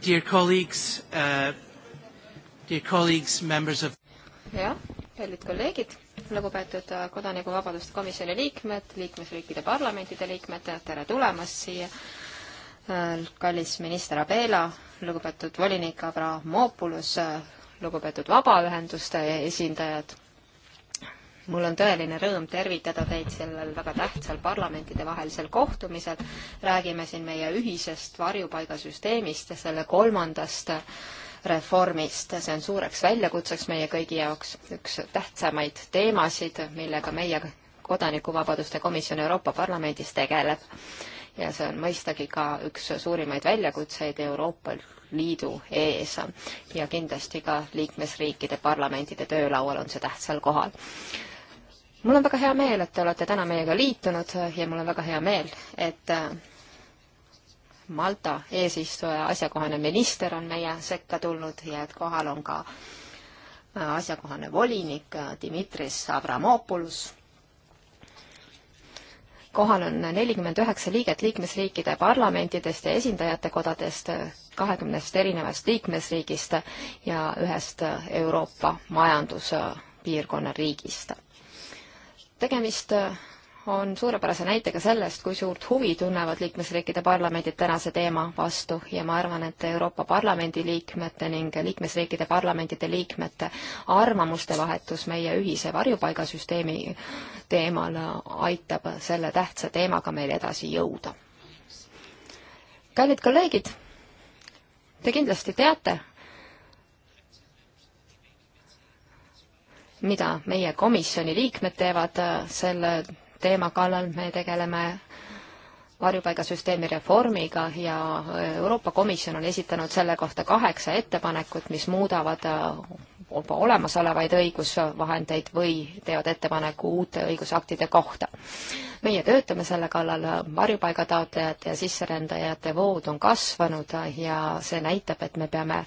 Dear colleagues, uh, dear colleagues, members of jah, kallid kolleegid, lugupeetud uh, Kodanikuvabaduste Komisjoni liikmed, liikmesriikide parlamentide liikmed, tere tulemast siia. Uh, kallis minister Abela, lugupeetud volinik Avramopoulos, uh, lugupeetud vabaühenduste esindajad mul on tõeline rõõm tervitada teid sellel väga tähtsal parlamentidevahelisel kohtumisel. räägime siin meie ühisest varjupaigasüsteemist ja selle kolmandast reformist. see on suureks väljakutseks meie kõigi jaoks, üks tähtsamaid teemasid, millega meie kodanikuvabaduste komisjon Euroopa Parlamendis tegeleb. ja see on mõistagi ka üks suurimaid väljakutseid Euroopa Liidu ees ja kindlasti ka liikmesriikide parlamentide töölaual on see tähtsal kohal mul on väga hea meel, et te olete täna meiega liitunud ja mul on väga hea meel, et äh, Malta eesistuja asjakohane minister on meie sekka tulnud ja et kohal on ka äh, asjakohane volinik äh, Dimitris Avramopoulos. kohal on nelikümmend üheksa liiget liikmesriikide parlamentidest ja esindajate kodadest, kahekümnest erinevast liikmesriigist ja ühest Euroopa majanduspiirkonna riigist tegemist äh, on suurepärase näitega sellest, kui suurt huvi tunnevad liikmesriikide parlamendid tänase teema vastu ja ma arvan, et Euroopa Parlamendi liikmete ning liikmesriikide parlamendide liikmete arvamuste vahetus meie ühise varjupaigasüsteemi teemal äh, aitab selle tähtsa teemaga meil edasi jõuda. kallid kolleegid, te kindlasti teate, mida meie komisjoni liikmed teevad äh, selle teema kallal, me tegeleme varjupaigasüsteemi reformiga ja äh, Euroopa Komisjon on esitanud selle kohta kaheksa ettepanekut, mis muudavad äh, juba olemasolevaid õigusvahendeid või teevad ettepaneku uute õigusaktide kohta. meie töötame selle kallal, varjupaigataotlejate ja sisserändajate vood on kasvanud ja see näitab, et me peame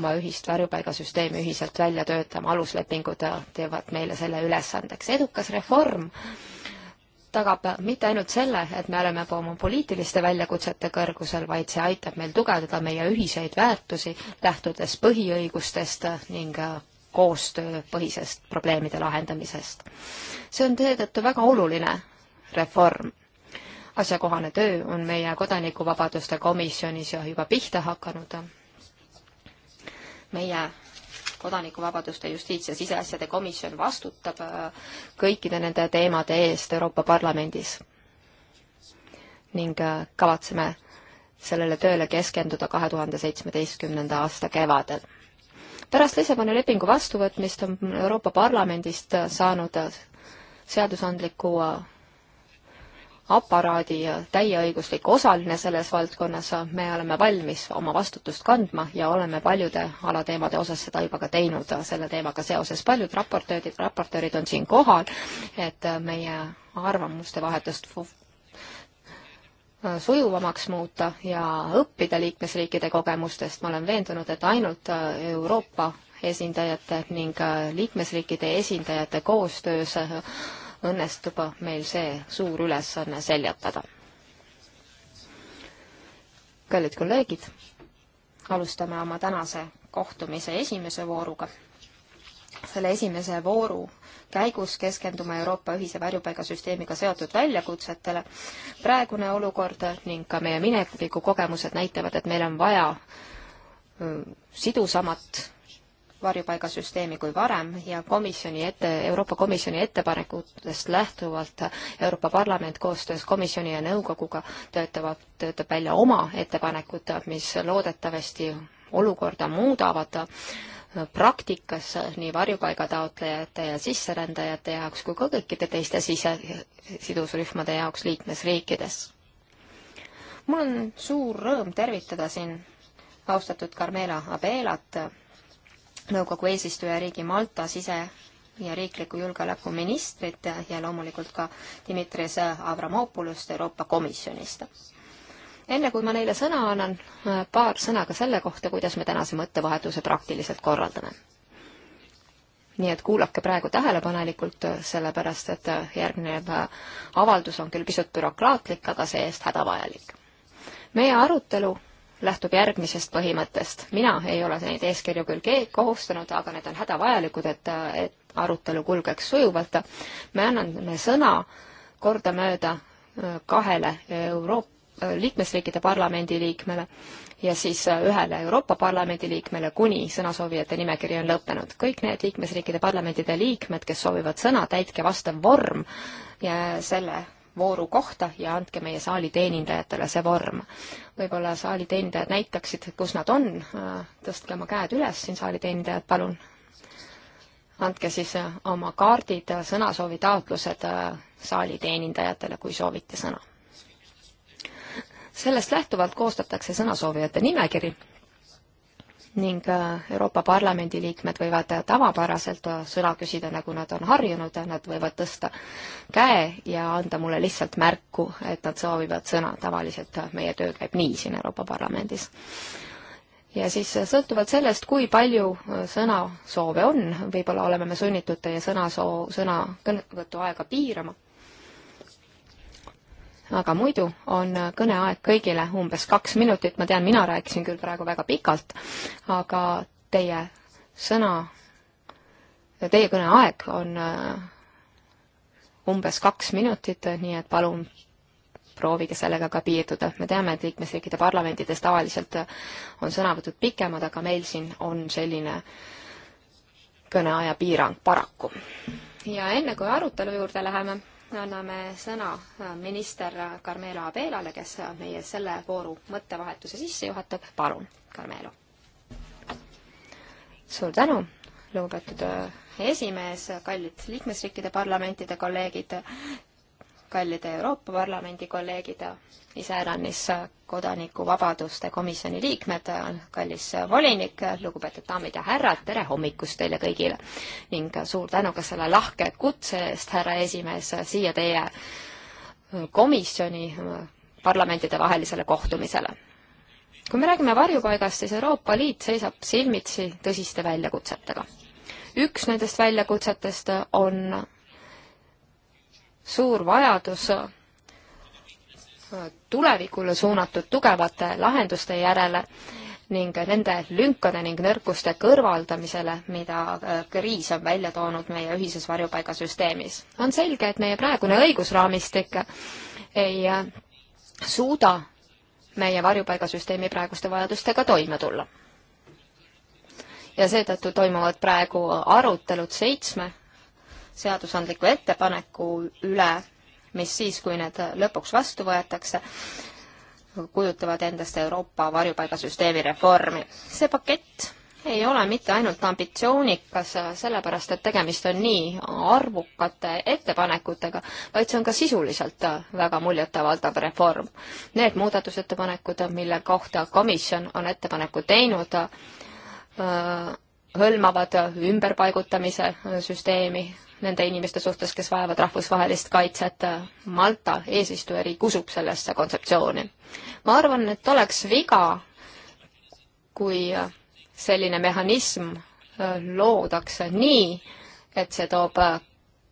oma ühist varjupaigasüsteemi ühiselt välja töötama, aluslepingud teevad meile selle ülesandeks. edukas reform tagab mitte ainult selle, et me oleme oma poliitiliste väljakutsete kõrgusel, vaid see aitab meil tugevdada meie ühiseid väärtusi, lähtudes põhiõigustest ning äh, koostööpõhisest probleemide lahendamisest. see on seetõttu väga oluline reform. asjakohane töö on meie kodanikuvabaduste komisjonis juba pihta hakanud. meie kodanikuvabaduste, justiits- ja siseasjade komisjon vastutab äh, kõikide nende teemade eest Euroopa Parlamendis. ning äh, kavatseme sellele tööle keskenduda kahe tuhande seitsmeteistkümnenda aasta kevadel. pärast Lissaboni lepingu vastuvõtmist on Euroopa Parlamendist saanud äh, seadusandliku aparaadi täieõiguslik osaline selles valdkonnas, me oleme valmis oma vastutust kandma ja oleme paljude alateemade osas seda juba ka teinud selle teemaga seoses. paljud raportöörid, raportöörid on siin kohal, et meie arvamuste vahetust sujuvamaks muuta ja õppida liikmesriikide kogemustest, ma olen veendunud, et ainult Euroopa esindajate ning liikmesriikide esindajate koostöös õnnestub meil see suur ülesanne seljatada. kallid kolleegid, alustame oma tänase kohtumise esimese vooruga. selle esimese vooru käigus keskendume Euroopa ühise varjupaigasüsteemiga seotud väljakutsetele. praegune olukord ning ka meie mineviku kogemused näitavad, et meil on vaja äh, sidusamat varjupaigasüsteemi kui varem ja komisjoni ette, Euroopa Komisjoni ettepanekutest lähtuvalt Euroopa Parlament koostöös komisjoni ja nõukoguga töötavad, töötab välja oma ettepanekud, mis loodetavasti olukorda muudavad praktikas nii varjupaigataotlejate ja sisserändajate jaoks kui ka kõikide teiste sise, sidusrühmade jaoks liikmesriikides. mul on suur rõõm tervitada siin austatud Carmela Abelat, nõukogu eesistujariigi Malta sise- ja riikliku julgeolekuministrit ja loomulikult ka Dimitris Avramopoulost Euroopa Komisjonist. enne kui ma neile sõna annan, paar sõna ka selle kohta, kuidas me tänase mõttevahetuse praktiliselt korraldame. nii et kuulake praegu tähelepanelikult, sellepärast et järgnev avaldus on küll pisut bürokraatlik, aga see-eest hädavajalik. meie arutelu lähtub järgmisest põhimõttest. mina ei ole neid eeskirju küll kohustanud, aga need on hädavajalikud, et, et arutelu kulgeks sujuvalt. me anname sõna kordamööda äh, kahele Euroopa äh, liikmesriikide parlamendi liikmele ja siis äh, ühele Euroopa Parlamendi liikmele, kuni sõnasoovijate nimekiri on lõppenud. kõik need liikmesriikide parlamentide liikmed, kes soovivad sõna, täitke vastav vorm ja selle vooru kohta ja andke meie saali teenindajatele see vorm. võib-olla saali teenindajad näitaksid, kus nad on, tõstke oma käed üles siin, saali teenindajad, palun. andke siis äh, oma kaardid, äh, sõnasoovi taotlused äh, saali teenindajatele, kui soovite sõna. sellest lähtuvalt koostatakse sõnasoovijate nimekiri ning äh, Euroopa Parlamendi liikmed võivad tavapäraselt äh, sõna küsida, nagu nad on harjunud, nad võivad tõsta käe ja anda mulle lihtsalt märku, et nad soovivad sõna, tavaliselt äh, meie töö käib nii siin Euroopa Parlamendis. ja siis sõltuvalt sellest, kui palju sõnasoove on, võib-olla oleme me sunnitud teie sõnasoo-, sõna, kõnevõtu aega piirama aga muidu on kõneaeg kõigile umbes kaks minutit, ma tean, mina rääkisin küll praegu väga pikalt, aga teie sõna, teie kõneaeg on äh, umbes kaks minutit, nii et palun proovige sellega ka piirduda. me teame, et liikmesriikide parlamendides tavaliselt äh, on sõnavõtud pikemad, aga meil siin on selline kõneaja piirang paraku. ja enne, kui arutelu juurde läheme anname sõna äh, minister Carmelo Abelale, kes äh, meie selle vooru mõttevahetuse sisse juhatab. palun, Carmelo. suur tänu, lugupeetud äh, esimees, kallid liikmesriikide parlamentide kolleegid kallid Euroopa Parlamendi kolleegid, iseäranis kodanikuvabaduste komisjoni liikmed, kallis volinik, lugupeetud daamid ja härrad, tere hommikust teile kõigile! ning suur tänu ka selle lahke kutse eest, härra esimees, siia teie komisjoni parlamentidevahelisele kohtumisele. kui me räägime varjupaigast, siis Euroopa Liit seisab silmitsi tõsiste väljakutsetega. üks nendest väljakutsetest on suur vajadus äh, tulevikule suunatud tugevate lahenduste järele ning nende lünkade ning nõrkuste kõrvaldamisele, mida äh, kriis on välja toonud meie ühises varjupaigasüsteemis. on selge, et meie praegune õigusraamistik ei äh, suuda meie varjupaigasüsteemi praeguste vajadustega toime tulla. ja seetõttu toimuvad praegu arutelud seitsme seadusandliku ettepaneku üle, mis siis, kui need lõpuks vastu võetakse, kujutavad endast Euroopa varjupaigasüsteemi reformi. see pakett ei ole mitte ainult ambitsioonikas, sellepärast et tegemist on nii arvukate ettepanekutega, vaid see on ka sisuliselt väga muljetavaldav reform. Need muudatusettepanekud, mille kohta komisjon on ettepaneku teinud, äh, hõlmavad ümberpaigutamise süsteemi, nende inimeste suhtes, kes vajavad rahvusvahelist kaitset. Malta eesistujariik usub sellesse kontseptsiooni. ma arvan, et oleks viga, kui selline mehhanism äh, loodakse nii, et see toob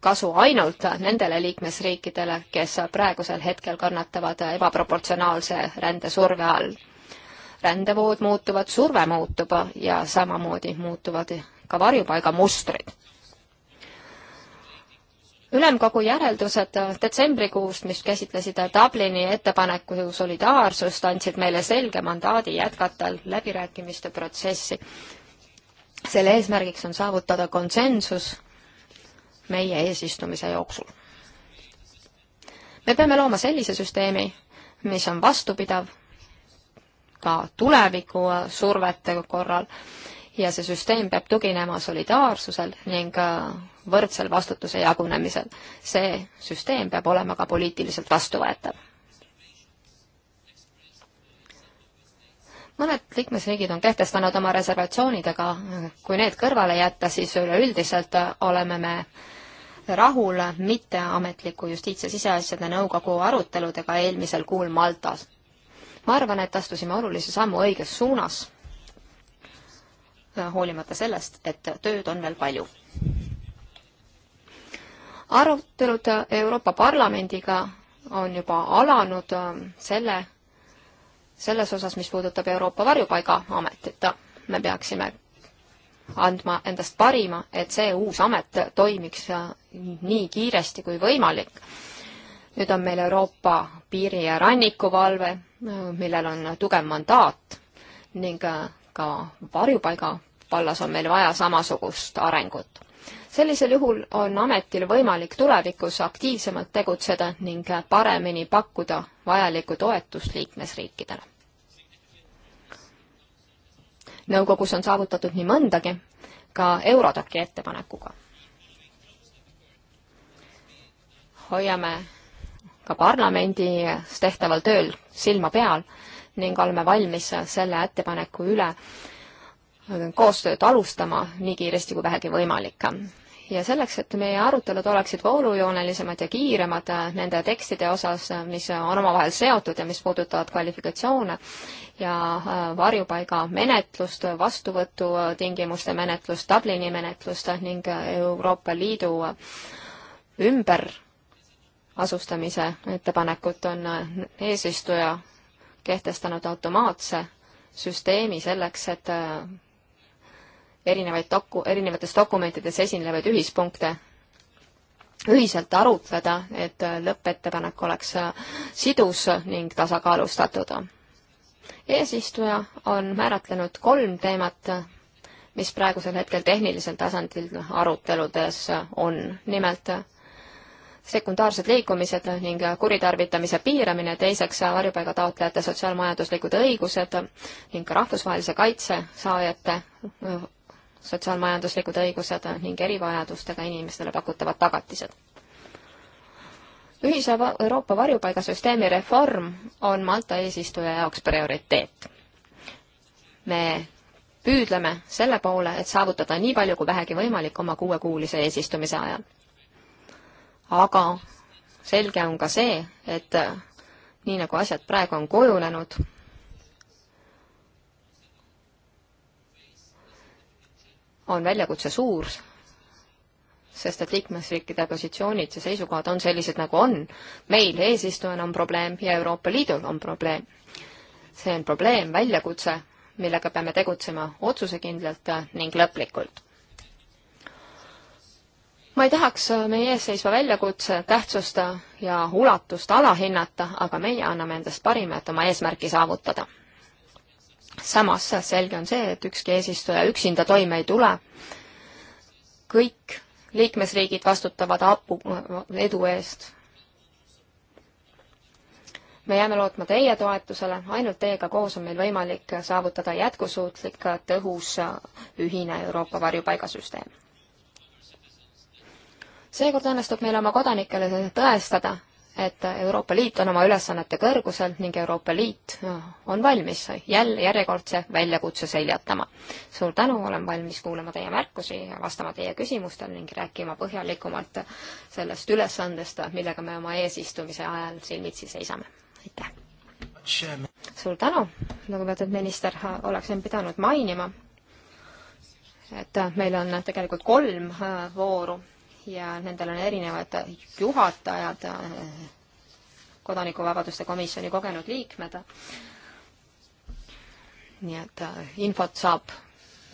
kasu ainult nendele liikmesriikidele, kes praegusel hetkel kannatavad ebaproportsionaalse rändesurve all. rändevood muutuvad, surve muutub ja samamoodi muutuvad ka varjupaigamustrid ülemkogu järeldused äh, detsembrikuust, mis käsitlesid äh, Dublini ettepaneku solidaarsust, andsid meile selge mandaadi jätkata läbirääkimiste protsessi. selle eesmärgiks on saavutada konsensus meie eesistumise jooksul. me peame looma sellise süsteemi, mis on vastupidav ka tuleviku äh, survete korral ja see süsteem peab tuginema solidaarsusel ning võrdsel vastutuse jagunemisel. see süsteem peab olema ka poliitiliselt vastuvõetav. mõned liikmesriigid on kehtestanud oma reservatsioonid, aga kui need kõrvale jätta, siis üleüldiselt oleme me rahul mitteametliku justiits- ja siseasjade nõukogu aruteludega eelmisel kuul Maltas. ma arvan, et astusime olulise sammu õiges suunas, hoolimata sellest, et tööd on veel palju arutelud Euroopa Parlamendiga on juba alanud äh, selle, selles osas, mis puudutab Euroopa Varjupaigaametit. me peaksime andma endast parima, et see uus amet toimiks äh, nii kiiresti kui võimalik. nüüd on meil Euroopa piiri- ja rannikuvalve, äh, millel on tugev mandaat ning ka varjupaiga vallas on meil vaja samasugust arengut sellisel juhul on ametil võimalik tulevikus aktiivsemalt tegutseda ning paremini pakkuda vajalikku toetust liikmesriikidele. nõukogus on saavutatud nii mõndagi ka Eurodoki ettepanekuga. hoiame ka parlamendis tehtaval tööl silma peal ning oleme valmis selle ettepaneku üle koostööd alustama nii kiiresti kui vähegi võimalik ja selleks, et meie arutelud oleksid voolujoonelisemad ja kiiremad nende tekstide osas, mis on omavahel seotud ja mis puudutavad kvalifikatsioone ja äh, varjupaiga menetlust, vastuvõtutingimuste menetlust, Dublini menetlust ning Euroopa Liidu ümberasustamise ettepanekut, on eesistuja kehtestanud automaatse süsteemi selleks, et äh, erinevaid doku-, erinevates dokumentides esinevaid ühispunkte ühiselt arutleda, et lõppettepanek oleks sidus ning tasakaalustatud. eesistuja on määratlenud kolm teemat, mis praegusel hetkel tehnilisel tasandil aruteludes on, nimelt sekundaarsed liikumised ning kuritarvitamise piiramine, teiseks varjupaiga taotlejate sotsiaalmajanduslikud õigused ning rahvusvahelise kaitse saajate sotsiaalmajanduslikud õigused ning erivajadustega inimestele pakutavad tagatised. ühise Euroopa varjupaigasüsteemi reform on Malta eesistuja jaoks prioriteet. me püüdleme selle poole, et saavutada nii palju kui vähegi võimalik oma kuuekuulise eesistumise ajal. aga selge on ka see, et nii nagu asjad praegu on kujunenud, on väljakutse suur, sest et liikmesriikide positsioonid ja seisukohad on sellised, nagu on. meil eesistujana on probleem ja Euroopa Liidul on probleem. see on probleem, väljakutse, millega peame tegutsema otsusekindlalt ning lõplikult. ma ei tahaks meie eesseisva väljakutse tähtsust ja ulatust alahinnata, aga meie anname endast parima, et oma eesmärki saavutada samas selge on see, et ükski eesistuja üksinda toime ei tule. kõik liikmesriigid vastutavad apu, edu eest. me jääme lootma teie toetusele, ainult teiega koos on meil võimalik saavutada jätkusuutlik, tõhus, ühine Euroopa varjupaigasüsteem. seekord õnnestub meil oma kodanikele tõestada, et Euroopa Liit on oma ülesannete kõrgusel ning Euroopa Liit noh, on valmis jälle järjekordse väljakutse seljatama. suur tänu, olen valmis kuulama teie märkusi ja vastama teie küsimustele ning rääkima põhjalikumalt sellest ülesandest, millega me oma eesistumise ajal silmitsi seisame. aitäh! suur tänu, lugupeetud minister, oleksin pidanud mainima, et meil on tegelikult kolm äh, vooru ja nendel on erinevad juhatajad, kodanikuvabaduste komisjoni kogenud liikmed. nii et äh, infot saab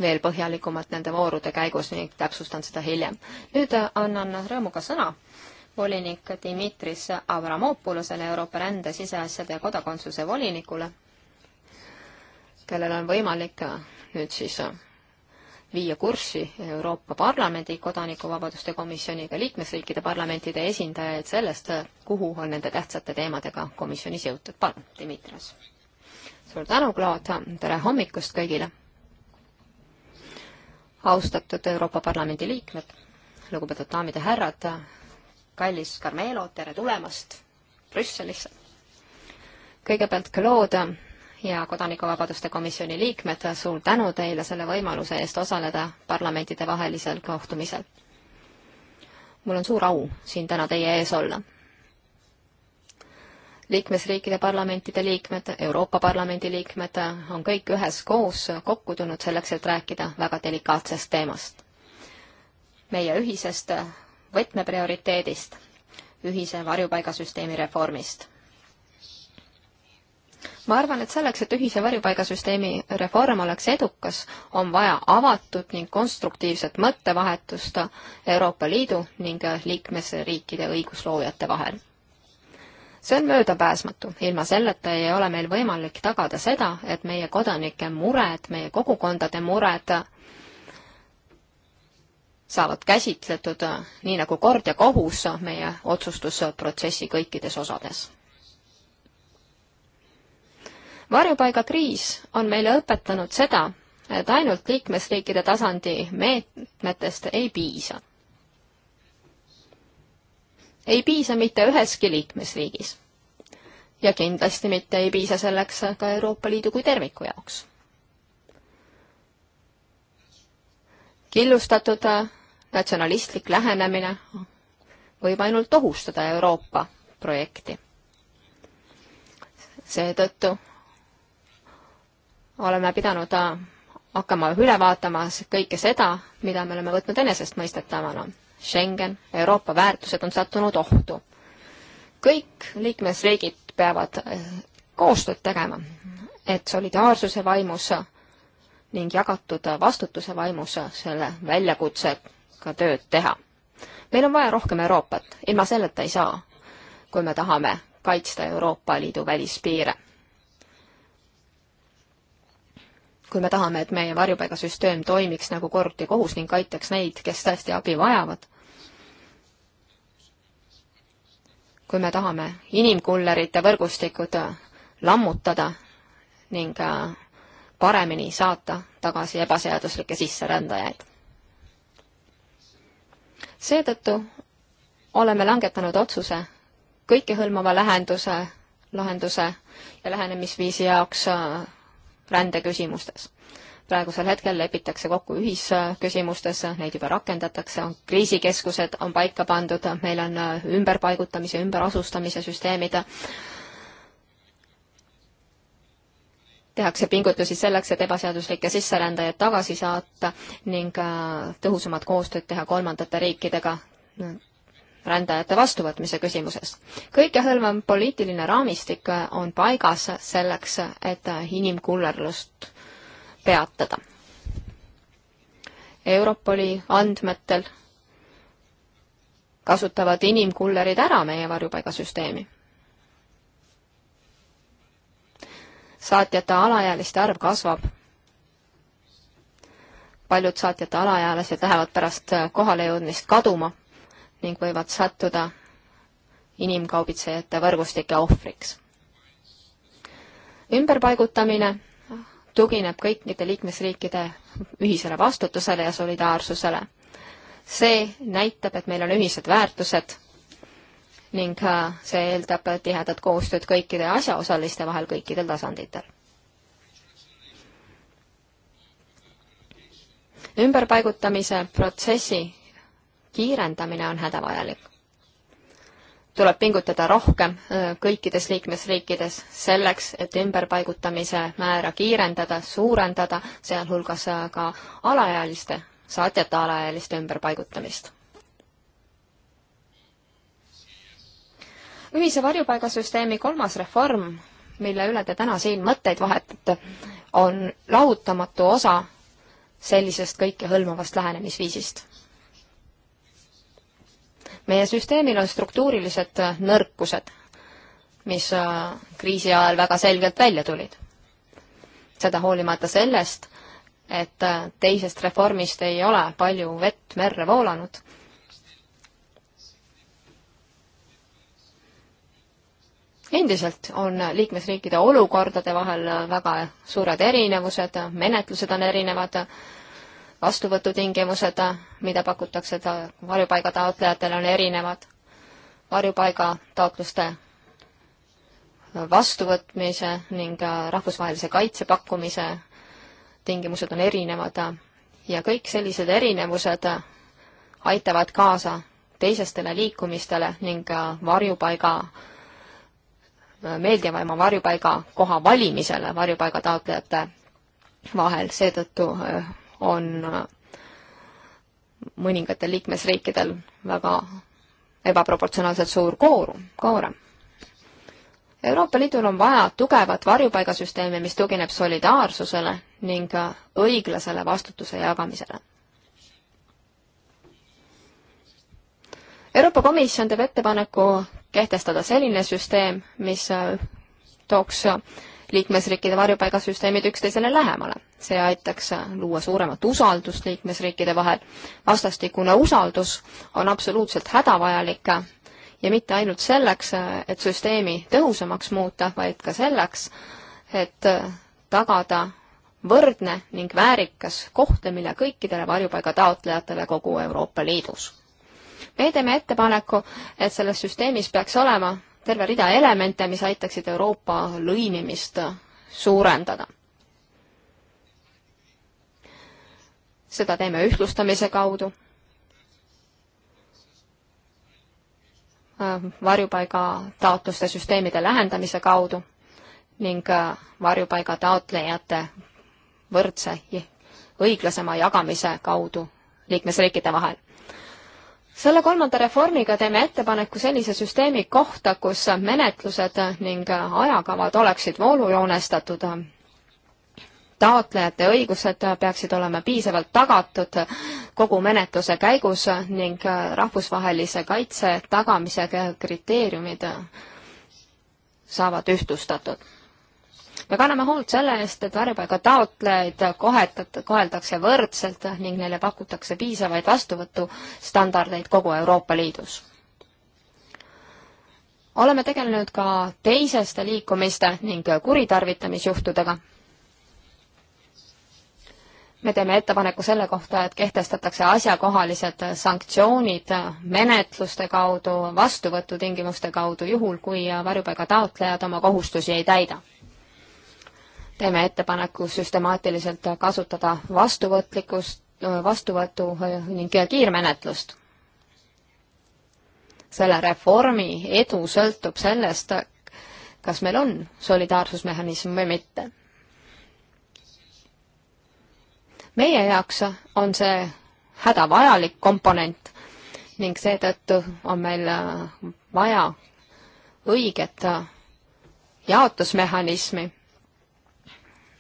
veel põhjalikumalt nende voorude käigus ning täpsustan seda hiljem. nüüd äh, annan rõõmuga sõna volinik Dimitris Avramopoulosele, Euroopa rände, siseasjade ja kodakondsuse volinikule, kellel on võimalik äh, nüüd siis viia kurssi Euroopa Parlamendi kodanikuvabaduste komisjoniga liikmesriikide parlamentide esindajaid sellest, kuhu on nende tähtsate teemadega komisjonis jõutud. palun, Dimitrios. suur tänu, Claude, tere hommikust kõigile! austatud Euroopa Parlamendi liikmed, lugupeetud daamid ja härrad, kallis Carmelo, tere tulemast Brüsselisse! kõigepealt Claude ja Kodanikuvabaduste Komisjoni liikmed, suur tänu teile selle võimaluse eest osaleda parlamentidevahelisel kohtumisel. mul on suur au siin täna teie ees olla. liikmesriikide parlamentide liikmed, Euroopa Parlamendi liikmed on kõik üheskoos kokku tulnud selleks, et rääkida väga delikaatsest teemast. meie ühisest võtmeprioriteedist, ühise varjupaigasüsteemi reformist ma arvan, et selleks, et ühise varjupaigasüsteemi reform oleks edukas, on vaja avatud ning konstruktiivset mõttevahetust Euroopa Liidu ning liikmesriikide õigusloojate vahel. see on möödapääsmatu, ilma selleta ei ole meil võimalik tagada seda, et meie kodanike mured, meie kogukondade mured saavad käsitletud nii nagu kord ja kohus meie otsustusprotsessi kõikides osades varjupaigakriis on meile õpetanud seda, et ainult liikmesriikide tasandi meetmetest ei piisa. ei piisa mitte üheski liikmesriigis. ja kindlasti mitte ei piisa selleks ka Euroopa Liidu kui terviku jaoks. killustatud äh, natsionalistlik lähenemine võib ainult ohustada Euroopa projekti. seetõttu oleme pidanud äh, hakkama üle vaatama kõike seda, mida me oleme võtnud enesestmõistetavana. Schengen, Euroopa väärtused on sattunud ohtu. kõik liikmesriigid peavad äh, koostööd tegema, et solidaarsuse vaimus ning jagatud vastutuse vaimus selle väljakutsega tööd teha. meil on vaja rohkem Euroopat, ilma selleta ei saa, kui me tahame kaitsta Euroopa Liidu välispiire kui me tahame, et meie varjupaigasüsteem toimiks nagu kord ja kohus ning aitaks neid, kes tõesti abi vajavad, kui me tahame inimkullerite võrgustikud äh, lammutada ning äh, paremini saata tagasi ebaseaduslikke sisserändajaid. seetõttu oleme langetanud otsuse kõikehõlmava lähenduse, lahenduse ja lähenemisviisi jaoks äh, rändeküsimustes. praegusel hetkel lepitakse kokku ühisküsimustes, neid juba rakendatakse, kriisikeskused on paika pandud, meil on ümberpaigutamise, ümberasustamise süsteemid, tehakse pingutusi selleks, et ebaseaduslikke sisserändajaid tagasi saata ning tõhusamat koostööd teha kolmandate riikidega rändajate vastuvõtmise küsimuses. kõikehõlmav poliitiline raamistik on paigas selleks, et inimkullerlust peatada. Europoli andmetel kasutavad inimkullerid ära meie varjupaigasüsteemi. saatjate alaealiste arv kasvab paljud saatjate alaealised lähevad pärast kohalejõudmist kaduma ning võivad sattuda inimkaubitsejate võrgustike ohvriks. ümberpaigutamine tugineb kõikide liikmesriikide ühisele vastutusele ja solidaarsusele. see näitab, et meil on ühised väärtused ning äh, see eeldab tihedat koostööd kõikide asjaosaliste vahel kõikidel tasanditel. ümberpaigutamise protsessi kiirendamine on hädavajalik. tuleb pingutada rohkem äh, kõikides liikmesriikides selleks, et ümberpaigutamise määra kiirendada, suurendada, sealhulgas äh, ka alaealiste, saatjate alaealiste ümberpaigutamist. ühise varjupaigasüsteemi kolmas reform, mille üle te täna siin mõtteid vahetate, on lahutamatu osa sellisest kõikehõlmavast lähenemisviisist meie süsteemil on struktuurilised nõrkused, mis äh, kriisi ajal väga selgelt välja tulid. seda hoolimata sellest, et äh, teisest reformist ei ole palju vett merre voolanud. endiselt on liikmesriikide olukordade vahel väga suured erinevused, menetlused on erinevad vastuvõtutingimused, mida pakutakse varjupaiga taotlejatele, on erinevad. varjupaiga taotluste vastuvõtmise ning äh, rahvusvahelise kaitse pakkumise tingimused on erinevad ja kõik sellised erinevused aitavad kaasa teisestele liikumistele ning äh, varjupaiga, äh, meeldivaima varjupaiga koha valimisele varjupaiga taotlejate vahel, seetõttu on mõningatel liikmesriikidel väga ebaproportsionaalselt suur kooru, koorem. Euroopa Liidul on vaja tugevat varjupaigasüsteemi, mis tugineb solidaarsusele ning õiglasele vastutuse jagamisele. Euroopa Komisjon teeb ettepaneku kehtestada selline süsteem, mis tooks liikmesriikide varjupaigasüsteemid üksteisele lähemale. see aitaks luua suuremat usaldust liikmesriikide vahel. vastastikune usaldus on absoluutselt hädavajalik ja mitte ainult selleks, et süsteemi tõhusamaks muuta, vaid ka selleks, et tagada võrdne ning väärikas kohtlemine kõikidele varjupaiga taotlejatele kogu Euroopa Liidus meie teeme ettepaneku, et selles süsteemis peaks olema terve rida elemente, mis aitaksid Euroopa lõimimist suurendada. seda teeme ühtlustamise kaudu, äh, varjupaiga taotluste süsteemide lähendamise kaudu ning äh, varjupaiga taotlejate võrdse õiglasema jagamise kaudu liikmesriikide vahel selle kolmanda reformiga teeme ettepaneku sellise süsteemi kohta, kus menetlused ning ajakavad oleksid voolujoonestatud. taotlejate õigused peaksid olema piisavalt tagatud kogu menetluse käigus ning rahvusvahelise kaitse tagamise kriteeriumid saavad ühtlustatud me kanname hoolt selle eest, et varjupaiga taotlejaid kohetat-, koheldakse võrdselt ning neile pakutakse piisavaid vastuvõtustandardeid kogu Euroopa Liidus. oleme tegelenud ka teiseste liikumiste ning kuritarvitamisjuhtudega me teeme ettepaneku selle kohta, et kehtestatakse asjakohalised sanktsioonid menetluste kaudu, vastuvõtutingimuste kaudu, juhul kui varjupaiga taotlejad oma kohustusi ei täida teeme ettepaneku süstemaatiliselt kasutada vastuvõtlikkust, vastuvõtu äh, ning kiirmenetlust. selle reformi edu sõltub sellest, kas meil on solidaarsusmehhanism või mitte. meie jaoks on see hädavajalik komponent ning seetõttu on meil äh, vaja õiget äh, jaotusmehhanismi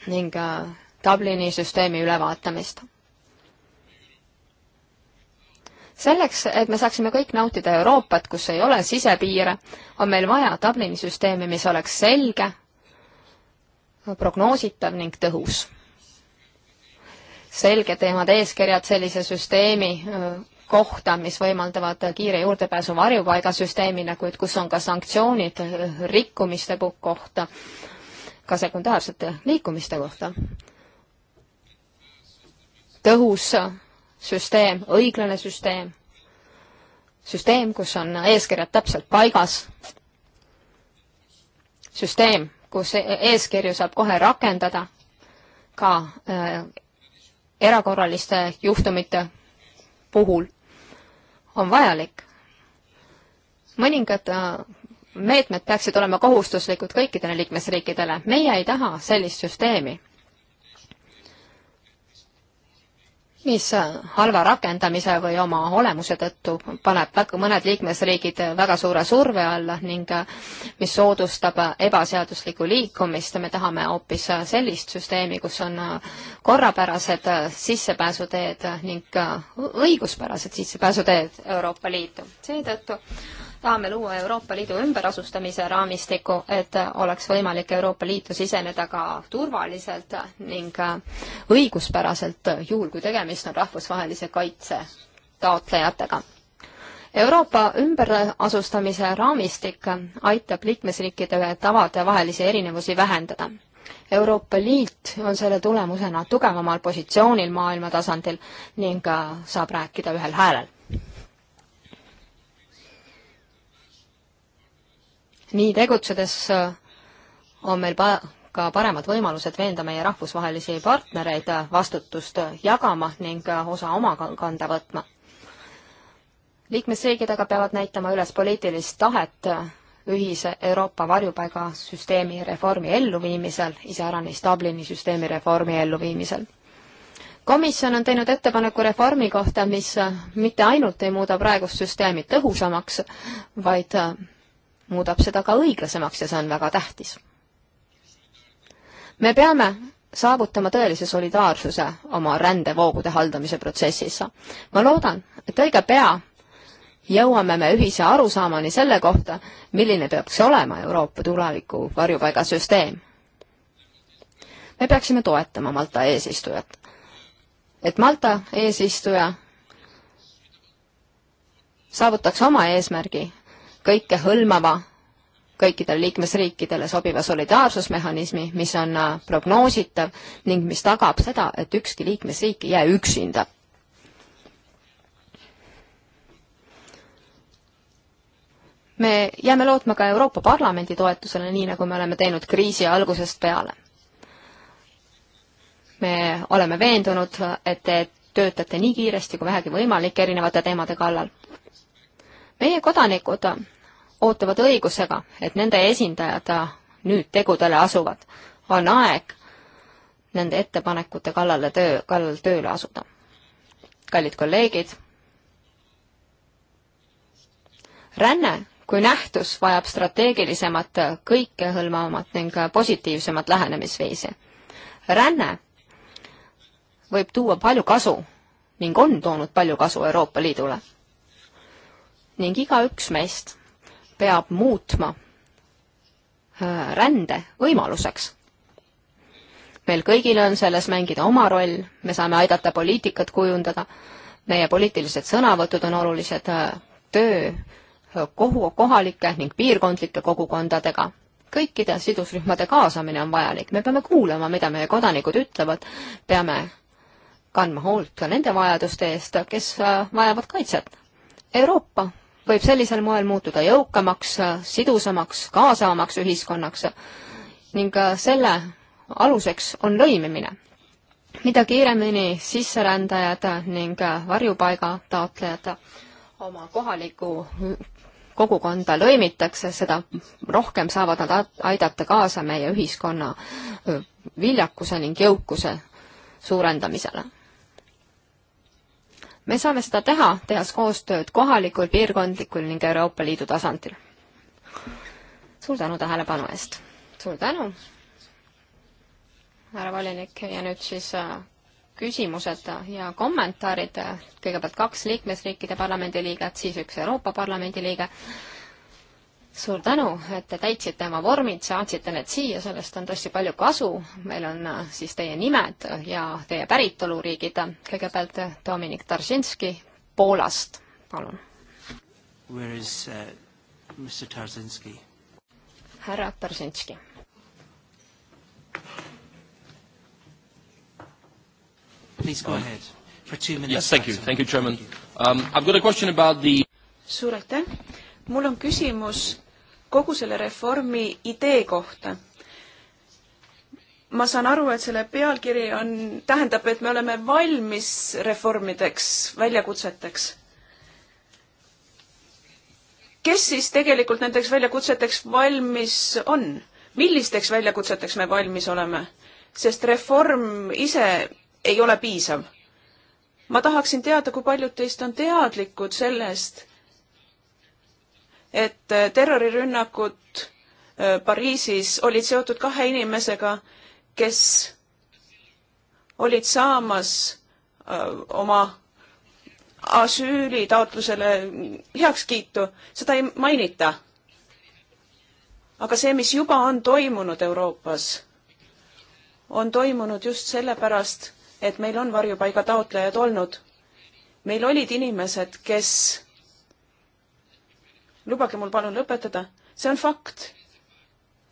ning äh, Dublini süsteemi ülevaatamist. selleks, et me saaksime kõik nautida Euroopat, kus ei ole sisepiire, on meil vaja Dublini süsteemi, mis oleks selge, prognoositav ning tõhus. selged teemad, eeskirjad sellise süsteemi äh, kohta, mis võimaldavad kiire juurdepääsu varjupaigasüsteemile, kuid kus on ka sanktsioonid äh, rikkumiste kohta ka sekundaarsete liikumiste kohta. tõhus süsteem, õiglane süsteem, süsteem, kus on eeskirjad täpselt paigas, süsteem, kus e-, eeskirju saab kohe rakendada ka äh, erakorraliste juhtumite puhul, on vajalik. mõningad äh, meetmed peaksid olema kohustuslikud kõikidele liikmesriikidele. meie ei taha sellist süsteemi, mis halva rakendamise või oma olemuse tõttu paneb väga mõned liikmesriigid väga suure surve alla ning mis soodustab ebaseaduslikku liikumist. me tahame hoopis sellist süsteemi, kus on korrapärased sissepääsuteed ning õiguspärased sissepääsuteed Euroopa Liitu. seetõttu tahame luua Euroopa Liidu ümberasustamise raamistiku, et oleks võimalik Euroopa Liitu siseneda ka turvaliselt ning äh, õiguspäraselt, juhul kui tegemist on rahvusvahelise kaitse taotlejatega. Euroopa ümberasustamise raamistik aitab liikmesriikide tavade vahelisi erinevusi vähendada Euroopa Liit on selle tulemusena tugevamal positsioonil maailma tasandil ning äh, saab rääkida ühel häälel. nii tegutsedes äh, on meil pa-, ka paremad võimalused veenda meie rahvusvahelisi partnereid äh, vastutust äh, jagama ning osa oma kanda võtma. liikmesriigid aga peavad näitama üles poliitilist tahet ühise Euroopa varjupaigasüsteemi reformi elluviimisel, iseäranis Dublini süsteemi reformi elluviimisel komisjon on teinud ettepaneku reformi kohta, mis mitte ainult ei muuda praegust süsteemi tõhusamaks, vaid muudab seda ka õiglasemaks ja see on väga tähtis. me peame saavutama tõelise solidaarsuse oma rändevoogude haldamise protsessis. ma loodan, et õige pea jõuame me ühise arusaamani selle kohta, milline peaks olema Euroopa tuleviku varjupaigasüsteem. me peaksime toetama Malta eesistujat. et Malta eesistuja saavutaks oma eesmärgi kõikehõlmava, kõikidele liikmesriikidele sobiva solidaarsusmehhanismi, mis on äh, prognoositav ning mis tagab seda, et ükski liikmesriik ei jää üksinda. me jääme lootma ka Euroopa Parlamendi toetusele, nii nagu me oleme teinud kriisi algusest peale. me oleme veendunud, et te töötate nii kiiresti kui vähegi võimalik erinevate teemade kallal meie kodanikud ootavad õigusega, et nende esindajad nüüd tegudele asuvad. on aeg nende ettepanekute kallale töö, kallal tööle asuda. kallid kolleegid, ränne kui nähtus vajab strateegilisemat, kõikehõlmavat ning positiivsemat lähenemisviisi. ränne võib tuua palju kasu ning on toonud palju kasu Euroopa Liidule ning igaüks meist peab muutma äh, rände võimaluseks. meil kõigil on selles mängida oma roll, me saame aidata poliitikat kujundada, meie poliitilised sõnavõtud on olulised, äh, töö äh, kohu, kohalike ning piirkondlike kogukondadega. kõikide sidusrühmade kaasamine on vajalik, me peame kuulama, mida meie kodanikud ütlevad, peame kandma hoolt ka nende vajaduste eest, kes vajavad kaitset. Euroopa võib sellisel moel muutuda jõukamaks, sidusamaks, kaasavamaks ühiskonnaks ning äh, selle aluseks on lõimimine. mida kiiremini sisserändajad ning äh, varjupaiga taotlejad oma kohaliku kogukonda lõimitakse, seda rohkem saavad nad aidata kaasa meie ühiskonna äh, viljakuse ning jõukuse suurendamisele me saame seda teha, tehes koostööd kohalikul, piirkondlikul ning Euroopa Liidu tasandil. suur tänu tähelepanu eest! suur tänu, härra volinik, ja nüüd siis äh, küsimused ja kommentaarid, kõigepealt kaks liikmesriikide parlamendiliiget, siis üks Euroopa Parlamendi liige suur tänu, et te täitsite oma vormid, saatsite need siia, sellest on tõesti palju kasu. meil on äh, siis teie nimed ja teie päritoluriigid. kõigepealt Dominik Tarzinski Poolast, palun. Where is uh, Mr Tarzinski? härra Tarzinski. Please go um, ahead for two minutes. Yes, thank you, thank you, chairman. Um, I have got a question about the suur aitäh! mul on küsimus kogu selle reformi idee kohta. ma saan aru, et selle pealkiri on, tähendab, et me oleme valmis reformideks, väljakutseteks. kes siis tegelikult nendeks väljakutseteks valmis on? millisteks väljakutseteks me valmis oleme? sest reform ise ei ole piisav ma tahaksin teada, kui paljud teist on teadlikud sellest, et äh, terrorirünnakud äh, Pariisis olid seotud kahe inimesega, kes olid saamas äh, oma asüülitaotlusele heakskiitu, seda ei mainita. aga see, mis juba on toimunud Euroopas, on toimunud just sellepärast, et meil on varjupaiga taotlejad olnud. meil olid inimesed, kes lubage mul palun lõpetada, see on fakt.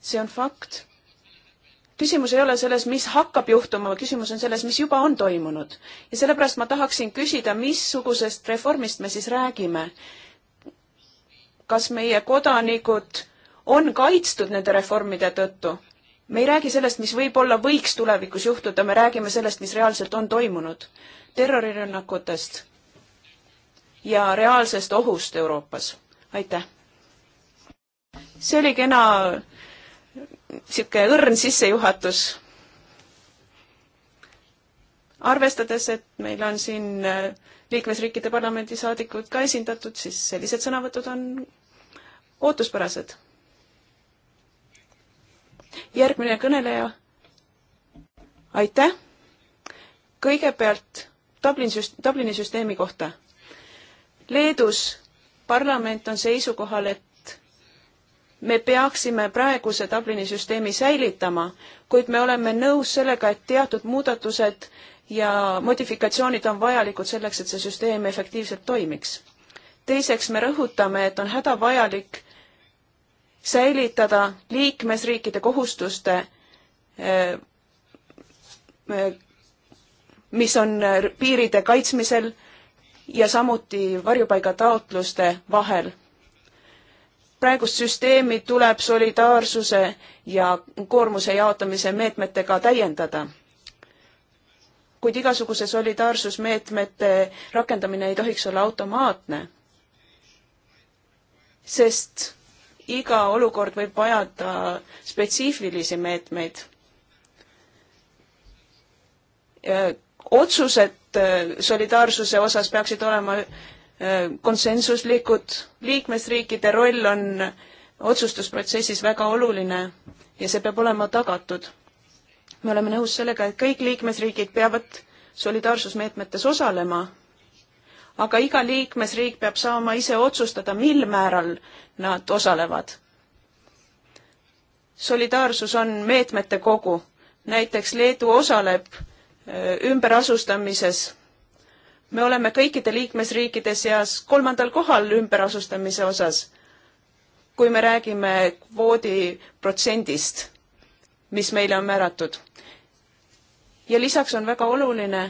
see on fakt. küsimus ei ole selles, mis hakkab juhtuma, küsimus on selles, mis juba on toimunud. ja sellepärast ma tahaksin küsida, missugusest reformist me siis räägime? kas meie kodanikud on kaitstud nende reformide tõttu? me ei räägi sellest, mis võib-olla võiks tulevikus juhtuda, me räägime sellest, mis reaalselt on toimunud. terrorirünnakutest ja reaalsest ohust Euroopas aitäh! see oli kena niisugune õrn sissejuhatus. arvestades, et meil on siin äh, liikmesriikide parlamendisaadikud ka esindatud, siis sellised sõnavõtud on ootuspärased. järgmine kõneleja. aitäh! kõigepealt Dublin süst-, Dublini süsteemi kohta. Leedus parlament on seisukohal, et me peaksime praeguse Dublini süsteemi säilitama, kuid me oleme nõus sellega, et teatud muudatused ja modifikatsioonid on vajalikud selleks, et see süsteem efektiivselt toimiks. teiseks, me rõhutame, et on hädavajalik säilitada liikmesriikide kohustuste, eh, eh, mis on piiride kaitsmisel ja samuti varjupaigataotluste vahel. praegust süsteemi tuleb solidaarsuse ja koormuse jaotamise meetmetega täiendada. kuid igasuguse solidaarsusmeetmete rakendamine ei tohiks olla automaatne, sest iga olukord võib vajada spetsiifilisi meetmeid. otsused Äh, solidaarsuse osas peaksid olema äh, konsensuslikud, liikmesriikide roll on otsustusprotsessis väga oluline ja see peab olema tagatud. me oleme nõus sellega, et kõik liikmesriigid peavad solidaarsusmeetmetes osalema, aga iga liikmesriik peab saama ise otsustada, mil määral nad osalevad. solidaarsus on meetmete kogu, näiteks Leedu osaleb Äh, ümberasustamises. me oleme kõikide liikmesriikide seas kolmandal kohal ümberasustamise osas, kui me räägime kvoodi protsendist, mis meile on määratud. ja lisaks on väga oluline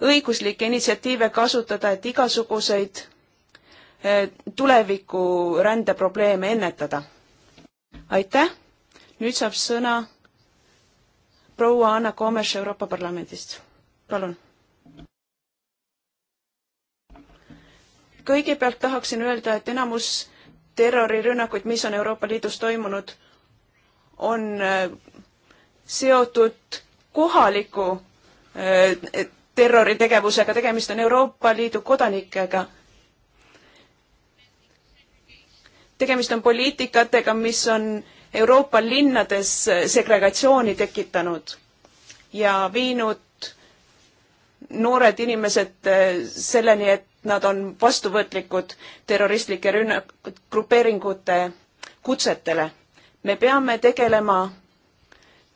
õiguslikke initsiatiive kasutada, et igasuguseid äh, tuleviku rändeprobleeme ennetada. aitäh, nüüd saab sõna proua Anna Komes Euroopa Parlamendist, palun. kõigepealt tahaksin öelda, et enamus terrorirünnakuid, mis on Euroopa Liidus toimunud, on äh, seotud kohaliku äh, terroritegevusega, tegemist on Euroopa Liidu kodanikega. tegemist on poliitikatega, mis on Euroopa linnades segregatsiooni tekitanud ja viinud noored inimesed eh, selleni, et nad on vastuvõtlikud terroristlike rünnak-, grupeeringute kutsetele. me peame tegelema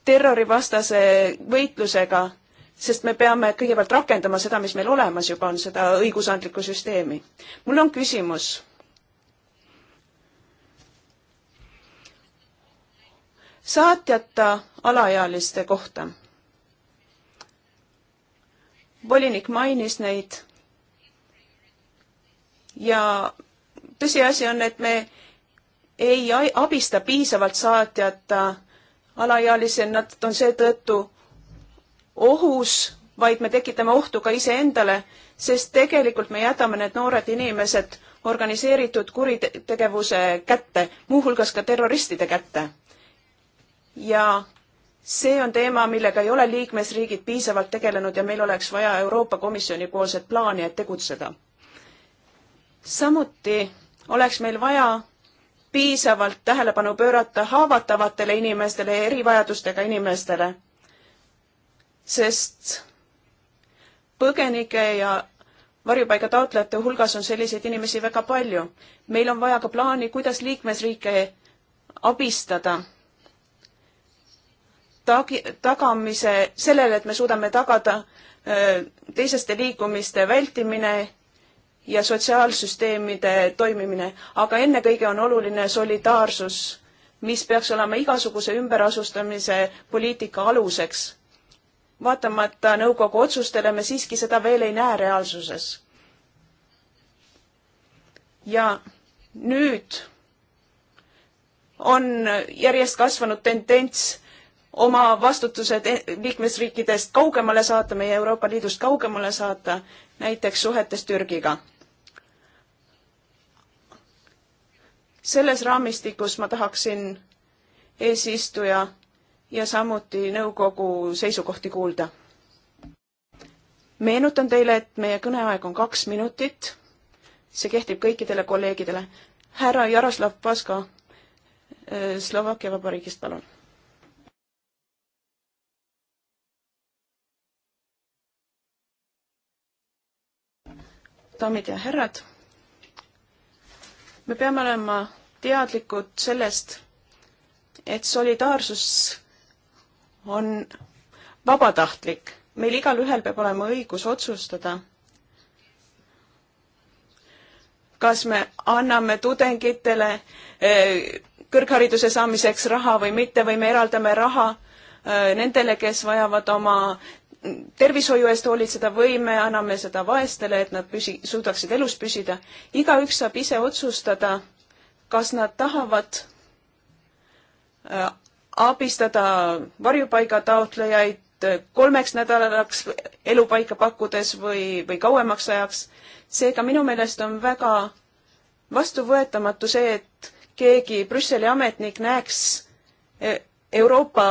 terrorivastase võitlusega, sest me peame kõigepealt rakendama seda, mis meil olemas juba on, seda õigusandlikku süsteemi. mul on küsimus saatjata alaealiste kohta. volinik mainis neid ja tõsiasi on, et me ei abista piisavalt saatjata alaealisi, nad on seetõttu ohus, vaid me tekitame ohtu ka iseendale, sest tegelikult me jätame need noored inimesed organiseeritud kuritegevuse kätte, muuhulgas ka terroristide kätte ja see on teema, millega ei ole liikmesriigid piisavalt tegelenud ja meil oleks vaja Euroopa Komisjoni poolset plaani, et tegutseda. samuti oleks meil vaja piisavalt tähelepanu pöörata haavatavatele inimestele ja erivajadustega inimestele, sest põgenike ja varjupaiga taotlejate hulgas on selliseid inimesi väga palju. meil on vaja ka plaani, kuidas liikmesriike abistada tagi-, tagamise, sellele, et me suudame tagada teiseste liikumiste vältimine ja sotsiaalsüsteemide toimimine, aga ennekõike on oluline solidaarsus, mis peaks olema igasuguse ümberasustamise poliitika aluseks. vaatamata nõukogu otsustele me siiski seda veel ei näe reaalsuses. ja nüüd on järjest kasvanud tendents oma vastutused liikmesriikidest kaugemale saata, meie Euroopa Liidust kaugemale saata, näiteks suhetes Türgiga. selles raamistikus ma tahaksin eesistuja ja samuti nõukogu seisukohti kuulda. meenutan teile, et meie kõneaeg on kaks minutit. see kehtib kõikidele kolleegidele. härra Jaroslav Pasko äh, Slovakkia Vabariigist, palun daamid ja härrad, me peame olema teadlikud sellest, et solidaarsus on vabatahtlik, meil igalühel peab olema õigus otsustada, kas me anname tudengitele eh, kõrghariduse saamiseks raha või mitte või me eraldame raha eh, nendele, kes vajavad oma tervishoiu eest hoolitseda või me anname seda vaestele, et nad püsi-, suudaksid elus püsida. igaüks saab ise otsustada, kas nad tahavad äh, abistada varjupaiga taotlejaid äh, kolmeks nädalaks elupaika pakkudes või, või kauemaks ajaks. seega minu meelest on väga vastuvõetamatu see, et keegi Brüsseli ametnik näeks äh, Euroopa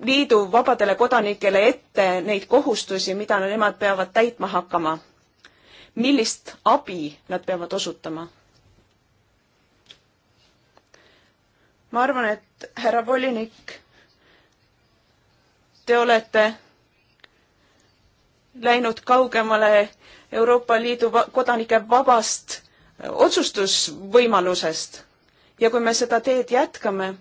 liidu vabadele kodanikele ette neid kohustusi, mida nemad peavad täitma hakkama. millist abi nad peavad osutama? ma arvan, et härra volinik, te olete läinud kaugemale Euroopa Liidu kodanike vabast otsustusvõimalusest ja kui me seda teed jätkame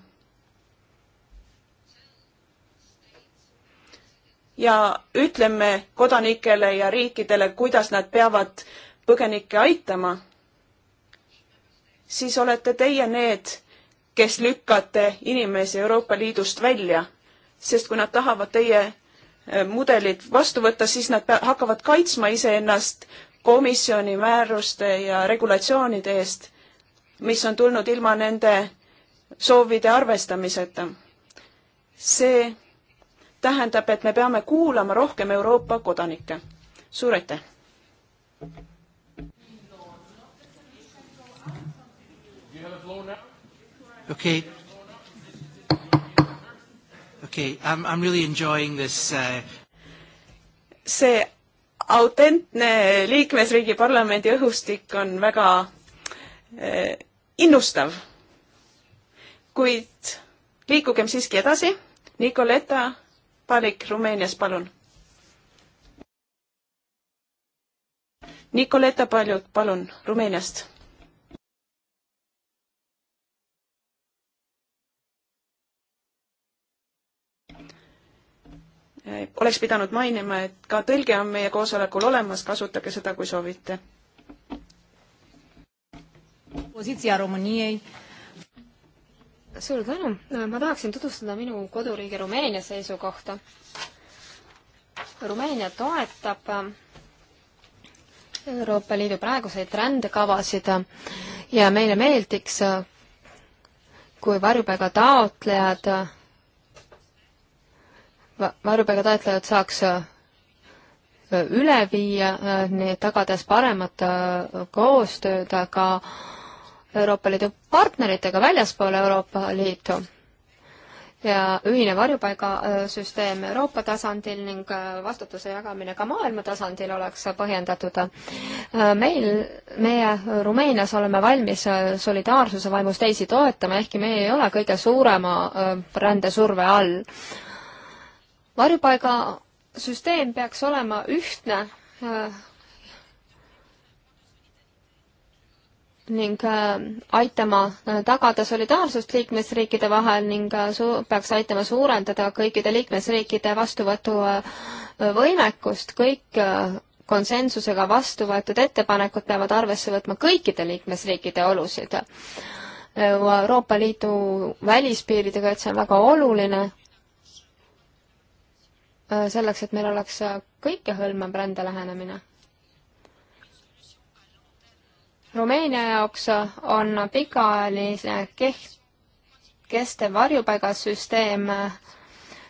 ja ütleme kodanikele ja riikidele, kuidas nad peavad põgenikke aitama, siis olete teie need, kes lükkate inimesi Euroopa Liidust välja. sest kui nad tahavad teie äh, mudelid vastu võtta, siis nad hakkavad kaitsma iseennast komisjoni määruste ja regulatsioonide eest, mis on tulnud ilma nende soovide arvestamiseta. see tähendab, et me peame kuulama rohkem Euroopa kodanikke. suur aitäh! Okay. Okay, I'm, I'm really enjoying this uh.... see autentne liikmesriigi parlamendi õhustik on väga eh, innustav. kuid liikugem siiski edasi. Nicoleta Parik Rumeenias, palun. Nikoleta Paljut, palun, Rumeeniast. oleks pidanud mainima, et ka tõlge on meie koosolekul olemas, kasutage seda, kui soovite. poziitsiaa Rumuniei suur tänu, ma tahaksin tutvustada minu koduriigi Rumeenia seisukohta. Rumeenia toetab Euroopa Liidu praeguseid rändekavasid ja meile meeldiks, kui varjupaiga taotlejad, varjupaiga taotlejad saaks üle viia, tagades paremat koostööd, aga Euroopa Liidu partneritega väljaspool Euroopa Liitu ja ühine varjupaigasüsteem äh, Euroopa tasandil ning äh, vastutuse jagamine ka maailma tasandil oleks põhjendatud. Äh, meil, meie Rumeenias oleme valmis solidaarsuse vaimus teisi toetama, ehkki me ei ole kõige suurema rändesurve all. varjupaigasüsteem peaks olema ühtne ning äh, aitama äh, tagada solidaarsust liikmesriikide vahel ning äh, su-, peaks aitama suurendada kõikide liikmesriikide vastuvõtuvõimekust, kõik konsensusega vastu võetud ettepanekud peavad arvesse võtma kõikide liikmesriikide olusid. Euroopa Liidu välispiiride kaitse on väga oluline, selleks et meil oleks kõikehõlmav rändelähenemine Rumeenia jaoks on pikaajaline keht, kestev varjupaigasüsteem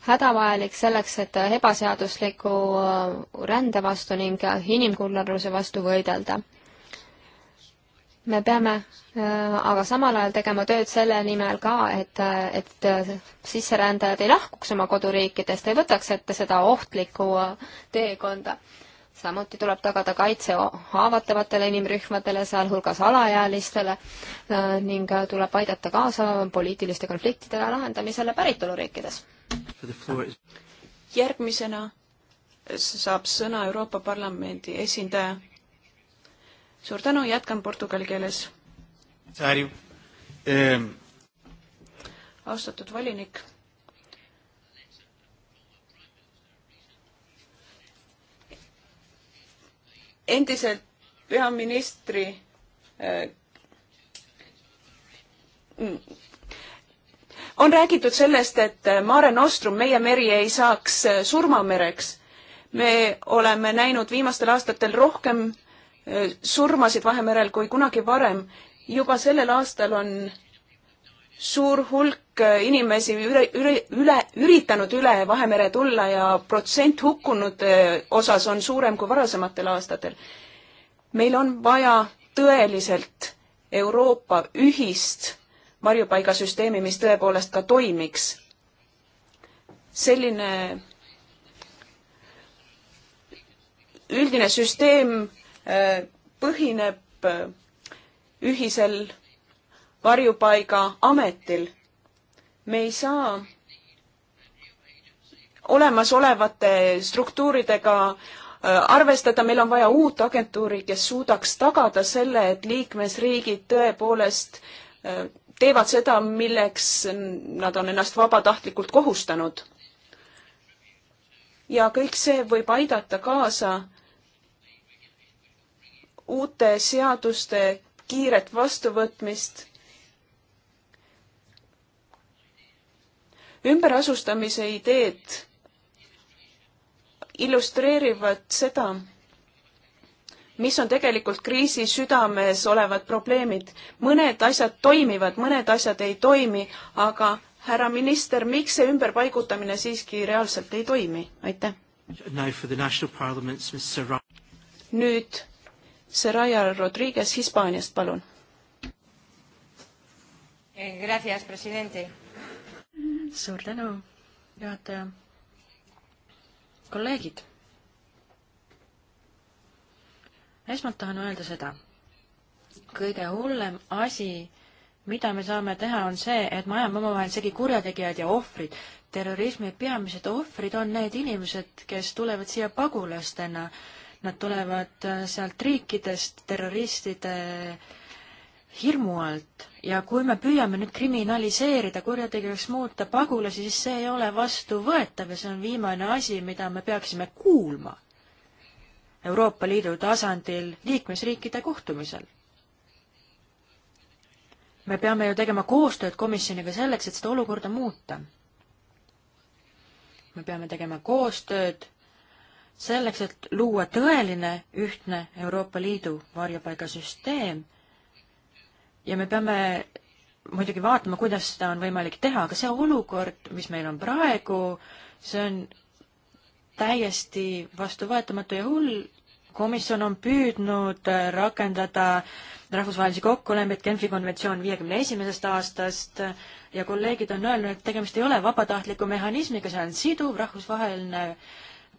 hädavajalik selleks, et ebaseadusliku rände vastu ning inimkullerluse vastu võidelda. me peame äh, aga samal ajal tegema tööd selle nimel ka, et, et sisserändajad ei lahkuks oma koduriikidest, ei võtaks ette seda ohtlikku teekonda samuti tuleb tagada kaitse haavatavatele inimrühmadele, sealhulgas alaealistele äh, ning äh, tuleb aidata kaasa poliitiliste konfliktide lahendamisele päritoluriikides. järgmisena saab sõna Euroopa Parlamendi esindaja. suur tänu, jätkan portugali keeles. austatud volinik endiselt peaministri äh, on räägitud sellest, et äh, Mare Nostrum, meie meri ei saaks äh, surmamereks. me oleme näinud viimastel aastatel rohkem surmasid Vahemerel kui kunagi varem. juba sellel aastal on suur hulk inimesi üle, üle, üle, üritanud üle Vahemere tulla ja protsent hukkunute osas on suurem kui varasematel aastatel. meil on vaja tõeliselt Euroopa ühist varjupaigasüsteemi, mis tõepoolest ka toimiks. selline üldine süsteem äh, põhineb äh, ühisel varjupaigaametil. me ei saa olemasolevate struktuuridega äh, arvestada, meil on vaja uut agentuuri, kes suudaks tagada selle, et liikmesriigid tõepoolest äh, teevad seda, milleks nad on ennast vabatahtlikult kohustanud. ja kõik see võib aidata kaasa uute seaduste kiiret vastuvõtmist ümberasustamise ideed illustreerivad seda, mis on tegelikult kriisi südames olevad probleemid. mõned asjad toimivad, mõned asjad ei toimi, aga härra minister, miks see ümberpaigutamine siiski reaalselt ei toimi? aitäh. nüüd Seraya Rodriguez Hispaaniast, palun. Eh, gracias, presidente suur tänu, juhataja. kolleegid. esmalt tahan öelda seda. kõige hullem asi, mida me saame teha, on see, et me ajame omavahel segi kurjategijad ja ohvrid. terrorismi peamised ohvrid on need inimesed, kes tulevad siia pagulastena. Nad tulevad äh, sealt riikidest terroristide äh, hirmu alt ja kui me püüame nüüd kriminaliseerida, kurjategijaks muuta pagulasi, siis see ei ole vastuvõetav ja see on viimane asi, mida me peaksime kuulma Euroopa Liidu tasandil liikmesriikide kohtumisel. me peame ju tegema koostööd komisjoniga selleks, et seda olukorda muuta. me peame tegema koostööd selleks, et luua tõeline ühtne Euroopa Liidu varjupaigasüsteem ja me peame muidugi vaatama, kuidas seda on võimalik teha, aga see olukord, mis meil on praegu, see on täiesti vastuvõetamatu ja hull. komisjon on püüdnud äh, rakendada rahvusvahelisi kokkuleppeid Genfi konventsioon viiekümne esimesest aastast äh, ja kolleegid on öelnud, et tegemist ei ole vabatahtliku mehhanismiga, see on siduv rahvusvaheline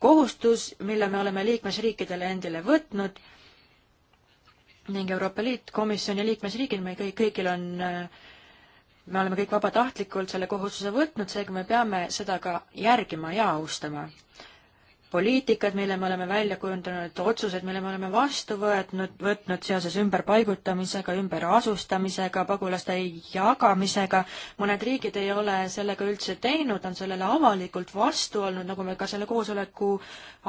kohustus, mille me oleme liikmesriikidele endile võtnud ning Euroopa Liit, komisjon ja liikmesriigid, me kõik, kõigil on, me oleme kõik vabatahtlikult selle kohustuse võtnud, seega me peame seda ka järgima ja austama poliitikad, mille me oleme välja kujundanud, otsused, mille me oleme vastu võetnud, võtnud seoses ümberpaigutamisega, ümberasustamisega, pagulaste jagamisega. mõned riigid ei ole sellega üldse teinud, on sellele avalikult vastu olnud, nagu me ka selle koosoleku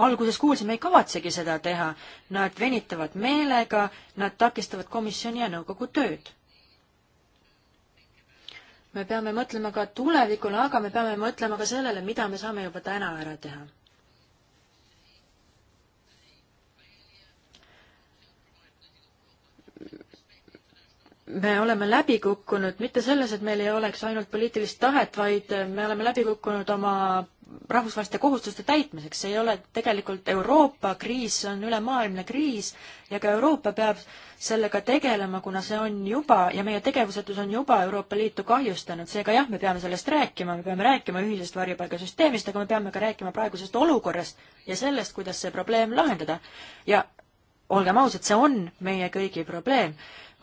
alguses kuulsime, ei kavatsegi seda teha. Nad venitavad meelega, nad takistavad komisjoni ja nõukogu tööd me peame mõtlema ka tulevikule, aga me peame mõtlema ka sellele, mida me saame juba täna ära teha me oleme läbi kukkunud mitte selles, et meil ei oleks ainult poliitilist tahet, vaid äh, me oleme läbi kukkunud oma rahvusvaheliste kohustuste täitmiseks, see ei ole tegelikult Euroopa kriis, see on ülemaailmne kriis ja ka Euroopa peab sellega tegelema, kuna see on juba ja meie tegevusetus on juba Euroopa Liitu kahjustanud, seega jah, me peame sellest rääkima, me peame rääkima ühisest varjupaigasüsteemist, aga me peame ka rääkima praegusest olukorrast ja sellest, kuidas see probleem lahendada. ja olgem ausad, see on meie kõigi probleem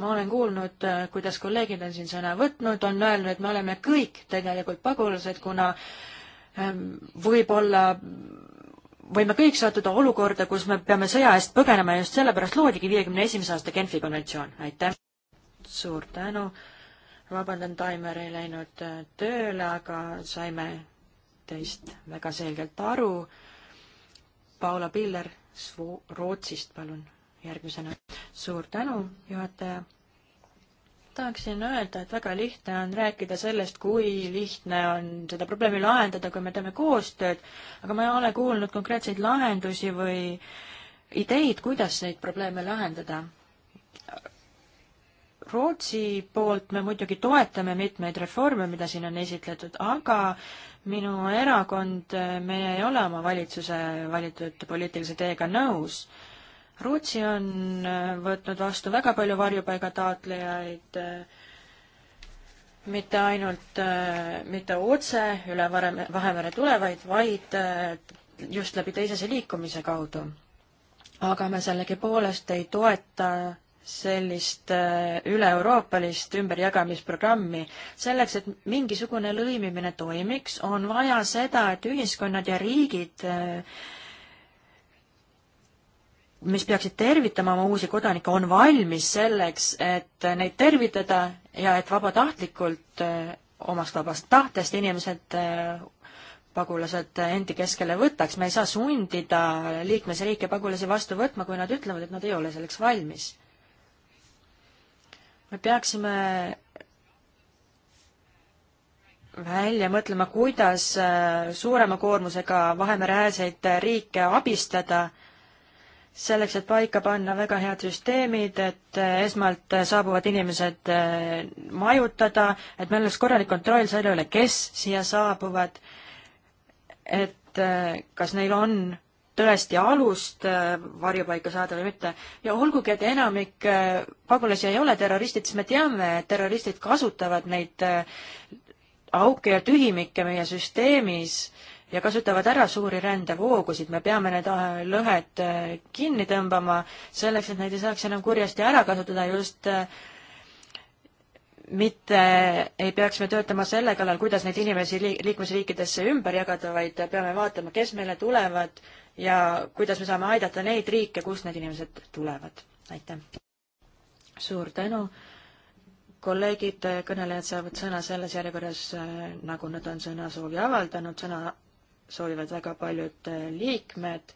ma olen kuulnud, äh, kuidas kolleegid on siin sõna võtnud, on öelnud, et me oleme kõik tegelikult pagulased, kuna ähm, võib-olla võime kõik sattuda olukorda, kus me peame sõja eest põgenema ja just sellepärast loodigi viiekümne esimese aasta Genfi konventsioon, aitäh! suur tänu, vabandan, taimer ei läinud äh, tööle, aga saime teist väga selgelt aru. Paula Piller Rootsist, palun järgmisena. suur tänu, juhataja. tahaksin öelda, et väga lihtne on rääkida sellest, kui lihtne on seda probleemi lahendada, kui me teeme koostööd, aga ma ei ole kuulnud konkreetseid lahendusi või ideid, kuidas neid probleeme lahendada. Rootsi poolt me muidugi toetame mitmeid reforme, mida siin on esitletud, aga minu erakond, me ei ole oma valitsuse valitud poliitilise teega nõus Rootsi on äh, võtnud vastu väga palju varjupaigataotlejaid, äh, mitte ainult, äh, mitte otse üle Vahemere tulevaid, vaid just läbi teisese liikumise kaudu. aga me sellegipoolest ei toeta sellist üle-euroopalist ümberjagamisprogrammi. selleks, et mingisugune lõimimine toimiks, on vaja seda, et ühiskonnad ja riigid äh, mis peaksid tervitama oma uusi kodanikke, on valmis selleks, et neid tervitada ja et vabatahtlikult eh, omast vabast tahtest inimesed, eh, pagulased endi keskele võtaks. me ei saa sundida liikmesriike pagulasi vastu võtma, kui nad ütlevad, et nad ei ole selleks valmis. me peaksime välja mõtlema, kuidas eh, suurema koormusega Vahemere äärseid riike abistada selleks, et paika panna väga head süsteemid, et äh, esmalt äh, saabuvad inimesed äh, majutada, et meil oleks korralik kontroll selle üle, kes siia saabuvad, et kas neil on tõesti alust varjupaika saada või mitte. ja olgugi, et enamik pagulasi ei ole terroristid, siis me teame, et terroristid kasutavad neid auke ja tühimikke meie süsteemis ja kasutavad ära suuri rändevoogusid, me peame need äh, lõhed äh, kinni tõmbama, selleks et neid ei saaks enam kurjasti ära kasutada just äh, mitte ei peaks me töötama selle kallal, kuidas neid inimesi liikmesriikidesse ümber jagada, vaid peame vaatama, kes meile tulevad ja kuidas me saame aidata neid riike, kust need inimesed tulevad. aitäh! suur tänu! kolleegid, kõnelejad saavad sõna selles järjekorras, nagu nad on sõnasoovi avaldanud, sõna soovivad väga paljud äh, liikmed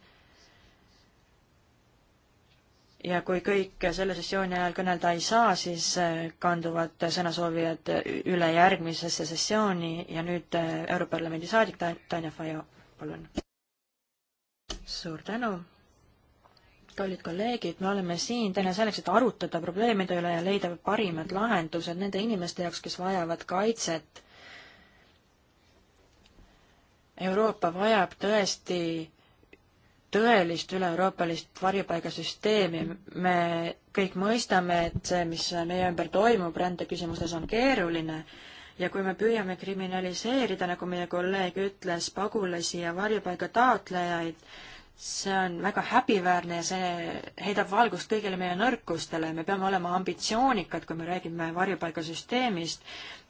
ja kui kõik selle sessiooni ajal kõnelda ei saa, siis äh, kanduvad sõnasoovijad üle järgmisesse sessiooni ja nüüd äh, Europarlamendi saadik Tanja Fajo, palun. suur tänu. kallid kolleegid, me oleme siin täna selleks, et arutada probleemide üle ja leida parimad lahendused nende inimeste jaoks, kes vajavad kaitset Euroopa vajab tõesti tõelist üle-euroopalist varjupaigasüsteemi, me kõik mõistame, et see, mis meie ümber toimub rändeküsimuses, on keeruline ja kui me püüame kriminaliseerida, nagu meie kolleeg ütles, pagulasi ja varjupaiga taotlejaid, see on väga häbiväärne ja see heidab valgust kõigile meie nõrkustele. me peame olema ambitsioonikad, kui me räägime varjupaigasüsteemist.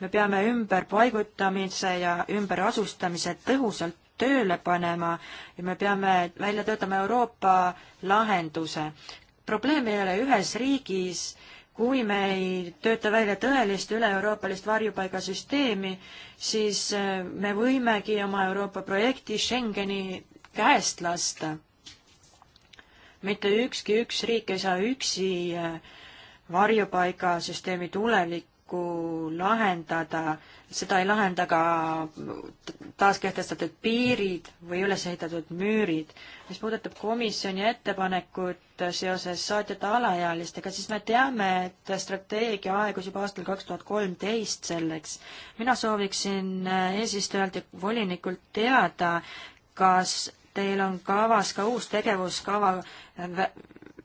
me peame ümberpaigutamise ja ümberasustamise tõhusalt tööle panema ja me peame välja töötama Euroopa lahenduse. probleem ei ole ühes riigis, kui me ei tööta välja tõelist üle-euroopalist varjupaigasüsteemi, siis me võimegi oma Euroopa projekti Schengeni käest lasta. mitte ükski üks riik ei saa üksi äh, varjupaigasüsteemi tulevikku lahendada, seda ei lahenda ka taaskehtestatud piirid või üles ehitatud müürid. mis puudutab komisjoni ettepanekut seoses saatjate alaealistega, siis me teame, et strateegia aegus juba aastal kaks tuhat kolmteist selleks. mina sooviksin äh, eesistujalt ja volinikult teada, kas teil on kavas ka uus tegevuskava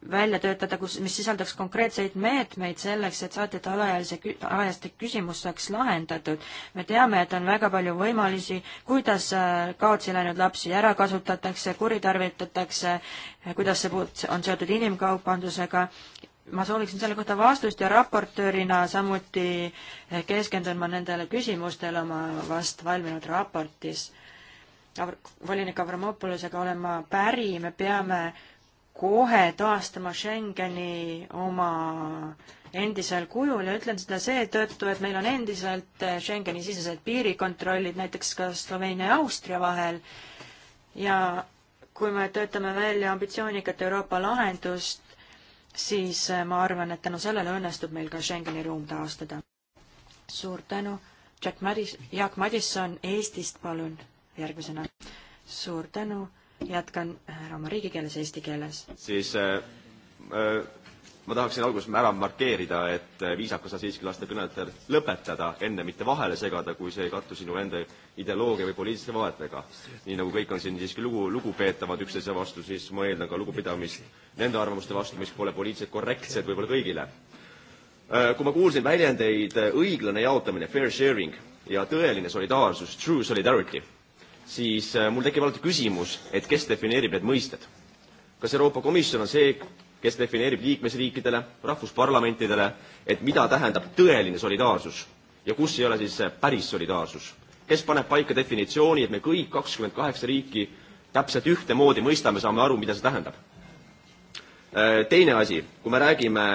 välja töötada, kus, mis sisaldaks konkreetseid meetmeid selleks, et saatjate alaealise, alaealiste küsimus saaks lahendatud. me teame, et on väga palju võimalusi, kuidas äh, kaotsi läinud lapsi ära kasutatakse, kuritarvitatakse, kuidas see puut-, on seotud inimkaubandusega, ma sooviksin selle kohta vastust ja raportöörina samuti äh, keskendun ma nendele küsimustele oma vast valminud raportis volinik Avramopolisega olen ma päri, me peame kohe taastama Schengeni oma endisel kujul ja ütlen seda seetõttu, et meil on endiselt eh, Schengeni sisesed piirikontrollid näiteks ka Sloveenia ja Austria vahel ja kui me töötame välja ambitsioonikat Euroopa lahendust, siis eh, ma arvan, et tänu sellele õnnestub meil ka Schengeni ruum taastada. suur tänu, Jack Madis-, Jaak Madisson Eestist, palun järgmisena. suur tänu, jätkan härra äh, oma riigikeeles, eesti keeles. siis äh, äh, ma tahaksin alguses ära markeerida, et äh, viisakas on siiski lasta kõnelejal lõpetada, enne mitte vahele segada, kui see ei kattu sinu enda ideoloogia või poliitiliste vaadetega. nii nagu kõik on siin siiski lugu, lugupeetavad üksteise vastu, siis ma eeldan ka lugupidamist nende arvamuste vastu, mis pole poliitiliselt korrektsed võib-olla kõigile. Äh, kui ma kuulsin väljendeid õiglane jaotamine, fair sharing, ja tõeline solidaarsus, true solidarity siis äh, mul tekib alati küsimus, et kes defineerib need mõisted. kas Euroopa Komisjon on see, kes defineerib liikmesriikidele, rahvusparlamentidele, et mida tähendab tõeline solidaarsus ja kus ei ole siis äh, päris solidaarsus? kes paneb paika definitsiooni, et me kõik kakskümmend kaheksa riiki täpselt ühtemoodi mõistame, saame aru, mida see tähendab? Äh, teine asi, kui me räägime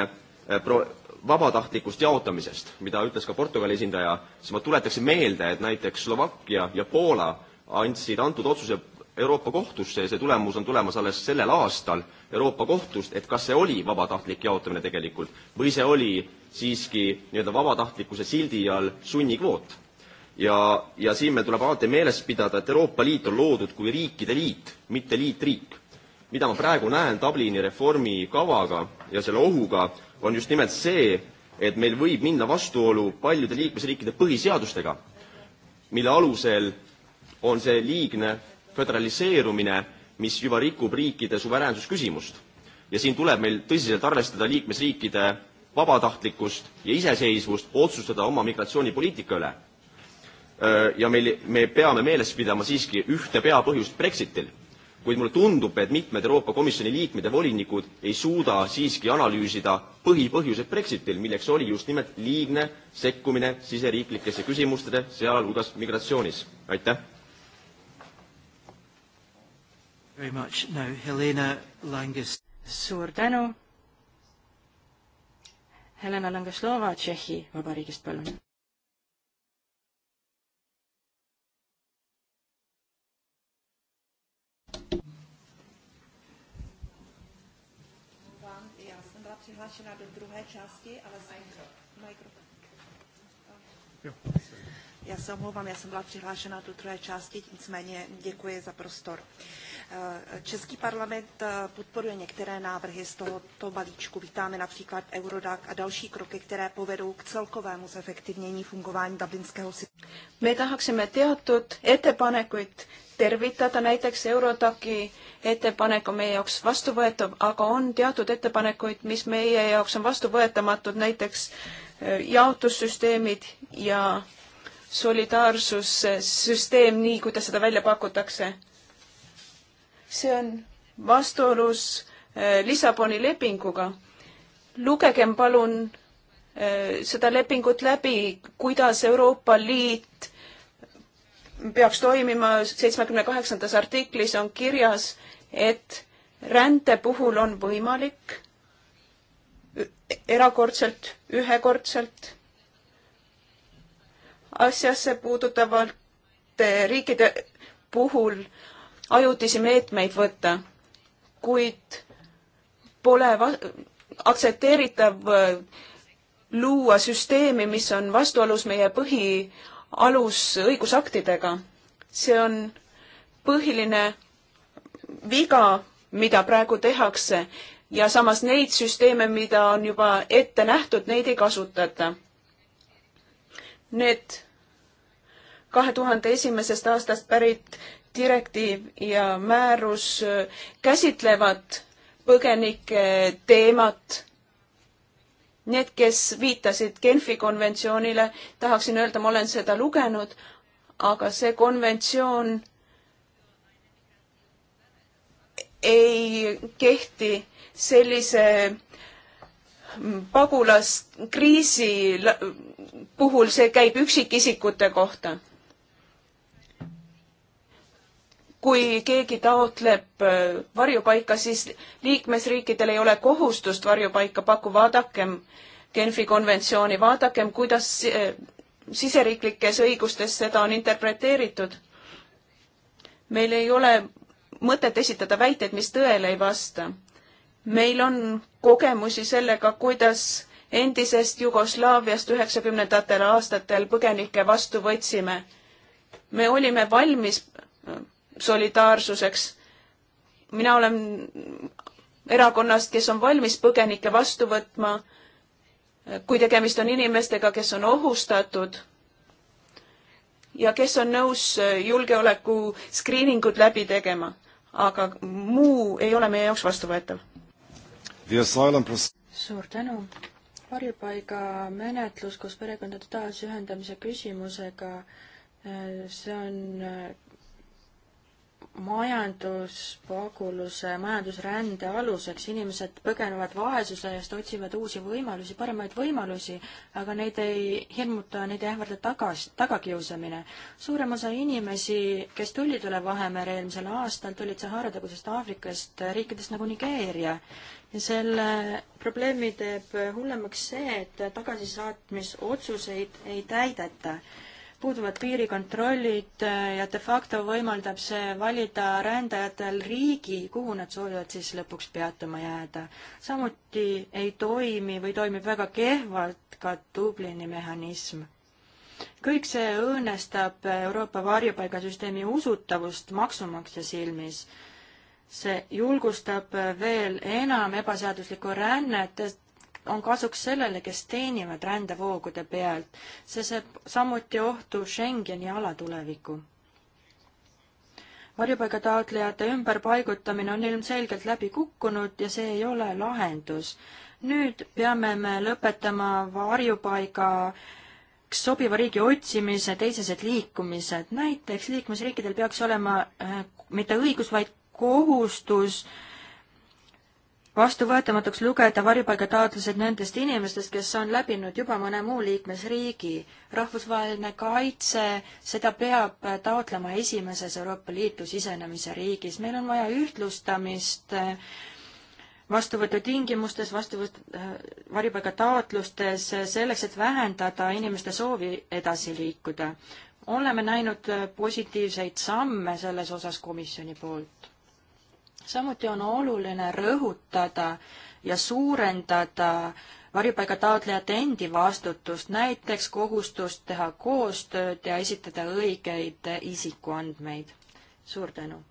pro-, vabatahtlikust jaotamisest, mida ütles ka Portugali esindaja, siis ma tuletaksin meelde, et näiteks Slovakkia ja Poola andsid antud otsuse Euroopa kohtusse ja see tulemus on tulemas alles sellel aastal Euroopa kohtust, et kas see oli vabatahtlik jaotamine tegelikult või see oli siiski nii-öelda vabatahtlikkuse sildi all sunnikvoot. ja, ja siin meil tuleb alati meeles pidada, et Euroopa Liit on loodud kui riikide liit, mitte liitriik. mida ma praegu näen Dublini reformi kavaga ja selle ohuga, on just nimelt see, et meil võib minna vastuolu paljude liikmesriikide põhiseadustega, mille alusel on see liigne föderaliseerumine, mis juba rikub riikide suveräänsusküsimust. ja siin tuleb meil tõsiselt arvestada liikmesriikide vabatahtlikkust ja iseseisvust otsustada oma migratsioonipoliitika üle. ja meil, me peame meeles pidama siiski ühte peapõhjust Brexitil, kuid mulle tundub, et mitmed Euroopa Komisjoni liikmed ja volinikud ei suuda siiski analüüsida põhipõhjuseid Brexitil, milleks oli just nimelt liigne sekkumine siseriiklikesse küsimustesse, sealhulgas migratsioonis. aitäh! Very much now, Helena Langes. suur tänu. Helena Langeslova Tšehhi Vabariigist, palun. Já jsem byla přihlášena do druhé části, ale jsem... Mikrofon. Já se omlouvám, já jsem byla přihlášena do druhé části, nicméně děkuji za prostor. Uh, Eh, Český parlament eh, podporuje některé návrhy z tohoto balíčku. Vítáme například Eurodac a další kroky, které povedou k celkovému zefektivnění fungování Dublinského systému. Me tahaksime teatud ettepanekuid tervitada, näiteks Eurodaci ettepanek on meie jaoks vastuvõetav, aga on teatud ettepanekuid, mis meie jaoks on vastuvõetamatud, näiteks eh, jaotussüsteemid ja solidaarsussüsteem, nii kuidas seda välja pakutakse see on vastuolus eh, Lissaboni lepinguga. lugegem palun eh, seda lepingut läbi, kuidas Euroopa Liit peaks toimima, seitsmekümne kaheksandas artiklis on kirjas, et rände puhul on võimalik erakordselt, ühekordselt asjasse puudutavate riikide puhul ajutisi meetmeid võtta, kuid pole aktsepteeritav äh, luua süsteemi, mis on vastuolus meie põhialusõigusaktidega. see on põhiline viga, mida praegu tehakse ja samas neid süsteeme, mida on juba ette nähtud, neid ei kasutata. Need kahe tuhande esimesest aastast pärit direktiiv ja määrus äh, käsitlevad põgenike teemat. Need, kes viitasid Genfi konventsioonile, tahaksin öelda, ma olen seda lugenud, aga see konventsioon ei kehti sellise mm, pagulaskriisi puhul, see käib üksikisikute kohta kui keegi taotleb äh, varjupaika, siis liikmesriikidel ei ole kohustust varjupaika pakku, vaadakem Genfi konventsiooni, vaadakem, kuidas äh, siseriiklikes õigustes seda on interpreteeritud. meil ei ole mõtet esitada väiteid, mis tõele ei vasta. meil on kogemusi sellega, kuidas endisest Jugoslaaviast üheksakümnendatel aastatel põgenikke vastu võtsime. me olime valmis solidaarsuseks. mina olen erakonnast, kes on valmis põgenikke vastu võtma, kui tegemist on inimestega, kes on ohustatud ja kes on nõus julgeoleku skriiningud läbi tegema. aga muu ei ole meie jaoks vastuvõetav. suur tänu. varjupaiga menetlus koos perekondade taasühendamise küsimusega, eh, see on eh, majanduspaguluse, majandusrände aluseks, inimesed põgenevad vaesuse eest, otsivad uusi võimalusi, paremaid võimalusi, aga neid ei hirmuta, neid ei ähvarda tagas, tagakiusamine. suurem osa inimesi, kes tulid üle Vahemere eelmisel aastal, tulid Sahara tagusest Aafrikast, riikidest nagu Nigeeria. ja selle probleemi teeb hullemaks see, et tagasisaatmisotsuseid ei täideta puuduvad piirikontrollid äh, ja de facto võimaldab see valida rändajatel riigi, kuhu nad soovivad siis lõpuks peatuma jääda. samuti ei toimi või toimib väga kehvalt ka Dublini mehhanism. kõik see õõnestab Euroopa varjupaigasüsteemi usutavust maksumaksja silmis see julgustab veel enam ebaseaduslikku rännet, on kasuks sellele, kes teenivad rändevoogude pealt. see seab samuti ohtu Schengeni ala tuleviku. varjupaigataotlejate ümberpaigutamine on ilmselgelt läbi kukkunud ja see ei ole lahendus. nüüd peame me lõpetama varjupaiga üks sobiva riigi otsimise, teisesed liikumised. näiteks liikmesriikidel peaks olema äh, mitte õigus, vaid kohustus äh, vastuvõetamatuks lugeda varjupaigataotlused nendest inimestest, kes on läbinud juba mõne muu liikmesriigi. rahvusvaheline kaitse, seda peab taotlema esimeses Euroopa Liitu sisenemise riigis. meil on vaja ühtlustamist eh, vastuvõtutingimustes, vastuvõt-, eh, varjupaigataotlustes, eh, selleks et vähendada inimeste soovi edasi liikuda. oleme näinud positiivseid samme selles osas komisjoni poolt samuti on oluline rõhutada ja suurendada varjupaigataotlejate endi vastutust, näiteks kohustust teha koostööd ja esitada õigeid isikuandmeid. suur tänu!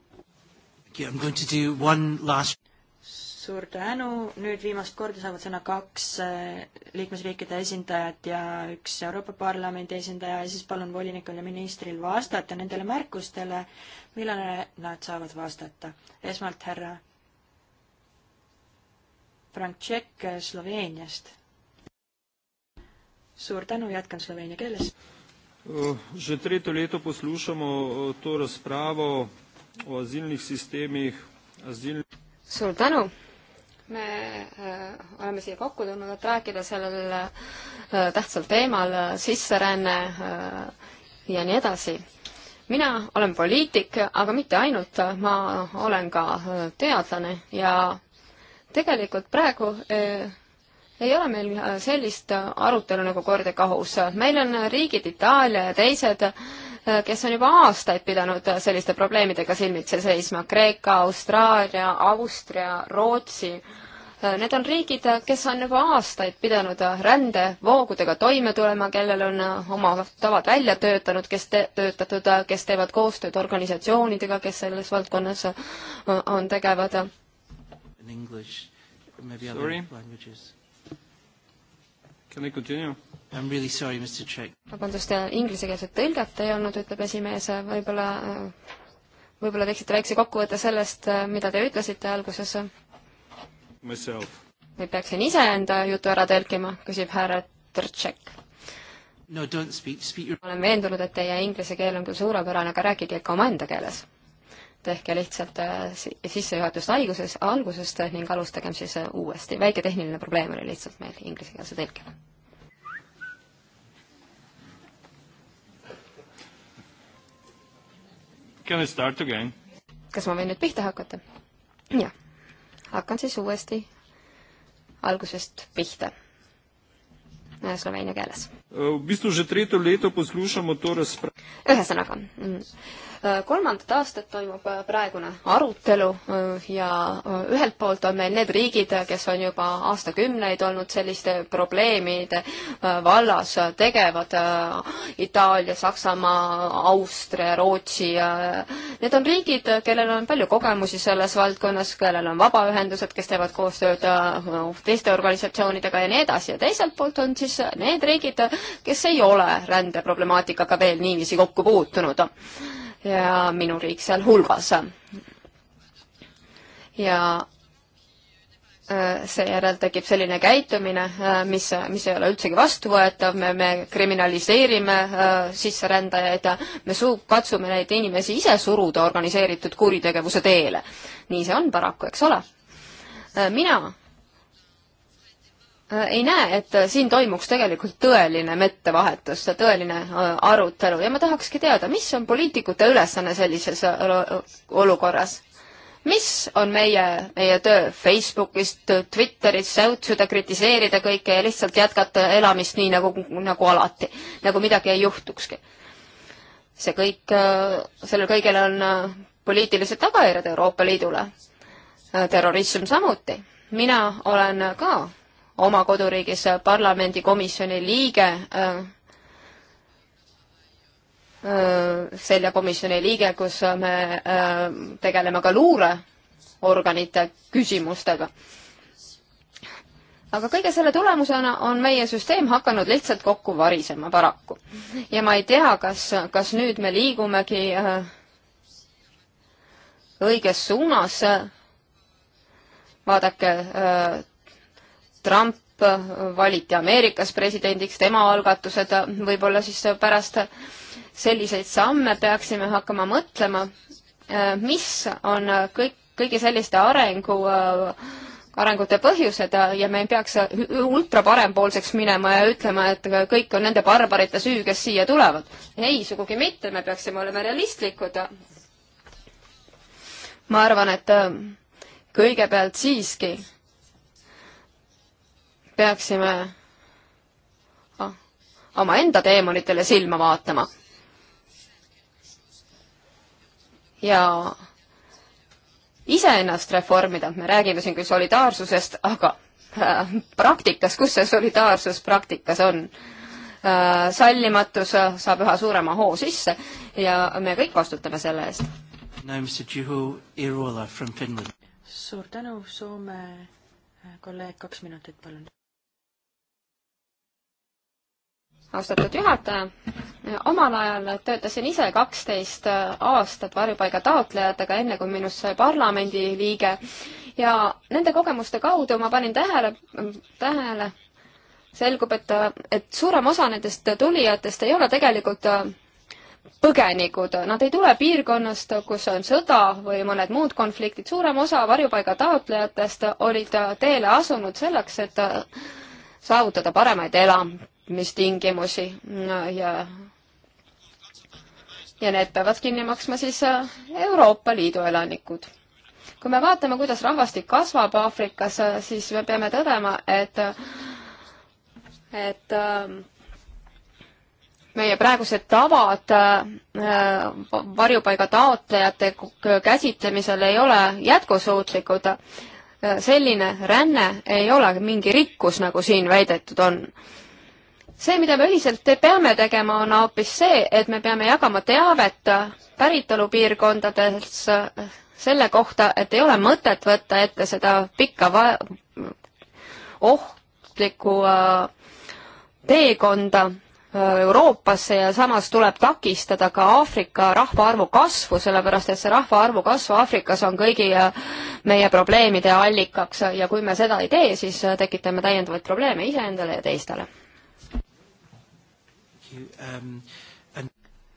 Last... suur tänu, nüüd viimast korda saavad sõna kaks eh, liikmesriikide esindajat ja üks Euroopa Parlamendi esindaja ja siis palun volinikul ja ministril vastata nendele märkustele, millele nad saavad vastata. esmalt härra Francek Sloveeniast. suur tänu, jätkan sloveenia keeles. Že tretje leto poslušamo eh, to razpravo o azilnih sistemih, azil-. suur tänu me eh, oleme siia kokku tulnud, et rääkida sellel eh, tähtsal teemal sisseränne ja nii edasi mina olen poliitik, aga mitte ainult, ma olen ka äh, teadlane ja tegelikult praegu äh, ei ole meil äh, sellist arutelu nagu kord ja kohus. meil on riigid Itaalia ja teised, kes on juba aastaid pidanud selliste probleemidega silmitsi seisma. Kreeka, Austraalia, Austria, Rootsi äh, Äh, need on riigid, äh, kes on juba aastaid pidanud äh, rändevoogudega toime tulema, kellel on oma tavad välja töötanud, kes te-, töötatud, kes teevad koostööd organisatsioonidega, kes selles valdkonnas on tegevad. Sorry. Can I continue? I am really sorry, Mr Tšekk. vabandust, inglisekeelset tõlget ei olnud, ütleb esimees, võib-olla, võib-olla teeksite väikse kokkuvõtte sellest, mida te ütlesite alguses? nüüd peaksin iseenda jutu ära tõlkima, küsib härra Trtšek. No, don't speak, speak your... olen veendunud, et teie inglise keel on küll suurepärane, aga rääkige ikka omaenda keeles. tehke lihtsalt äh, sissejuhatust alguses, algusest ning alustagem siis äh, uuesti. väike tehniline probleem oli lihtsalt meil inglisekeelse tõlkega. Can we start again? kas ma võin nüüd pihta hakata? jah hakkan siis uuesti algusest pihta. Äh, Sloveenia keeles. Äh, ühesõnaga mm, Äh, kolmandat aastat toimub äh, praegune arutelu äh, ja ühelt poolt on meil need riigid, kes on juba aastakümneid olnud selliste probleemide vallas tegevad, Itaalia, Saksamaa, Austria, Rootsi, need on riigid, kellel on palju kogemusi selles valdkonnas, kellel on vabaühendused, kes teevad koostööd teiste organisatsioonidega ja nii edasi ja teiselt poolt on siis need riigid, kes ei ole rändeproblemaatikaga veel niiviisi kokku puutunud ja minu riik sealhulgas. ja äh, seejärel tekib selline käitumine, äh, mis, mis ei ole üldsegi vastuvõetav, me, me kriminaliseerime äh, sisserändajaid ja me suu-, katsume neid inimesi ise suruda organiseeritud kuritegevuse teele. nii see on paraku, eks ole. mina Äh, ei näe, et äh, siin toimuks tegelikult tõeline mettevahetus, tõeline äh, arutelu ja ma tahakski teada, mis on poliitikute ülesanne sellises olukorras? mis on meie, meie töö Facebookist, Twitterist, säutsuda, kritiseerida kõike ja lihtsalt jätkata elamist nii nagu, nagu alati, nagu midagi ei juhtukski? see kõik, sellel kõigel on poliitilised tagajärjed Euroopa Liidule, terrorism samuti. mina olen ka oma koduriigis parlamendikomisjoni liige, selle komisjoni liige, kus me tegeleme ka luureorganite küsimustega. aga kõige selle tulemusena on meie süsteem hakanud lihtsalt kokku varisema paraku. ja ma ei tea, kas, kas nüüd me liigumegi õiges suunas, vaadake, Trump valiti Ameerikas presidendiks, tema algatused, võib-olla siis pärast selliseid samme peaksime hakkama mõtlema, eh, mis on kõik, kõigi selliste arengu, eh, arengute põhjused ja me ei peaks ultra parempoolseks minema ja ütlema, et kõik on nende barbarite süü, kes siia tulevad. ei, sugugi mitte, me peaksime olema realistlikud. ma arvan, et eh, kõigepealt siiski peaksime omaenda teemonitele silma vaatama. ja iseennast reformida, me räägime siin küll solidaarsusest, aga äh, praktikas, kus see solidaarsus praktikas on äh,? sallimatus äh, saab üha suurema hoo sisse ja me kõik vastutame selle eest. suur tänu, Soome äh, kolleeg, kaks minutit, palun. austatud juhataja, omal ajal töötasin ise kaksteist aastat varjupaiga taotlejatega, enne kui minust sai parlamendiliige ja nende kogemuste kaudu ma panin tähele, tähele, selgub, et, et suurem osa nendest tulijatest ei ole tegelikult põgenikud, nad ei tule piirkonnast, kus on sõda või mõned muud konfliktid, suurem osa varjupaiga taotlejatest olid teele asunud selleks, et saavutada paremaid elam-, liikumistingimusi ja ja need peavad kinni maksma siis äh, Euroopa Liidu elanikud. kui me vaatame, kuidas rahvastik kasvab Aafrikas, äh, siis me peame tõdema, et äh, et meie praegused tavad varjupaiga taotlejate käsitlemisel ei ole jätkusuutlikud. selline ränne ei ole mingi rikkus, nagu siin väidetud on see, mida me ühiselt te peame tegema, on hoopis see, et me peame jagama teavet päritolupiirkondades selle kohta, et ei ole mõtet võtta ette seda pikka ohtlikku äh, teekonda äh, Euroopasse ja samas tuleb takistada ka Aafrika rahvaarvu kasvu, sellepärast et see rahvaarvu kasv Aafrikas on kõigi äh, meie probleemide allikaks ja kui me seda ei tee, siis tekitame täiendavaid probleeme iseendale ja teistele you. Um, and...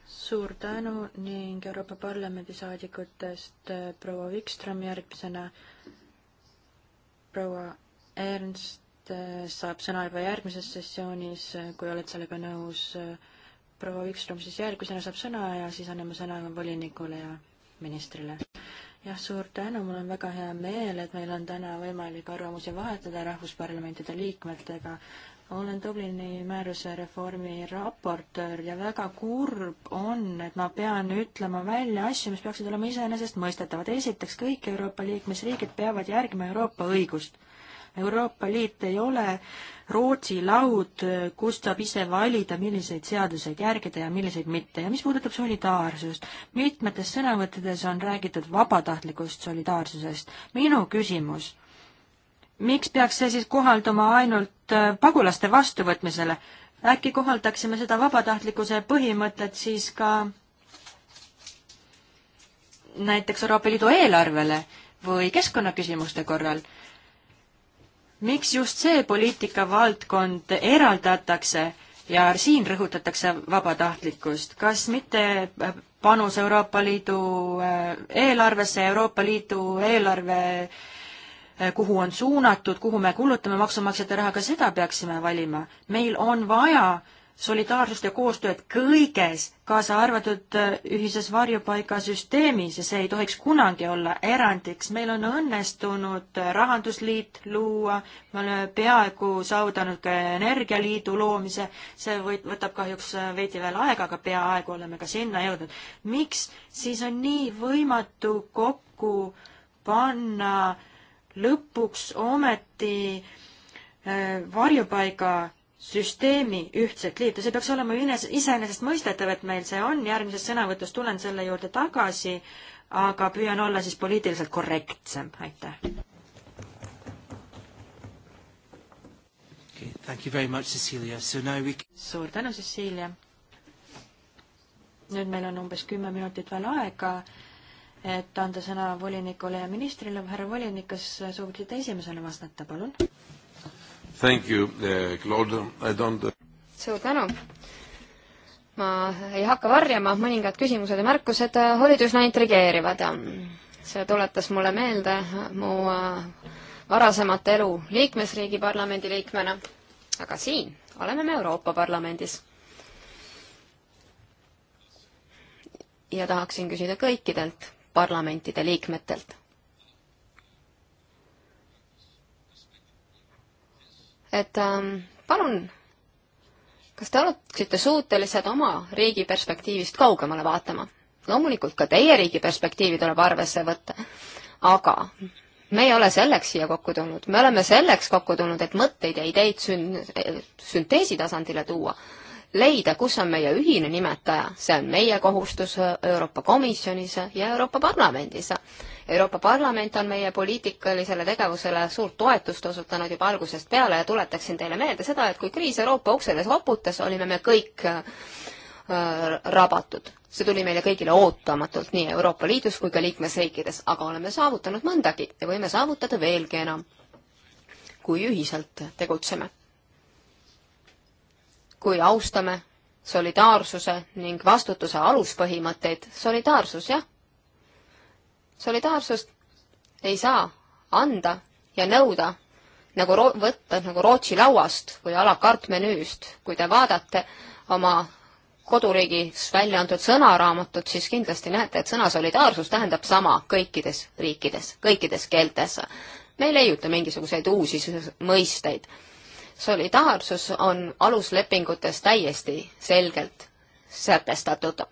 suur tänu ning Euroopa Parlamendi saadikutest eh, proua Wikström järgmisena. proua Ernst eh, saab sõna juba järgmises sessioonis, eh, kui oled sellega nõus. proua Wikström siis järgmisena saab sõna ja siis anname sõna volinikule ja ministrile jah, suur tänu, mul on väga hea meel, et meil on täna võimalik arvamusi vahetada rahvusparlamentide liikmetega olen Dublini määruse reformi raportöör ja väga kurb on, et ma pean ütlema välja asju, mis peaksid olema iseenesestmõistetavad. esiteks, kõik Euroopa liikmesriigid peavad järgima Euroopa õigust. Euroopa Liit ei ole Rootsi laud, kust saab ise valida, milliseid seaduseid järgida ja milliseid mitte. ja mis puudutab solidaarsust, mitmetes sõnavõttudes on räägitud vabatahtlikust solidaarsusest. minu küsimus miks peaks see siis kohalduma ainult äh, pagulaste vastuvõtmisele? äkki kohaldaksime seda vabatahtlikkuse põhimõtet siis ka näiteks Euroopa Liidu eelarvele või keskkonnaküsimuste korral? miks just see poliitikavaldkond eraldatakse ja siin rõhutatakse vabatahtlikkust, kas mitte panus Euroopa Liidu äh, eelarvesse, Euroopa Liidu eelarve äh, Äh, kuhu on suunatud, kuhu me kulutame maksumaksjate raha, ka seda peaksime valima. meil on vaja solidaarsust ja koostööd kõiges, kaasa arvatud äh, ühises varjupaigasüsteemis ja see ei tohiks kunagi olla erandiks. meil on õnnestunud äh, Rahandusliit luua, me oleme peaaegu saavutanud ka Energialiidu loomise, see või-, võtab kahjuks veidi veel aega, aga peaaegu oleme ka sinna jõudnud. miks siis on nii võimatu kokku panna äh, lõpuks ometi äh, varjupaiga süsteemi ühtset liitu, see peaks olema iseenesestmõistetav, et meil see on, järgmises sõnavõtus tulen selle juurde tagasi, aga püüan olla siis poliitiliselt korrektsem, aitäh. suur tänu, Cecilia. nüüd meil on umbes kümme minutit veel aega et anda sõna volinikule ja ministrile. härra volinik, kas sooviksite esimesena vastata, palun? Thank you, eh, Claude, I don't suur tänu! ma ei hakka varjama, mõningad küsimused ja märkused olid eh, üsna intrigeerivad. see tuletas mulle meelde eh, mu varasemat elu liikmesriigi parlamendi liikmena, aga siin oleme me Euroopa Parlamendis. ja tahaksin küsida kõikidelt parlamentide liikmetelt. et ähm, palun, kas te oleksite suutelised oma riigi perspektiivist kaugemale vaatama? loomulikult ka teie riigi perspektiivi tuleb arvesse võtta, aga me ei ole selleks siia kokku tulnud, me oleme selleks kokku tulnud, et mõtteid ja ideid sün-, sünteesi tasandile tuua leida, kus on meie ühine nimetaja, see on meie kohustus Euroopa Komisjonis ja Euroopa Parlamendis. Euroopa Parlament on meie poliitikalisele tegevusele suurt toetust osutanud juba algusest peale ja tuletaksin teile meelde seda, et kui kriis Euroopa uksele soputas, olime me kõik äh, rabatud. see tuli meile kõigile ootamatult nii Euroopa Liidus kui ka liikmesriikides, aga oleme saavutanud mõndagi ja võime saavutada veelgi enam, kui ühiselt tegutseme kui austame solidaarsuse ning vastutuse aluspõhimõtteid. solidaarsus, jah. solidaarsust ei saa anda ja nõuda nagu ro-, võtta nagu Rootsi lauast või a la carte menüüst. kui te vaatate oma koduriigis välja antud sõnaraamatut, siis kindlasti näete, et sõna solidaarsus tähendab sama kõikides riikides, kõikides keeltes. me ei leiuta mingisuguseid uusi mõisteid solidaarsus on aluslepingutes täiesti selgelt sätestatud.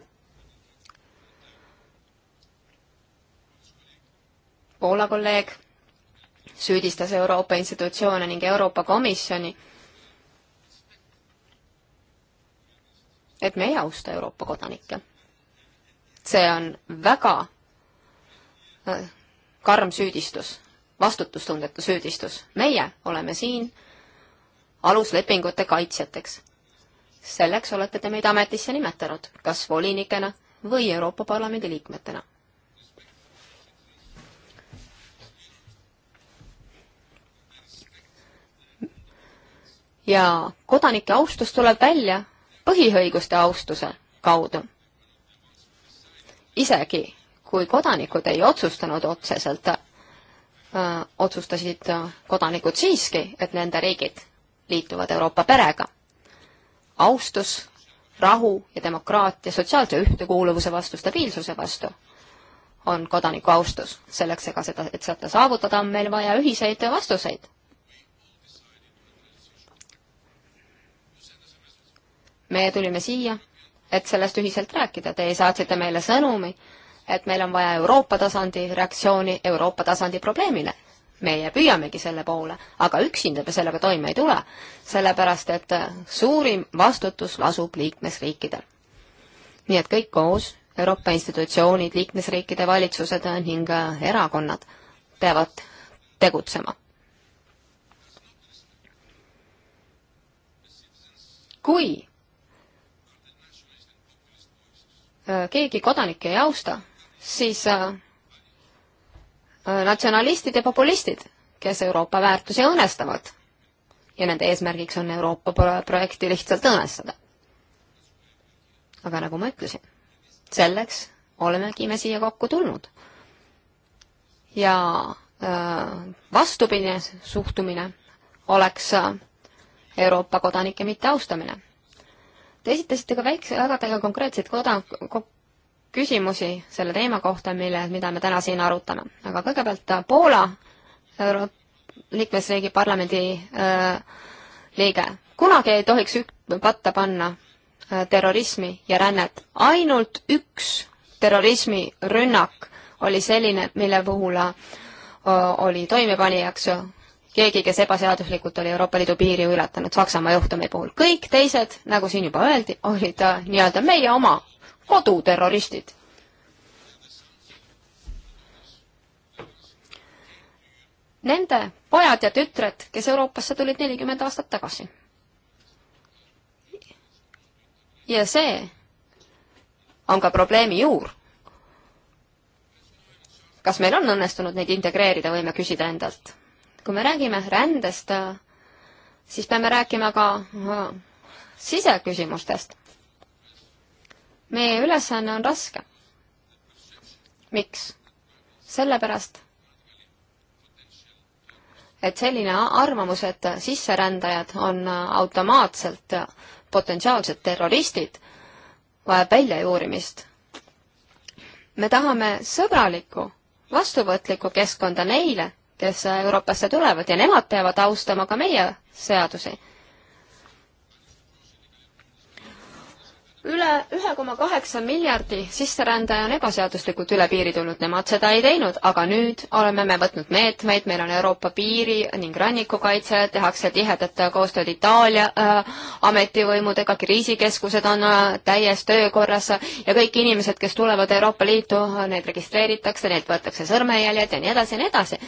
Poola kolleeg süüdistas Euroopa institutsioone ning Euroopa Komisjoni, et me ei austa Euroopa kodanikke. see on väga äh, karm süüdistus, vastutustundetu süüdistus. meie oleme siin aluslepingute kaitsjateks. selleks olete te meid ametisse nimetanud, kas volinikena või Euroopa Parlamendi liikmetena. ja kodanike austus tuleb välja põhiõiguste austuse kaudu. isegi kui kodanikud ei otsustanud otseselt, äh, otsustasid äh, kodanikud siiski, et nende riigid liituvad Euroopa perega. austus, rahu ja demokraatia sotsiaalse ühtekuuluvuse vastu, stabiilsuse vastu on kodaniku austus. selleks, ega seda, et seda saavutada, on meil vaja ühiseid vastuseid. me tulime siia, et sellest ühiselt rääkida, teie saatsite meile sõnumi, et meil on vaja Euroopa tasandi reaktsiooni Euroopa tasandi probleemile meie püüamegi selle poole, aga üksinda me sellega toime ei tule, sellepärast et suurim vastutus lasub liikmesriikidel. nii et kõik koos, Euroopa institutsioonid, liikmesriikide valitsused ning erakonnad peavad tegutsema. kui keegi kodanikke ei austa, siis Äh, natsionalistid ja populistid, kes Euroopa väärtusi õõnestavad. ja nende eesmärgiks on Euroopa projekti lihtsalt õõnestada. aga nagu ma ütlesin, selleks olemegi me siia kokku tulnud. ja äh, vastupidine suhtumine oleks äh, Euroopa kodanike mitteaustamine. Te esitasite ka väikse, väga väga konkreetseid koda-, küsimusi selle teema kohta, mille, mida me täna siin arutame. aga kõigepealt äh, Poola Euro liikmesriigi parlamendi öö, äh, liige. kunagi ei tohiks ük-, patta panna öö, äh, terrorismi ja rännet. ainult üks terrorismirünnak oli selline, mille puhul öö, oli toimepanijaks keegi, kes ebaseaduslikult oli Euroopa Liidu piiri ületanud Saksamaa juhtumi puhul. kõik teised, nagu siin juba öeldi, olid nii-öelda meie oma koduterroristid. Nende pojad ja tütred, kes Euroopasse tulid nelikümmend aastat tagasi. ja see on ka probleemi juur. kas meil on õnnestunud neid integreerida, võime küsida endalt. kui me räägime rändest, siis peame rääkima ka äh, siseküsimustest meie ülesanne on raske. miks? sellepärast, et selline arvamus, et sisserändajad on automaatselt potentsiaalsed terroristid, vajab väljajuurimist. me tahame sõbralikku, vastuvõtlikku keskkonda neile, kes Euroopasse tulevad ja nemad peavad austama ka meie seadusi üle ühe koma kaheksa miljardi sisserändaja on ebaseaduslikult üle piiri tulnud, nemad seda ei teinud, aga nüüd oleme me võtnud meetmeid, meil on Euroopa piiri ning rannikukaitse, tehakse tihedat koostööd Itaalia äh, ametivõimudega, kriisikeskused on äh, täies töökorras ja kõik inimesed, kes tulevad Euroopa Liitu, need registreeritakse, neilt võetakse sõrmejäljed ja nii edasi ja nii edasi.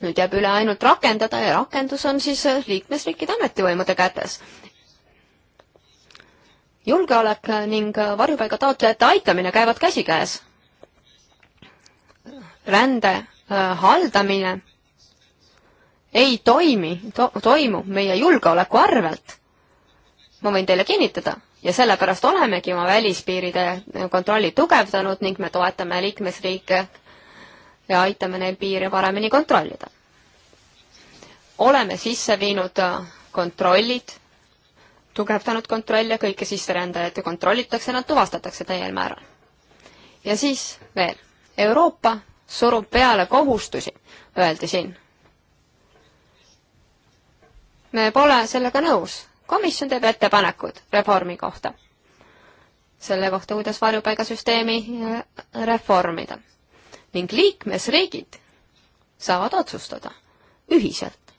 nüüd jääb üle ainult rakendada ja rakendus on siis äh, liikmesriikide ametivõimude kätes julgeolek ning varjupaiga taotlejate aitamine käivad käsikäes. rände äh, haldamine ei toimi to,, toimu meie julgeoleku arvelt. ma võin teile kinnitada ja sellepärast olemegi oma välispiiride kontrolli tugevdanud ning me toetame liikmesriike ja aitame neil piire paremini kontrollida. oleme sisse viinud kontrollid tugevdanud kontrolle, kõiki sisserändajaid kontrollitakse, nad tuvastatakse täiel määral. ja siis veel, Euroopa surub peale kohustusi, öeldi siin. me pole sellega nõus, komisjon teeb ettepanekud reformi kohta. selle kohta, kuidas varjupaigasüsteemi äh, reformida. ning liikmesriigid saavad otsustada ühiselt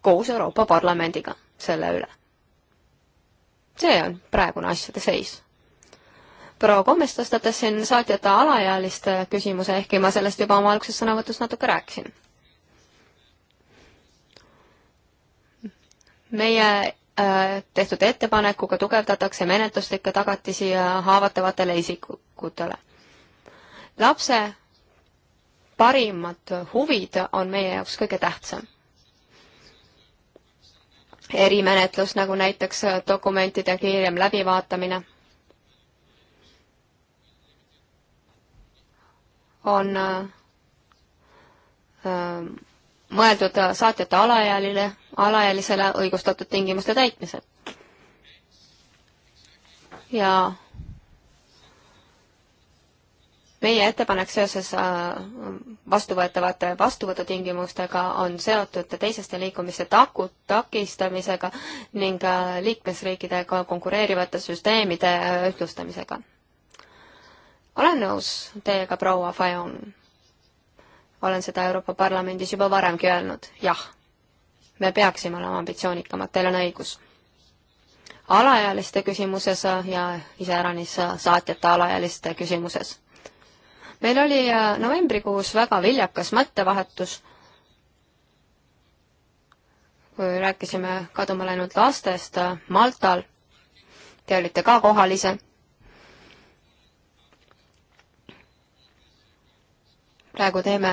koos Euroopa Parlamendiga selle üle. see on praegune asjade seis. proua Kommes tõstatas siin saatjate alaealiste küsimuse, ehkki ma sellest juba oma algses sõnavõtus natuke rääkisin. meie äh, tehtud ettepanekuga tugevdatakse menetluslikke tagatisi haavatavatele isikutele. lapse parimad huvid on meie jaoks kõige tähtsam erimenetlus, nagu näiteks äh, dokumentide kiirem läbivaatamine, on äh, äh, mõeldud saatjate alaealile, alaealisele õigustatud tingimuste täitmisel. ja meie ettepanek seoses vastuvõetavate vastuvõtutingimustega on seotud teiseste liikumiste taku, takistamisega ning äh, liikmesriikidega konkureerivate süsteemide äh, ühtlustamisega. olen nõus teiega, proua Fajon. olen seda Euroopa Parlamendis juba varemgi öelnud, jah. me peaksime olema ambitsioonikamad, teil on õigus alaealiste küsimuses ja iseäranis saatjate alaealiste küsimuses meil oli äh, novembrikuus väga viljakas mõttevahetus, kui rääkisime kaduma läinud lastest äh, Maltal. Te olite ka kohal ise. praegu teeme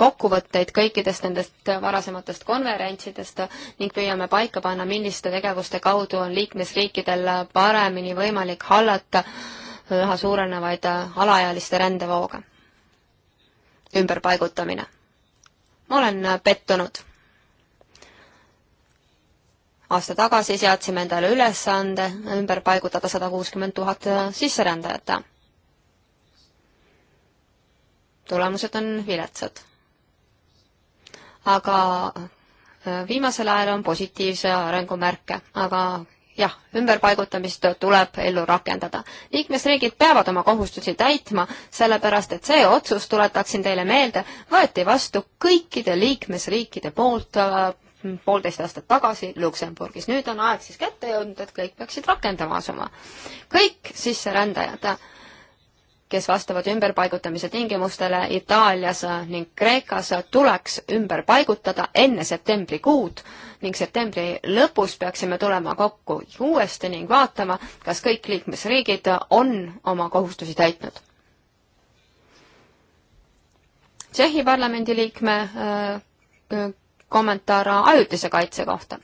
kokkuvõtteid kõikidest nendest varasematest konverentsidest ning püüame paika panna, milliste tegevuste kaudu on liikmesriikidel paremini võimalik hallata äh, üha suurenevaid äh, alaealiste rändevooga. ümberpaigutamine. ma olen äh, pettunud. aasta tagasi seadsime endale ülesande ümber paigutada sada kuuskümmend tuhat äh, sisserändajat. tulemused on viletsad. aga viimasel ajal on positiivse arengu märke, aga jah, ümberpaigutamist tuleb ellu rakendada. liikmesriigid peavad oma kohustusi täitma, sellepärast et see otsus, tuletaksin teile meelde, võeti vastu kõikide liikmesriikide poolt äh, poolteist aastat tagasi Luksemburgis. nüüd on aeg siis kätte jõudnud, et kõik peaksid rakendama asuma. kõik sisserändajad kes vastavad ümberpaigutamise tingimustele Itaalias ning Kreekas, tuleks ümber paigutada enne septembrikuud ning septembri lõpus peaksime tulema kokku uuesti ning vaatama, kas kõik liikmesriigid on oma kohustusi täitnud. Tšehhi parlamendi liikme äh, äh kommentaar ajutise kaitse kohta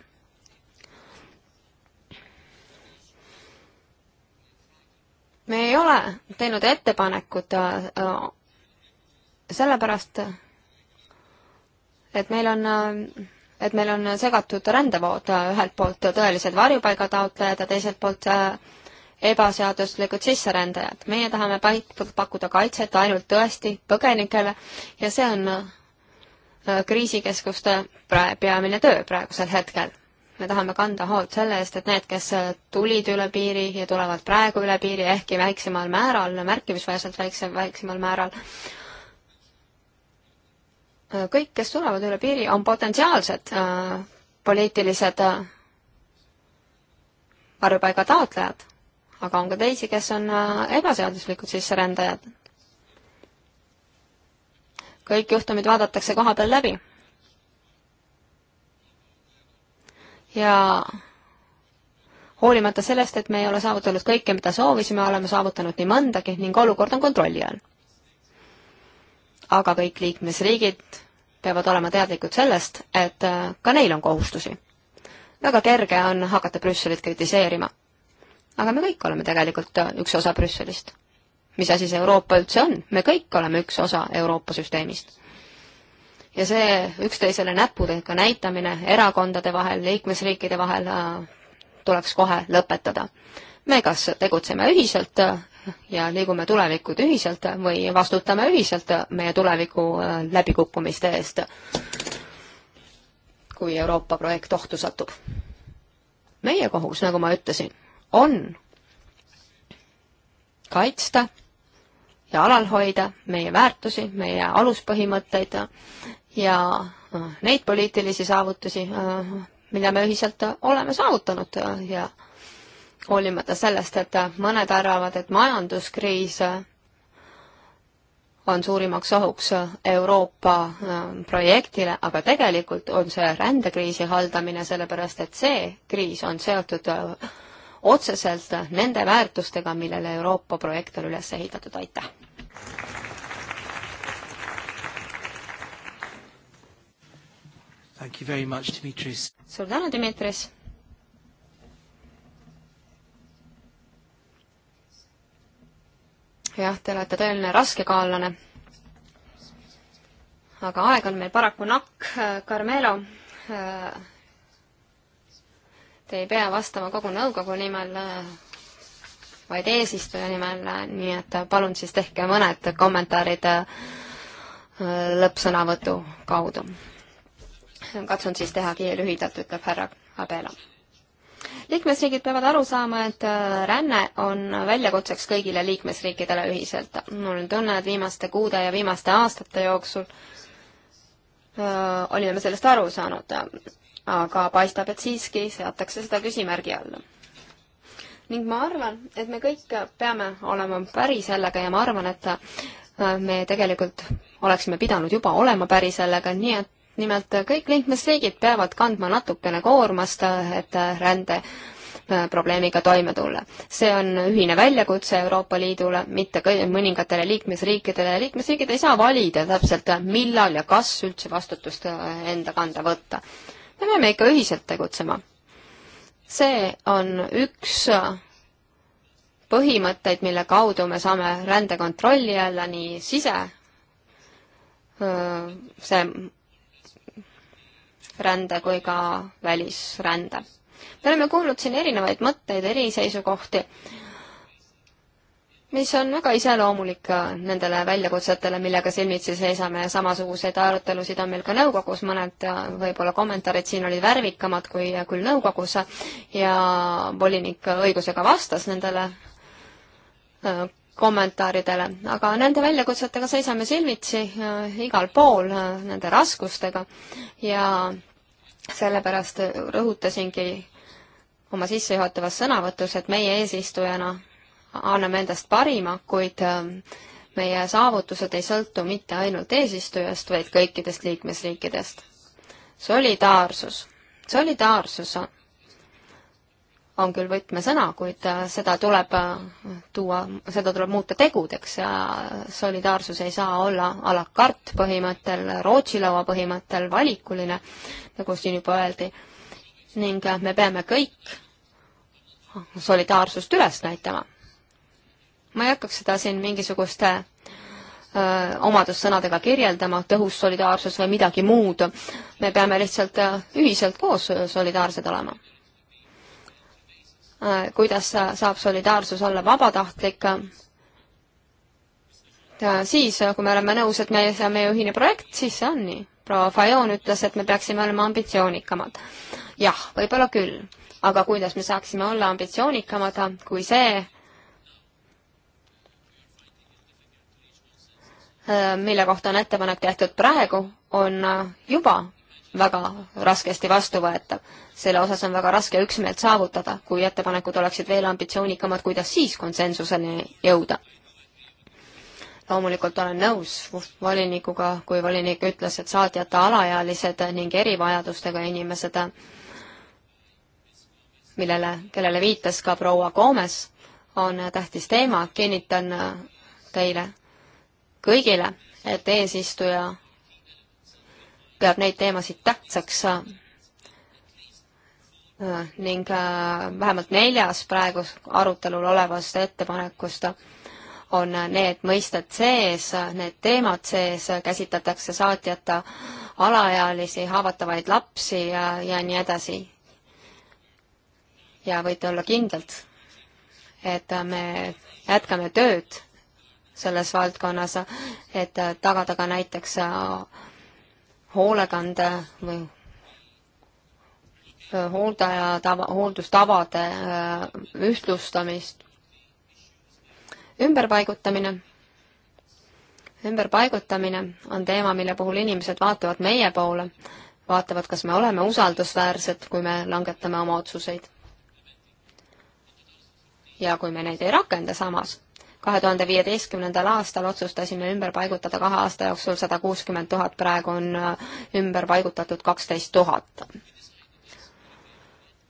me ei ole teinud ettepanekut äh, äh, sellepärast, et meil on äh, et meil on segatud rändevood, ühelt poolt tõelised varjupaigataotlejad ja teiselt poolt ebaseaduslikud sisserändajad. meie tahame pakkuda kaitset ainult tõesti põgenikele ja see on kriisikeskuste prae, peamine töö praegusel hetkel me tahame kanda hoolt selle eest, et need, kes tulid üle piiri ja tulevad praegu üle piiri, ehkki väiksemal määral, märkimisväärselt väiksem, väiksemal määral, kõik, kes tulevad üle piiri, on potentsiaalsed äh, poliitilised äh, varjupaiga taotlejad, aga on ka teisi, kes on äh, ebaseaduslikud sisserändajad. kõik juhtumid vaadatakse koha peal läbi ja hoolimata sellest, et me ei ole saavutanud kõike, mida soovisime, oleme saavutanud nii mõndagi ning olukord on kontrolli all. aga kõik liikmesriigid peavad olema teadlikud sellest, et äh, ka neil on kohustusi. väga kerge on hakata Brüsselit kritiseerima. aga me kõik oleme tegelikult äh, üks osa Brüsselist. mis asi see Euroopa üldse on? me kõik oleme üks osa Euroopa süsteemist ja see üksteisele näpudega näitamine erakondade vahel, liikmesriikide vahel äh, tuleks kohe lõpetada. me kas tegutseme ühiselt äh, ja liigume tulevikud ühiselt või vastutame ühiselt äh, meie tuleviku läbikukkumiste eest, kui Euroopa projekt ohtu satub. meie kohus, nagu ma ütlesin, on kaitsta ja alal hoida meie väärtusi, meie aluspõhimõtteid ja äh, neid poliitilisi saavutusi, äh, mida me ühiselt äh, oleme saavutanud ja hoolimata sellest, et mõned arvavad, et majanduskriis on suurimaks ohuks Euroopa projektile, aga tegelikult on see rändekriisi haldamine, sellepärast et see kriis on seotud otseselt nende väärtustega, millele Euroopa projekt on üles ehitatud, aitäh! suur tänu, Dimitris! jah, te olete tõeline raskekaallane. aga aeg on meil paraku nakk, Carmelo. Te ei pea vastama kogu nõukogu nimel, vaid eesistuja nimel, nii et palun siis tehke mõned kommentaarid äh, lõppsõnavõtu kaudu katsun siis teha lühidalt, ütleb härra Abela. liikmesriigid peavad aru saama, et äh, ränne on väljakutseks kõigile liikmesriikidele ühiselt. mul on tunne, et viimaste kuude ja viimaste aastate jooksul öö, äh, olime me sellest aru saanud, aga paistab, et siiski seatakse seda küsimärgi alla ning ma arvan, et me kõik peame olema päri sellega ja ma arvan, et äh, me tegelikult oleksime pidanud juba olema päri sellega, nii et nimelt kõik liikmesriigid peavad kandma natukene koormast, et rände äh, probleemiga toime tulla. see on ühine väljakutse Euroopa Liidule, mitte mõningatele liikmesriikidele ja liikmesriigid ei saa valida täpselt, millal ja kas üldse vastutust äh, enda kanda võtta. me peame ikka ühiselt tegutsema. see on üks põhimõtteid, mille kaudu me saame rände kontrolli alla nii sise, äh, see rände kui ka välisrände. me oleme kuulnud siin erinevaid mõtteid, eri seisukohti, mis on väga iseloomulik nendele väljakutsetele, millega silmitsi seisame ja samasuguseid arutelusid on meil ka nõukogus, mõned äh, võib-olla kommentaarid siin olid värvikamad kui küll nõukogus ja volinik õigusega vastas nendele äh, kommentaaridele, aga nende väljakutsetega seisame silmitsi äh, igal pool äh,, nende raskustega ja sellepärast rõhutasingi oma sissejuhatavas sõnavõtus, et meie eesistujana anname endast parima, kuid ähm, meie saavutused ei sõltu mitte ainult eesistujast, vaid kõikidest liikmesriikidest. solidaarsus. solidaarsus on on küll võtmesõna, kuid äh, seda tuleb äh, tuua, seda tuleb muuta tegudeks ja solidaarsus ei saa olla a la carte põhimõttel, Rootsi laua põhimõttel, valikuline, nagu siin juba öeldi. ning äh, me peame kõik solidaarsust üles näitama. ma ei hakkaks seda siin mingisuguste omadussõnadega kirjeldama, tõhus solidaarsus või midagi muud. me peame lihtsalt ühiselt koos solidaarsed olema Äh, kuidas saab solidaarsus olla vabatahtlik, siis, äh, kui me oleme nõus, et meie, see on meie ühine projekt, siis see on nii. proua Fajon ütles, et me peaksime olema ambitsioonikamad. jah, võib-olla küll, aga kuidas me saaksime olla ambitsioonikamad, kui see, äh, mille kohta on ettepanek tehtud praegu, on juba väga raskesti vastuvõetav. selle osas on väga raske üksmeelt saavutada, kui ettepanekud oleksid veel ambitsioonikamad, kuidas siis konsensuseni jõuda? loomulikult olen nõus volinikuga, kui volinik ütles, et saatjata alaealised ning erivajadustega inimesed, millele, kellele viitas ka proua Koomes, on tähtis teema, kinnitan teile kõigile, et eesistuja peab neid teemasid tähtsaks äh, ning äh, vähemalt neljas praegu arutelul olevast ettepanekust on äh, need mõisted sees, need teemad sees, käsitletakse saatjata alaealisi, haavatavaid lapsi ja, ja nii edasi. ja võite olla kindlad, et me jätkame tööd selles valdkonnas, et tagada ka näiteks hoolekande või äh, hooldaja tava, hooldustavade äh, ühtlustamist. ümberpaigutamine. ümberpaigutamine on teema, mille puhul inimesed vaatavad meie poole, vaatavad, kas me oleme usaldusväärsed, kui me langetame oma otsuseid. ja kui me neid ei rakenda samas kahe tuhande viieteistkümnendal aastal otsustasime ümber paigutada kahe aasta jooksul sada kuuskümmend tuhat, praegu on äh, ümber paigutatud kaksteist tuhat.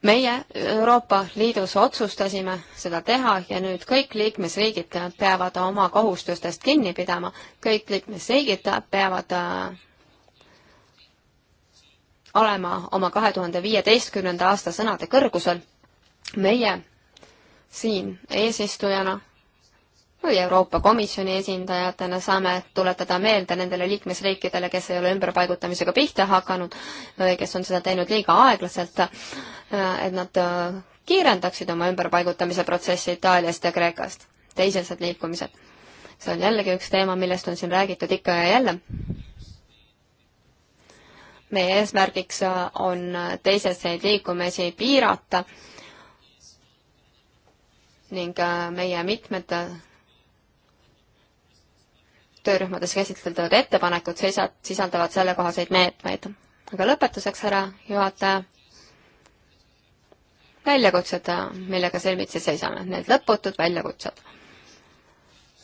meie Euroopa Liidus otsustasime seda teha ja nüüd kõik liikmesriigid peavad oma kohustustest kinni pidama, kõik liikmesriigid peavad äh, olema oma kahe tuhande viieteistkümnenda aasta sõnade kõrgusel. meie siin eesistujana või Euroopa Komisjoni esindajatena saame tuletada meelde nendele liikmesriikidele, kes ei ole ümberpaigutamisega pihta hakanud või kes on seda teinud liiga aeglaselt, äh, et nad äh, kiirendaksid oma ümberpaigutamise protsessi Itaaliast ja Kreekast, teiselsed liikumised. see on jällegi üks teema, millest on siin räägitud ikka ja jälle. meie eesmärgiks äh, on teiseseid liikumisi piirata ning meie mitmed töörühmades käsitletavad ettepanekud seisad, sisaldavad sellekohaseid meetmeid. aga lõpetuseks, härra juhataja, väljakutsed, millega silmitsi seisame, need lõputud väljakutsed.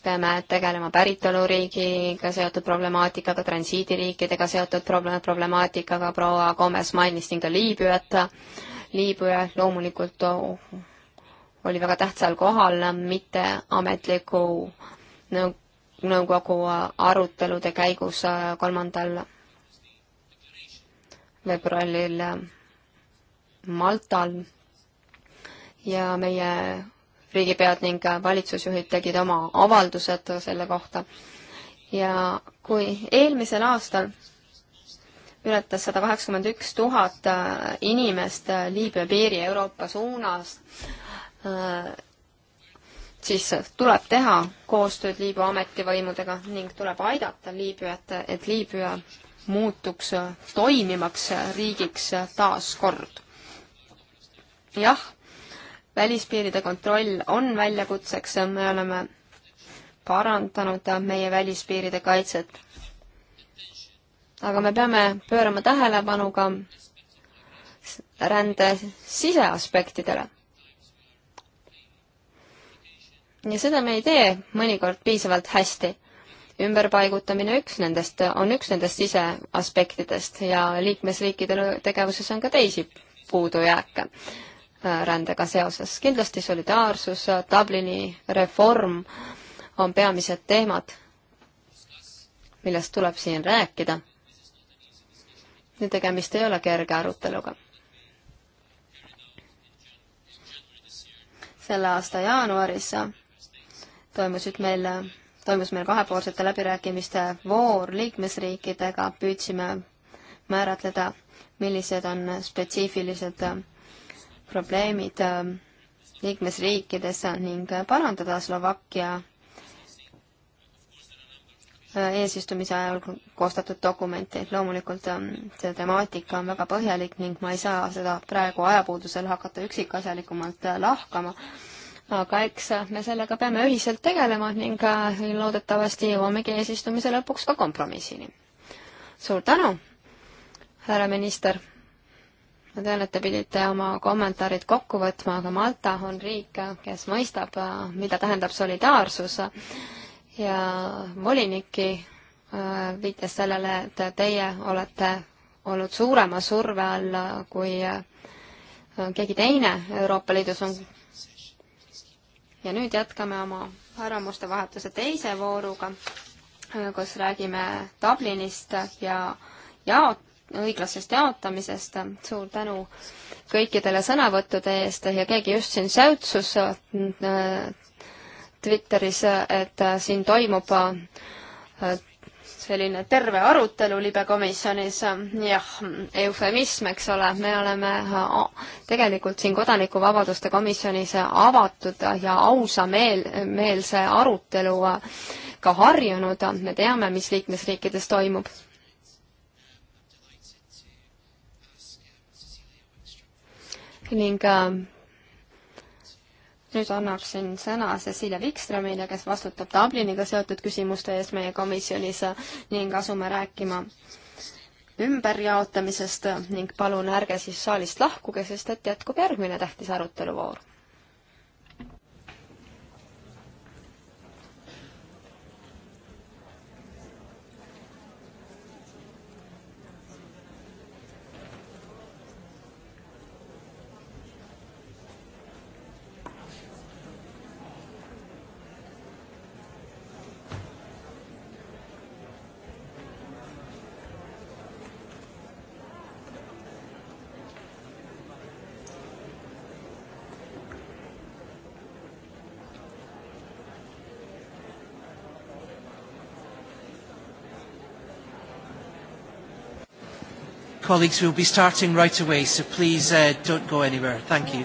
peame tegelema päritoluriigiga seotud problemaatikaga, transiidiriikidega seotud problemaatikaga, proua Gomes mainis siin ka Liibüat, Liibüa loomulikult oli väga tähtsal kohal mitteametliku nõu-, nõukogu arutelude käigus äh, kolmandal veebruaril Maltal ja meie riigipead ning valitsusjuhid tegid oma avaldused selle kohta. ja kui eelmisel aastal ületas sada kaheksakümmend üks tuhat äh, inimest äh, Liibüa piiri Euroopa suunas siis tuleb teha koostööd Liibüa ametivõimudega ning tuleb aidata Liibüat, et Liibüa muutuks toimivaks riigiks taas kord. jah, välispiiride kontroll on väljakutseks, me oleme parandanud meie välispiiride kaitset. aga me peame pöörama tähelepanu ka rände siseaspektidele. ja seda me ei tee mõnikord piisavalt hästi. ümberpaigutamine üks nendest, on üks nendest siseaspektidest ja liikmesriikide tegevuses on ka teisi puudujääke äh, rändega seoses. kindlasti solidaarsus, Dublini reform on peamised teemad, millest tuleb siin rääkida. ja tegemist ei ole kerge aruteluga selle aasta jaanuaris toimusid meil, toimus meil kahepoolsete läbirääkimiste voor liikmesriikidega, püüdsime määratleda, millised on spetsiifilised probleemid liikmesriikides ning parandada Slovakkia eesistumise ajal koostatud dokumenti, et loomulikult ähm, see temaatika on väga põhjalik ning ma ei saa seda praegu ajapuudusel hakata üksikasjalikumalt äh, lahkama aga eks me sellega peame ühiselt tegelema ning äh, loodetavasti jõuamegi eesistumise lõpuks ka kompromissini. suur tänu, härra minister! ma tean, et te pidite oma kommentaarid kokku võtma, aga Malta on riik, kes mõistab, äh, mida tähendab solidaarsus ja volinikki äh, viitas sellele, et teie olete olnud suurema surve all kui keegi teine Euroopa Liidus on ja nüüd jätkame oma arvamuste vahetuse teise vooruga, äh, kus räägime Dublinist ja jaot-, õiglasest jaotamisest. suur tänu kõikidele sõnavõttude eest ja keegi just siin säutsus äh, Twitteris, äh, et siin toimub selline terve arutelu libekomisjonis, jah, eufemism, eks ole, me oleme äh, tegelikult siin Kodanikuvabaduste komisjonis avatud ja ausameel, meelse aruteluga äh, harjunud, me teame, mis liikmesriikides toimub. ning äh, nüüd annaksin sõna Cecilia Wikströmile, kes vastutab Dubliniga seotud küsimuste eest meie komisjonis ning asume rääkima ümberjaotamisest ning palun ärge siis saalist lahkuge, sest et jätkub järgmine tähtis aruteluvoor Colleagues, we'll be starting right away, so please uh, don't go anywhere. Thank you.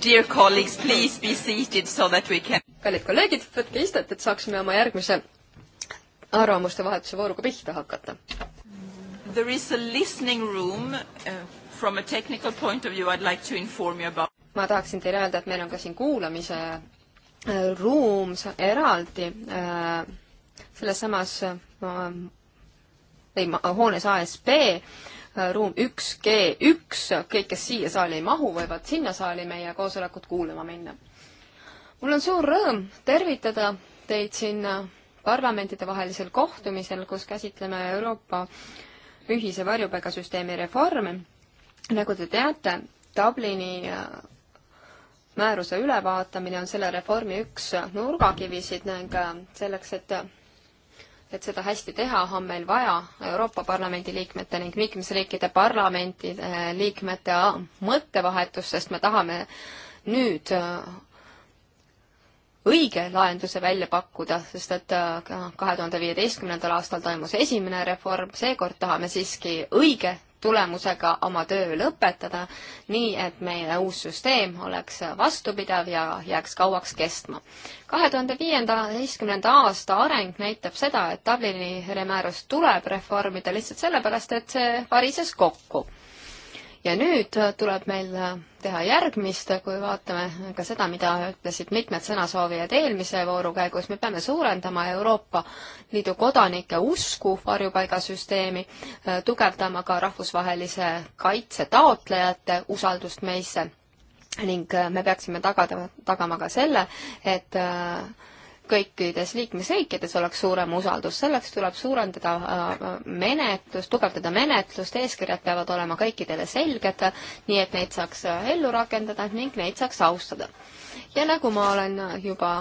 Dear colleagues, please be seated so that we can kallid kolleegid, võtke istet, et saaksime oma järgmise arvamuste vahetuse vooruga pihta hakata. There is a listening room uh, from a technical point of view I would like to inform you about. ma tahaksin teile öelda, et meil on ka siin kuulamise äh, ruum eraldi uh, selles samas uh, äh, ei, hoones ASB uh, Äh, ruum üks G üks, kõik, kes siia saali ei mahu, võivad sinna saali meie koosolekut kuulama minna. mul on suur rõõm tervitada teid siin äh, parlamentidevahelisel kohtumisel, kus käsitleme Euroopa ühise varjupaigasüsteemi reformi. nagu te teate, Dublini äh, määruse ülevaatamine on selle reformi üks nurgakivisid ning selleks, et et seda hästi teha, on meil vaja Euroopa Parlamendi liikmete ning liikmesriikide parlamentide eh, liikmete mõttevahetust, sest me tahame nüüd eh, õige lahenduse välja pakkuda, sest et eh, kahe tuhande viieteistkümnendal aastal toimus esimene reform, seekord tahame siiski õige tulemusega oma töö lõpetada, nii et meie uus süsteem oleks vastupidav ja jääks kauaks kestma. kahe tuhande viiendateistkümnenda aasta areng näitab seda, et Dublini määrust tuleb reformida lihtsalt sellepärast, et see varises kokku ja nüüd äh, tuleb meil äh, teha järgmist, äh, kui vaatame ka seda, mida ütlesid mitmed sõnasoovijad eelmise vooru käigus, me peame suurendama Euroopa Liidu kodanike usku varjupaigasüsteemi, tugevdama ka rahvusvahelise kaitse taotlejate usaldust meisse ning me peaksime tagada, tagama ka selle, et äh, kõikides liikmesriikides oleks suurem usaldus, selleks tuleb suurendada äh, menetlust, tugevdada menetlust, eeskirjad peavad olema kõikidele selged, nii et neid saaks äh, ellu rakendada ning neid saaks austada. ja nagu ma olen juba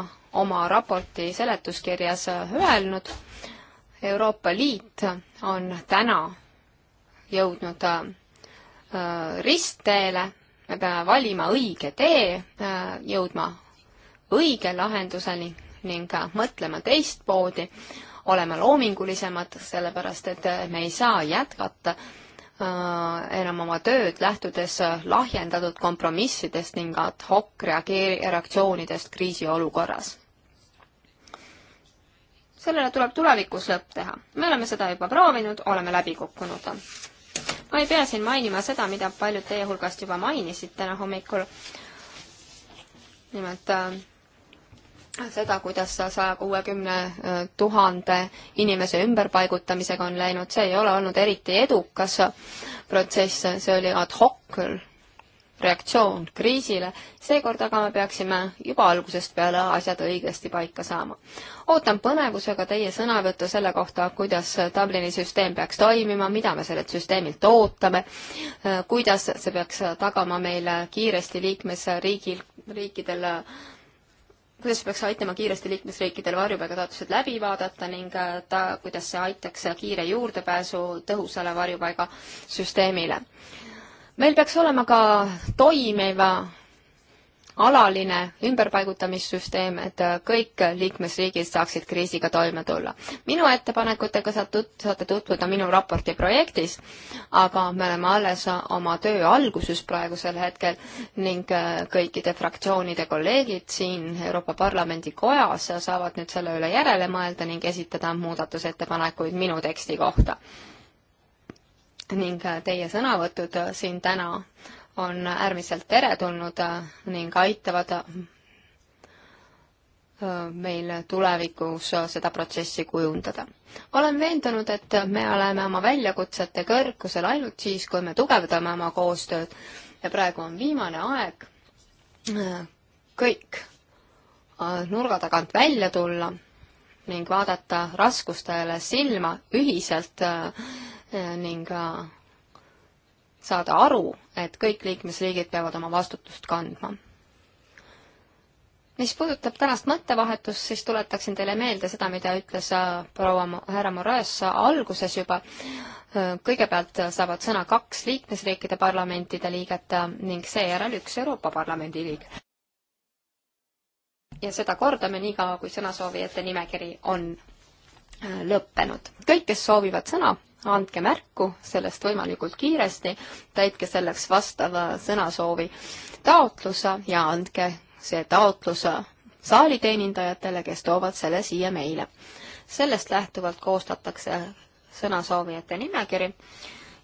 oma raporti seletuskirjas äh, öelnud, Euroopa Liit on täna jõudnud ristteele, me peame valima õige tee, jõudma õige lahenduseni ning mõtlema teistmoodi, olema loomingulisemad, sellepärast et me ei saa jätkata äh, enam oma tööd, lähtudes lahjendatud kompromissidest ning ad hoc reageeri-, reaktsioonidest kriisiolukorras. sellele tuleb tulevikus lõpp teha. me oleme seda juba proovinud, oleme läbi kukkunud. ma ei pea siin mainima seda, mida paljud teie hulgast juba mainisite täna hommikul, nimelt äh, seda, kuidas saja kuuekümne tuhande inimese ümberpaigutamisega on läinud, see ei ole olnud eriti edukas protsess, see oli ad hoc reaktsioon kriisile, seekord aga me peaksime juba algusest peale asjad õigesti paika saama. ootan põnevusega teie sõnavõttu selle kohta, kuidas Dublini süsteem peaks toimima, mida me sellelt süsteemilt ootame, kuidas see peaks tagama meile kiiresti liikmesriigil, riikidel kuidas peaks aitama kiiresti liikmesriikidel varjupaigataotlused läbi vaadata ning äh, ta, kuidas see aitaks äh, kiire juurdepääsu tõhusale varjupaigasüsteemile. meil peaks olema ka toimiva alaline ümberpaigutamissüsteem, et äh, kõik liikmesriigid saaksid kriisiga toime tulla. minu ettepanekutega saad tut-, saate tutvuda minu raporti projektis, aga me oleme alles oma töö alguses praegusel hetkel ning äh, kõikide fraktsioonide kolleegid siin Euroopa Parlamendi kojas saavad nüüd selle üle järele mõelda ning esitada muudatusettepanekuid minu teksti kohta ning äh, teie sõnavõtud siin täna on äärmiselt teretulnud äh, ning aitavad äh, meil tulevikus äh, seda protsessi kujundada. olen veendunud, et me oleme oma väljakutsete kõrgusel ainult siis, kui me tugevdame oma koostööd ja praegu on viimane aeg kõik nurga tagant välja tulla ning vaadata raskustele silma ühiselt ning saada aru, et kõik liikmesriigid peavad oma vastutust kandma. mis puudutab tänast mõttevahetust, siis tuletaksin teile meelde seda, mida ütles äh, proua härra Moraes äh, alguses juba. Äh, kõigepealt saavad sõna kaks liikmesriikide parlamentide liiget ning seejärel üks Euroopa Parlamendi liige. ja seda kordame niikaua, kui sõnasoovijate nimekiri on lõppenud. kõik, kes soovivad sõna, andke märku sellest võimalikult kiiresti, täitke selleks vastava sõnasoovi taotluse ja andke see taotlus saaliteenindajatele, kes toovad selle siia meile. sellest lähtuvalt koostatakse sõnasoovijate nimekiri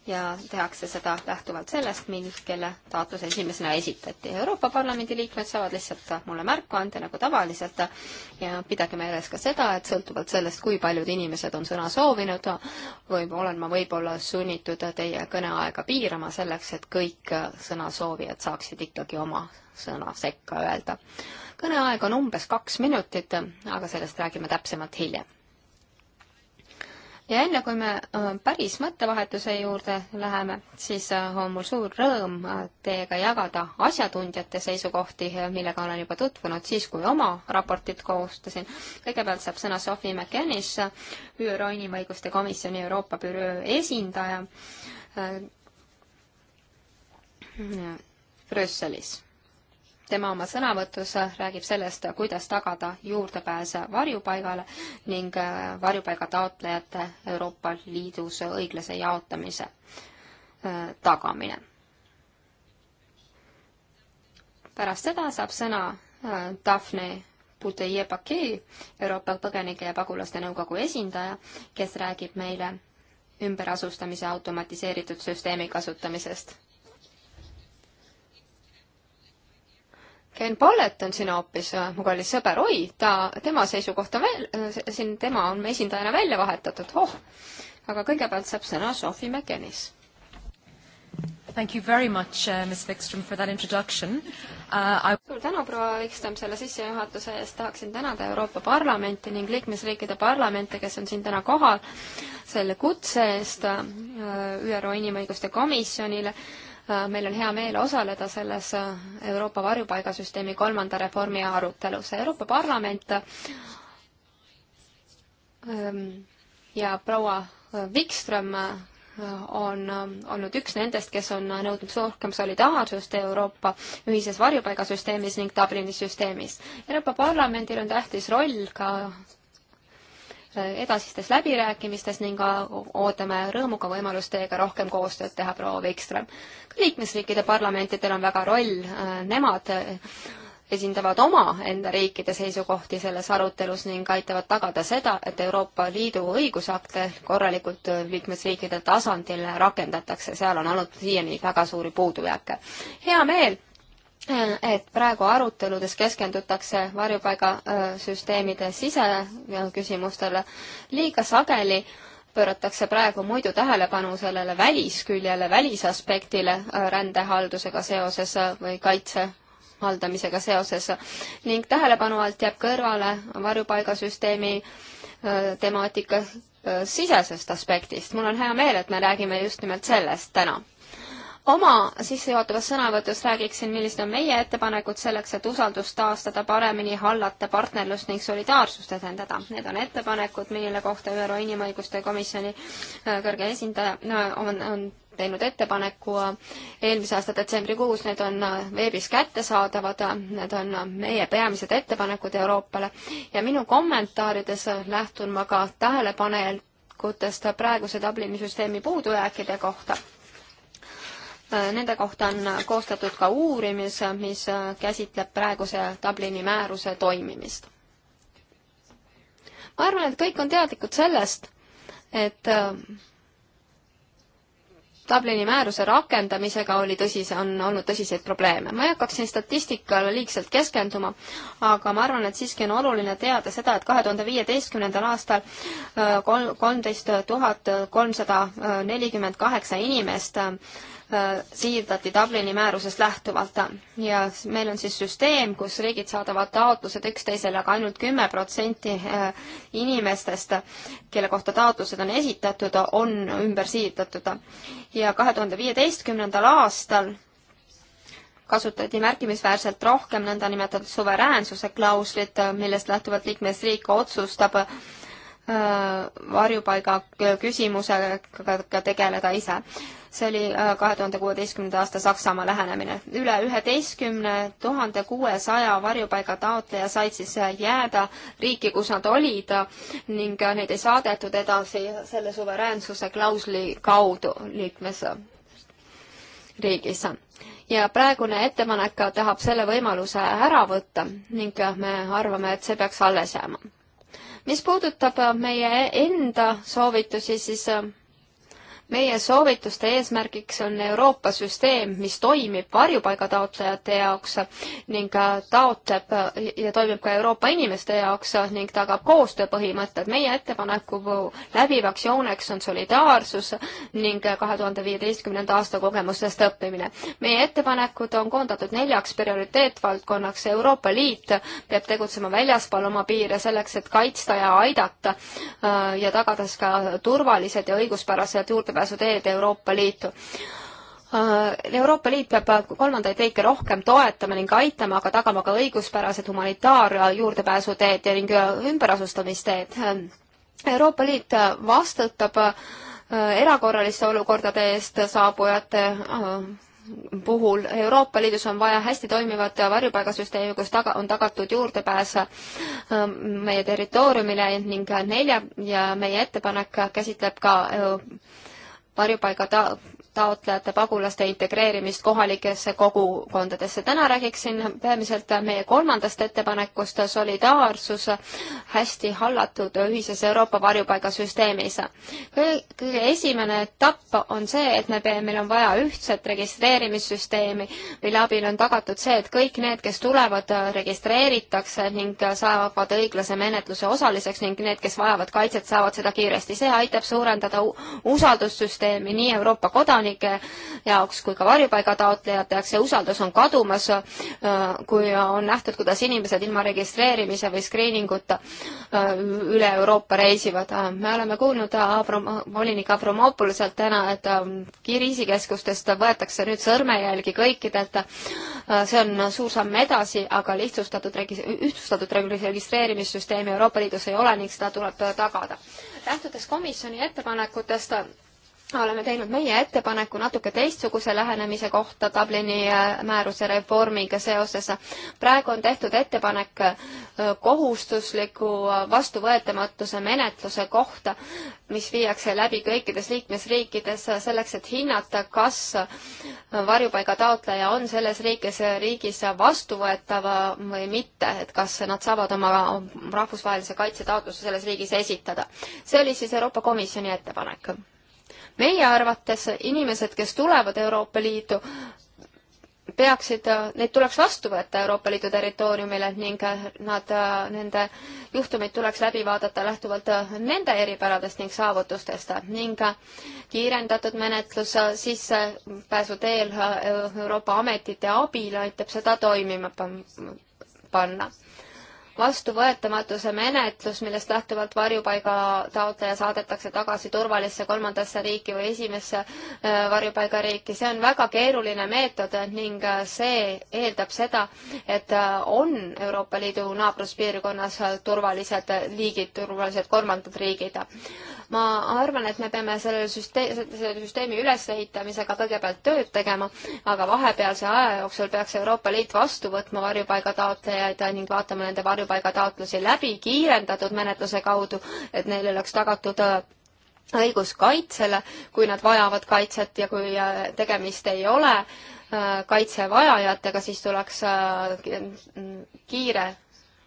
ja tehakse seda lähtuvalt sellest, mil-, kelle taotlus esimesena esitati. Euroopa Parlamendi liikmed saavad lihtsalt mulle märku anda, nagu tavaliselt, ja pidage meeles ka seda, et sõltuvalt sellest, kui paljud inimesed on sõna soovinud, või olen ma võib-olla sunnitud teie kõneaega piirama selleks, et kõik sõnasoovijad saaksid ikkagi oma sõna sekka öelda. kõneaeg on umbes kaks minutit, aga sellest räägime täpsemalt hiljem ja enne kui me äh, päris mõttevahetuse juurde läheme, siis äh, on mul suur rõõm äh, teiega jagada asjatundjate seisukohti, millega olen juba tutvunud siis, kui oma raportit koostasin. kõigepealt saab sõna Sophie McKennis, ÜRO Inimõiguste Komisjoni Euroopa büroo esindaja Brüsselis tema oma sõnavõtus räägib sellest, kuidas tagada juurdepääs varjupaigale ning äh, varjupaiga taotlejate Euroopa Liidus õiglase jaotamise äh, tagamine. pärast seda saab sõna äh, Daphne Budeye-Pakee, Euroopa Põgenike ja Pagulaste Nõukogu esindaja, kes räägib meile ümberasustamise automatiseeritud süsteemi kasutamisest Ken Pallet on siin hoopis äh, mu kallis sõber, oi, ta, tema seisukoht on veel, äh, siin tema on esindajana välja vahetatud, oh. aga kõigepealt saab sõna Sophie McKennis. Thank you very much uh,, Miss Wikström, for that introduction uh,. I... suur tänu, proua Wikström, selle sissejuhatuse eest tahaksin tänada Euroopa Parlamenti ning liikmesriikide parlamente, kes on siin täna kohal, selle kutse eest uh, ÜRO Inimõiguste Komisjonile uh, Äh, meil on hea meel osaleda selles äh, Euroopa varjupaigasüsteemi kolmanda reformi arutelus. Euroopa Parlament ähm, ja proua äh, Wikström on olnud üks nendest, kes on nõudnud rohkem solidaarsust Euroopa ühises varjupaigasüsteemis ning Dublini süsteemis. Euroopa Parlamendil on tähtis roll ka edasistes läbirääkimistes ning ootame rõõmuga võimalust teiega rohkem koostööd teha, proua Vikström. ka liikmesriikide parlamentidel on väga roll, nemad esindavad omaenda riikide seisukohti selles arutelus ning aitavad tagada seda, et Euroopa Liidu õigusakte korralikult liikmesriikide tasandil rakendatakse, seal on olnud siiani väga suuri puudujääke. hea meel Äh, et praegu aruteludes keskendutakse varjupaigasüsteemide äh, siseküsimustele. liiga sageli pööratakse praegu muidu tähelepanu sellele välisküljele, välisaspektile äh, rändehaldusega seoses või kaitse haldamisega seoses ning tähelepanu alt jääb kõrvale varjupaigasüsteemi temaatika sisesest aspektist. mul on hea meel, et me räägime just nimelt sellest täna oma sissejuhatavas sõnavõtus räägiksin, millised on meie ettepanekud selleks, et usaldust taastada, paremini hallata, partnerlust ning solidaarsust edendada. Need on ettepanekud, mille kohta ÜRO Inimõiguste Komisjoni äh, kõrge esindaja on, on teinud ettepaneku äh, eelmise aasta detsembrikuus, need on äh, veebis kättesaadavad, need on meie peamised ettepanekud Euroopale ja minu kommentaarides lähtun ma ka tähelepanekutest praeguse Dublini süsteemi puudujääkide kohta Äh, nende kohta on koostatud ka uurimis, mis äh, käsitleb praeguse Dublini määruse toimimist. ma arvan, et kõik on teadlikud sellest, et äh, Dublini määruse rakendamisega oli tõsise, on olnud tõsiseid probleeme. ma ei hakkaks siin statistikale liigselt keskenduma, aga ma arvan, et siiski on oluline teada seda, et kahe tuhande viieteistkümnendal aastal kolmteist tuhat kolmsada nelikümmend kaheksa inimest Äh, siirdati Dublini määrusest lähtuvalt ja meil on siis süsteem, kus riigid saadavad taotlused üksteisele, aga ainult kümme protsenti äh, inimestest, kelle kohta taotlused on esitatud, on ümber siirdatud. ja kahe tuhande viieteistkümnendal aastal kasutati märkimisväärselt rohkem nõndanimetatud suveräänsuse klauslit, millest lähtuvalt liikmesriik otsustab äh, varjupaiga küsimusega tegeleda ise see oli äh, kahe tuhande kuueteistkümnenda aasta Saksamaa lähenemine. üle üheteistkümne tuhande kuuesaja varjupaiga taotleja said siis äh, jääda riiki, kus nad olid ning äh, neid ei saadetud edasi selle suveräänsuse klausli kaudu liikmesriigis ja praegune ettepanek tahab selle võimaluse ära võtta ning me arvame, et see peaks alles jääma. mis puudutab meie enda soovitusi, siis meie soovituste eesmärgiks on Euroopa süsteem, mis toimib varjupaigataotlejate jaoks ning äh, taotleb äh, ja toimib ka Euroopa inimeste jaoks ning tagab koostööpõhimõtted. meie ettepaneku läbivaks jooneks on solidaarsus ning äh, kahe tuhande viieteistkümnenda aasta kogemustest õppimine. meie ettepanekud on koondatud neljaks prioriteetvaldkonnaks. Euroopa Liit peab tegutsema väljaspool oma piire selleks, et kaitsta ja aidata ja tagades ka turvalised ja õiguspärased juurde juurdepääsuteed Euroopa Liitu. Äh, Euroopa Liit peab kolmandaid riike rohkem toetama ning aitama, aga tagama ka õiguspärased humanitaar- ja juurdepääsuteed ja ning ümberasustamisteed. Euroopa Liit vastutab äh, erakorraliste olukordade eest saabujate äh, puhul Euroopa Liidus on vaja hästi toimivat varjupaigasüsteemi, kus taga, on tagatud juurdepääs meie territooriumile ning nelja ja meie ettepanek käsitleb ka varjupaiga ta-, taotlejate pagulaste integreerimist kohalikesse kogukondadesse. täna räägiksin peamiselt meie kolmandast ettepanekust, solidaarsus hästi hallatud ühises Euroopa varjupaigasüsteemis. kõige esimene etapp on see, et me peame, meil on vaja ühtset registreerimissüsteemi, mille abil on tagatud see, et kõik need, kes tulevad, registreeritakse ning saavad õiglase menetluse osaliseks ning need, kes vajavad kaitset, saavad seda kiiresti. see aitab suurendada usaldussüsteemi nii Euroopa kodanikele, kodanike jaoks kui ka varjupaigataotlejate jaoks, see usaldus on kadumas, äh, kui on nähtud, kuidas inimesed ilma registreerimise või screeninguta äh, üle Euroopa reisivad. me oleme kuulnud Abram, volinik Abramopoluselt täna, et äh, kriisikeskustest võetakse nüüd sõrmejälgi kõikidelt. see on suur samm edasi, aga lihtsustatud regi-, ühtlustatud registreerimissüsteemi Euroopa Liidus ei ole ning seda tuleb tagada. lähtudes komisjoni ettepanekutest, oleme teinud meie ettepaneku natuke teistsuguse lähenemise kohta Dublini äh, määruse reformiga seoses. praegu on tehtud ettepanek äh, kohustusliku äh, vastuvõetamatuse menetluse kohta, mis viiakse läbi kõikides liikmesriikides selleks, et hinnata, kas varjupaiga taotleja on selles riigis, riigis vastuvõetav või mitte, et kas nad saavad oma rahvusvahelise kaitse taotluse selles riigis esitada. see oli siis Euroopa Komisjoni ettepanek meie arvates inimesed, kes tulevad Euroopa Liitu, peaksid, neid tuleks vastu võtta Euroopa Liidu territooriumile ning nad, nende juhtumeid tuleks läbi vaadata lähtuvalt nende eripäradest ning saavutustest ning kiirendatud menetlus sissepääsu teel Euroopa ametite abil aitab seda toimima panna vastuvõetamatuse menetlus, millest lähtuvalt varjupaiga taotleja saadetakse tagasi turvalisse kolmandasse riiki või esimesse äh, varjupaigariiki, see on väga keeruline meetod ning äh, see eeldab seda, et äh, on Euroopa Liidu naabruspiirkonnas turvalised liigid, turvalised kolmandad riigid ma arvan, et me peame selle süsteemi, selle süsteemi ülesehitamisega kõigepealt tööd tegema, aga vahepealse aja jooksul peaks Euroopa Liit vastu võtma varjupaigataotlejaid ning vaatama nende varjupaigataotlusi läbi kiirendatud menetluse kaudu, et neile oleks tagatud äh, õigus kaitsele, kui nad vajavad kaitset ja kui äh, tegemist ei ole äh, kaitsevajajatega, siis tuleks kiire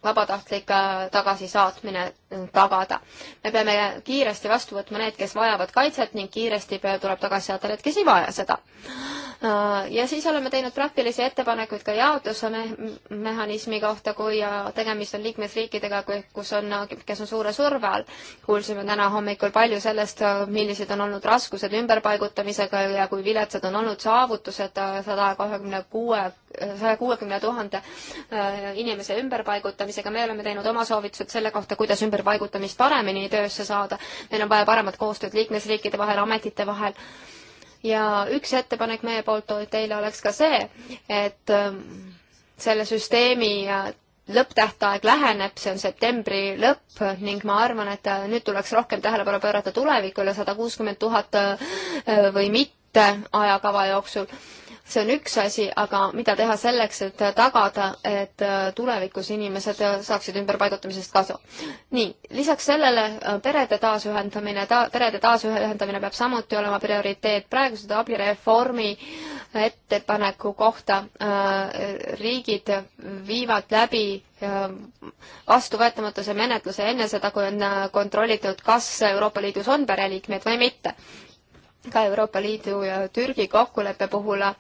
vabatahtlik tagasisaatmine tagada. me peame kiiresti vastu võtma need, kes vajavad kaitset ning kiiresti tuleb tagasi saata need, kes ei vaja seda. Äh, ja siis oleme teinud praktilisi ettepanekuid ka jaotuse me mehhanismi kohta, kui tegemist on liikmesriikidega, kus on, kes on suure surve all. kuulsime täna hommikul palju sellest, äh, millised on olnud raskused ümberpaigutamisega ja kui viletsad on olnud saavutused äh, sada kahekümne kuue, saja kuuekümne tuhande inimese ümberpaigutamisega. me oleme teinud oma soovitused selle kohta, kuidas ümber ümberpaigutamist paremini töösse saada, meil on vaja paremat koostööd liikmesriikide vahel, ametite vahel, ja üks ettepanek meie poolt teile oleks ka see, et ähm, selle süsteemi äh, lõpptähtaeg läheneb, see on septembri lõpp ning ma arvan, et äh, nüüd tuleks rohkem tähelepanu pöörata tulevikule sada kuuskümmend tuhat äh, või mitte ajakava jooksul see on üks asi, aga mida teha selleks, et tagada, et äh, tulevikus inimesed äh, saaksid ümberpaigutamisest kasu. nii, lisaks sellele äh, perede taasühendamine ta,, perede taasühendamine peab samuti olema prioriteet. praegused abireformi ettepaneku kohta äh, riigid viivad läbi vastuvõetamatuse menetluse enne seda, kui on kontrollitud, kas Euroopa Liidus on pereliikmeid või mitte ka Euroopa Liidu ja Türgi kokkuleppe puhul äh,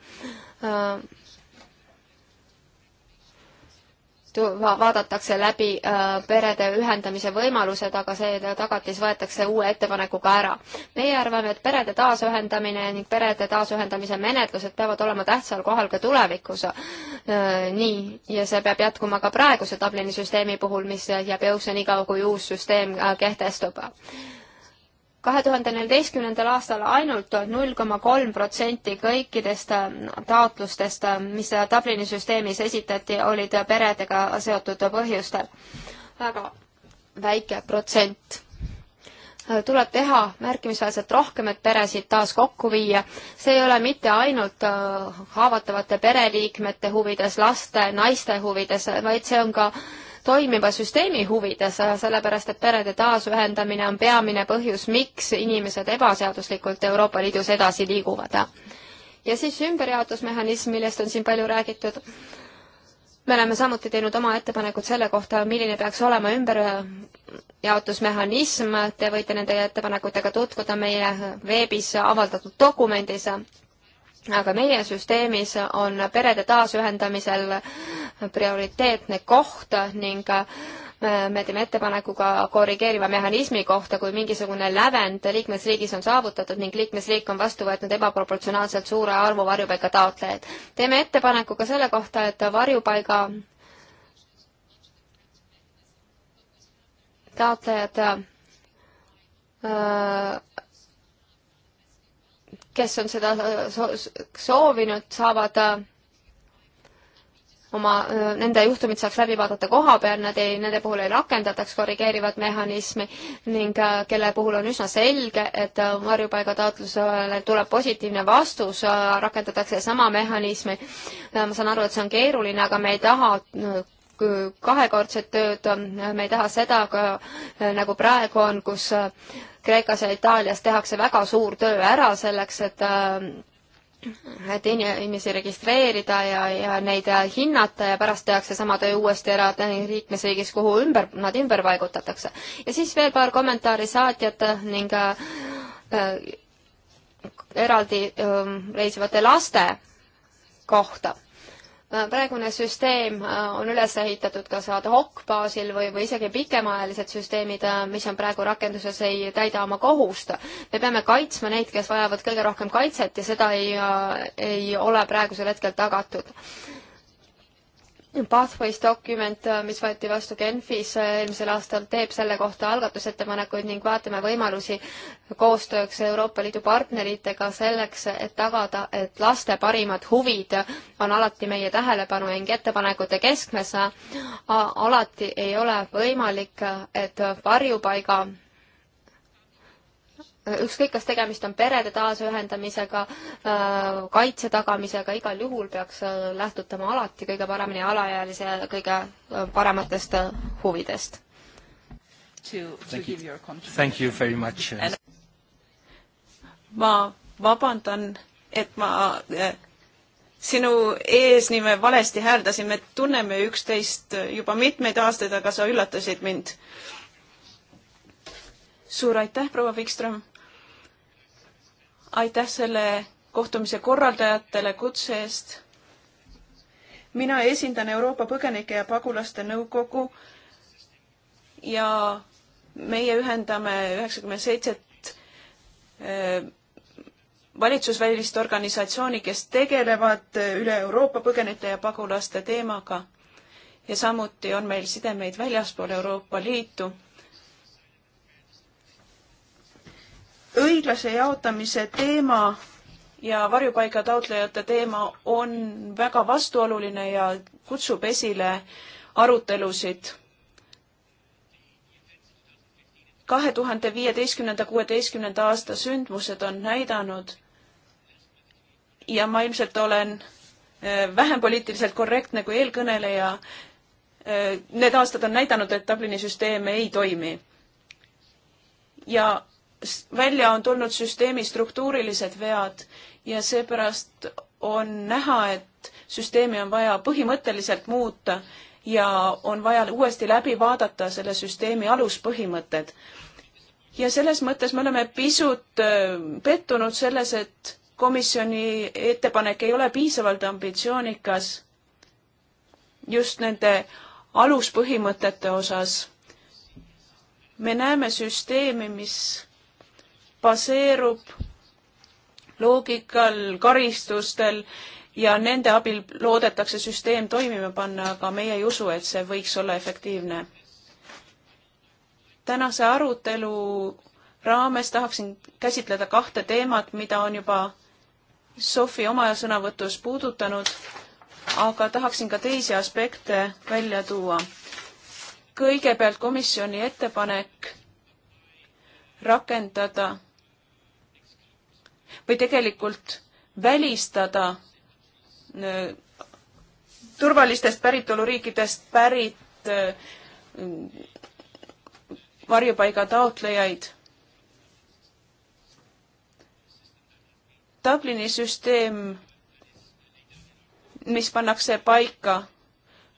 vaadatakse läbi äh, perede ühendamise võimalused, aga see tagatis võetakse uue ettepanekuga ära. meie arvame, et perede taasühendamine ning perede taasühendamise menetlused peavad olema tähtsal kohal ka tulevikus. Äh, nii, ja see peab jätkuma ka praeguse Dublini süsteemi puhul, mis jääb jõusse niikaua, kui uus süsteem kehtestub kahe tuhande neljateistkümnendal aastal ainult null koma kolm protsenti kõikidest äh, taotlustest, äh, mis äh, Dublini süsteemis esitati, olid peredega seotud põhjustel. väga väike protsent. tuleb teha märkimisväärselt rohkem, et peresid taas kokku viia. see ei ole mitte ainult haavatavate pereliikmete huvides, laste, naiste huvides, vaid see on ka äh, toimiva süsteemi huvides, sellepärast et perede taasühendamine on peamine põhjus, miks inimesed ebaseaduslikult Euroopa Liidus edasi liiguvad. ja siis ümberjaotusmehhanism, millest on siin palju räägitud. me oleme samuti teinud oma ettepanekud selle kohta, milline peaks olema ümberjaotusmehhanism, te võite nende ettepanekutega tutvuda meie veebis avaldatud dokumendis aga meie süsteemis on perede taasühendamisel prioriteetne koht ning äh, me teeme ettepaneku ka korrigeeriva mehhanismi kohta, kui mingisugune lävend liikmesriigis on saavutatud ning liikmesriik on vastu võetnud ebaproportsionaalselt suure arvu varjupaiga taotlejaid. teeme ettepaneku ka selle kohta, et varjupaiga taotlejad öö, äh, kes on seda äh, soovinud, saavad äh, oma, äh, nende juhtumid saaks läbi vaadata koha peal, nad ei, nende puhul ei rakendataks korrigeerivat mehhanismi ning kelle puhul on üsna selge, et varjupaigataotlusele tuleb positiivne vastus, rakendatakse sama mehhanismi. ma saan aru, et see on keeruline, aga me ei taha kahekordset tööd, me ei taha seda, nagu praegu on, kus Kreekas ja Itaalias tehakse väga suur töö ära selleks, et äh, et inimesi registreerida ja, ja neid äh, hinnata ja pärast tehakse sama töö uuesti ära liikmesriigis, kuhu ümber, nad ümber paigutatakse. ja siis veel paar kommentaari saatjate ning äh, äh eraldi äh, reisivate laste kohta Äh, praegune süsteem äh, on üles ehitatud kas ad hoc baasil või, või isegi pikemaajalised süsteemid, äh, mis on praegu rakenduses, ei täida oma kohust. me peame kaitsma neid, kes vajavad kõige rohkem kaitset ja seda ei, ei ole praegusel hetkel tagatud Pathways dokument, äh, mis võeti vastu Genfis äh, eelmisel aastal, teeb selle kohta algatusettepanekuid ning vaatame võimalusi koostööks Euroopa Liidu partneritega selleks, et tagada, et laste parimad huvid on alati meie tähelepanu ning ettepanekute keskmes. alati ei ole võimalik, äh, et varjupaiga Äh, ükskõik, kas tegemist on perede taasühendamisega, äh, kaitse tagamisega, igal juhul peaks äh, lähtutama alati kõige paremini alaealise kõige parematest huvidest. Uh, ma vabandan, et ma sinu eesnime valesti hääldasin, me tunneme üksteist juba mitmeid aastaid, aga sa üllatasid mind. suur aitäh, proua Wikström aitäh selle kohtumise korraldajatele kutse eest. mina esindan Euroopa Põgenike ja Pagulaste Nõukogu ja meie ühendame üheksakümmend seitset eh, valitsusvälist organisatsiooni, kes tegelevad eh, üle Euroopa põgenike ja pagulaste teemaga. ja samuti on meil sidemeid väljaspool Euroopa Liitu õiglase jaotamise teema ja varjupaiga taotlejate teema on väga vastuoluline ja kutsub esile arutelusid. kahe tuhande viieteistkümnenda, kuueteistkümnenda aasta sündmused on näidanud ja ma ilmselt olen äh, vähem poliitiliselt korrektne kui eelkõneleja, äh, need aastad on näidanud, et Dublini süsteem ei toimi. ja välja on tulnud süsteemi struktuurilised vead ja seepärast on näha, et süsteemi on vaja põhimõtteliselt muuta ja on vaja uuesti läbi vaadata selle süsteemi aluspõhimõtted. ja selles mõttes me oleme pisut pettunud selles, et komisjoni ettepanek ei ole piisavalt ambitsioonikas just nende aluspõhimõtete osas. me näeme süsteemi, mis baseerub loogikal, karistustel ja nende abil loodetakse süsteem toimima panna, aga meie ei usu, et see võiks olla efektiivne. tänase arutelu raames tahaksin käsitleda kahte teemat, mida on juba Sofi oma sõnavõtus puudutanud, aga tahaksin ka teisi aspekte välja tuua. kõigepealt komisjoni ettepanek rakendada või tegelikult välistada äh, turvalistest päritoluriikidest pärit äh, varjupaiga taotlejaid. Dublini süsteem, mis pannakse paika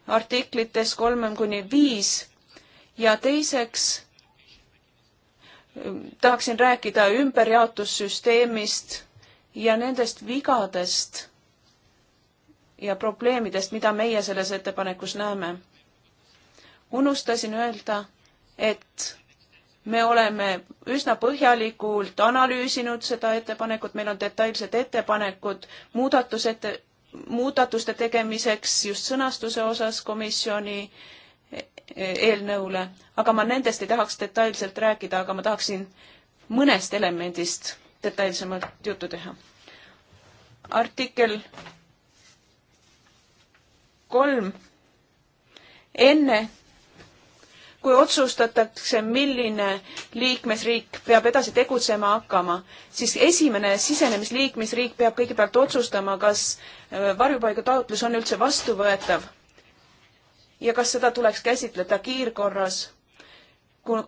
artiklites kolm kuni viis ja teiseks tahaksin rääkida ümberjaotussüsteemist ja nendest vigadest ja probleemidest, mida meie selles ettepanekus näeme. unustasin öelda, et me oleme üsna põhjalikult analüüsinud seda ettepanekut, meil on detailsed ettepanekud muudatusete, muudatuste tegemiseks just sõnastuse osas komisjoni äh, eelnõule, aga ma nendest ei tahaks detailselt rääkida, aga ma tahaksin mõnest elemendist detailsemalt juttu teha. artikkel kolm. enne kui otsustatakse, milline liikmesriik peab edasi tegutsema hakkama, siis esimene sisenemisliikmesriik peab kõigepealt otsustama, kas äh, varjupaigataotlus on üldse vastuvõetav ja kas seda tuleks käsitleda kiirkorras, kui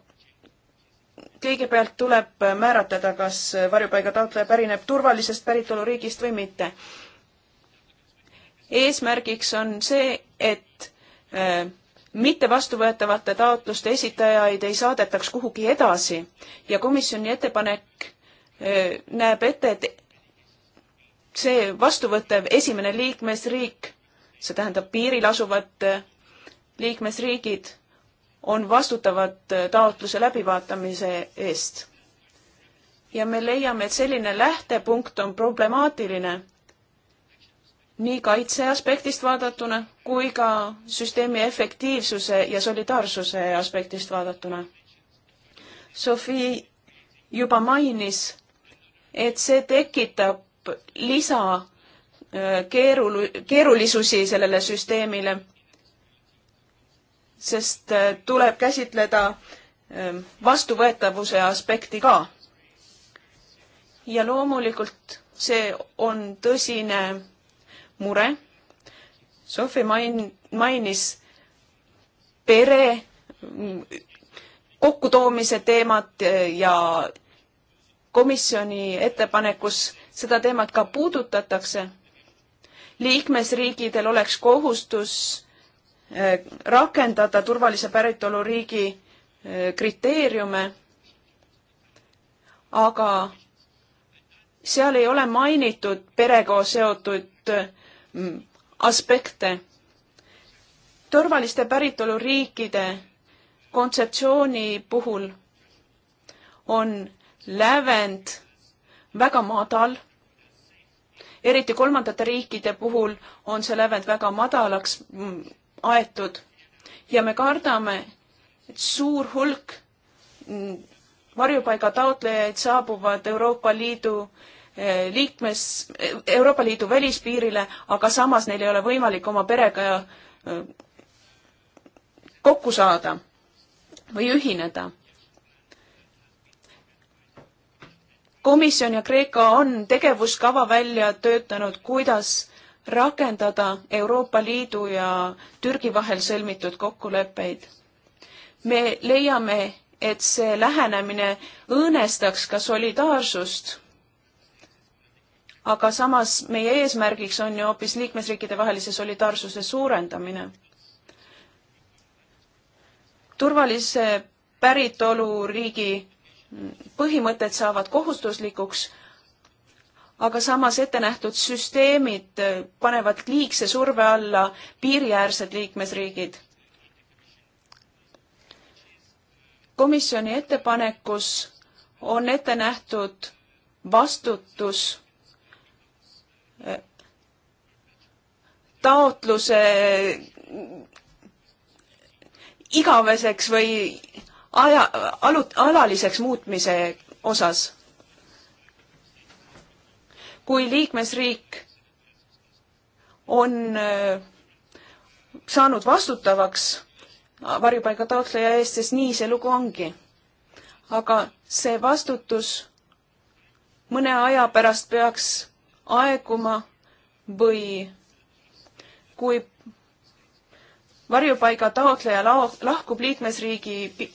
kõigepealt tuleb määratleda, kas varjupaiga taotleja pärineb turvalisest päritoluriigist või mitte. eesmärgiks on see, et äh, mitte vastuvõetavate taotluste esitajaid ei saadetaks kuhugi edasi ja komisjoni ettepanek äh, näeb ette, et see vastuvõttev esimene liikmesriik, see tähendab piiril asuvad äh, liikmesriigid on vastutavad äh, taotluse läbivaatamise eest. ja me leiame, et selline lähtepunkt on problemaatiline nii kaitse aspektist vaadatuna kui ka süsteemi efektiivsuse ja solidaarsuse aspektist vaadatuna. Sofi juba mainis, et see tekitab lisa äh, keerul-, keerulisusi sellele süsteemile sest äh, tuleb käsitleda ähm, vastuvõetavuse aspekti ka. ja loomulikult see on tõsine mure. Sofi main-, mainis pere mm, kokkutoomise teemat äh, ja komisjoni ettepanekus seda teemat ka puudutatakse. liikmesriigidel oleks kohustus rakendada turvalise päritoluriigi eh, kriteeriume, aga seal ei ole mainitud perega seotud mm, aspekte. turvaliste päritoluriikide kontseptsiooni puhul on lävend väga madal, eriti kolmandate riikide puhul on see lävend väga madalaks mm, aetud ja me kardame, et suur hulk varjupaiga taotlejaid saabuvad Euroopa Liidu eh, liikmes, eh, Euroopa Liidu välispiirile, aga samas neil ei ole võimalik oma perega eh, kokku saada või ühineda. komisjon ja Kreeka on tegevuskava välja töötanud, kuidas rakendada Euroopa Liidu ja Türgi vahel sõlmitud kokkuleppeid. me leiame, et see lähenemine õõnestaks ka solidaarsust, aga samas meie eesmärgiks on ju hoopis liikmesriikide vahelise solidaarsuse suurendamine. turvalise päritoluriigi põhimõtted saavad kohustuslikuks aga samas ette nähtud süsteemid panevad liigse surve alla piiriäärsed liikmesriigid. komisjoni ettepanekus on ette nähtud vastutus eh, taotluse igaveseks või aja, alut-, alaliseks muutmise osas kui liikmesriik on äh, saanud vastutavaks varjupaiga taotleja eest, sest nii see lugu ongi. aga see vastutus mõne aja pärast peaks aeguma või kui varjupaiga taotleja lahkub liikmesriigi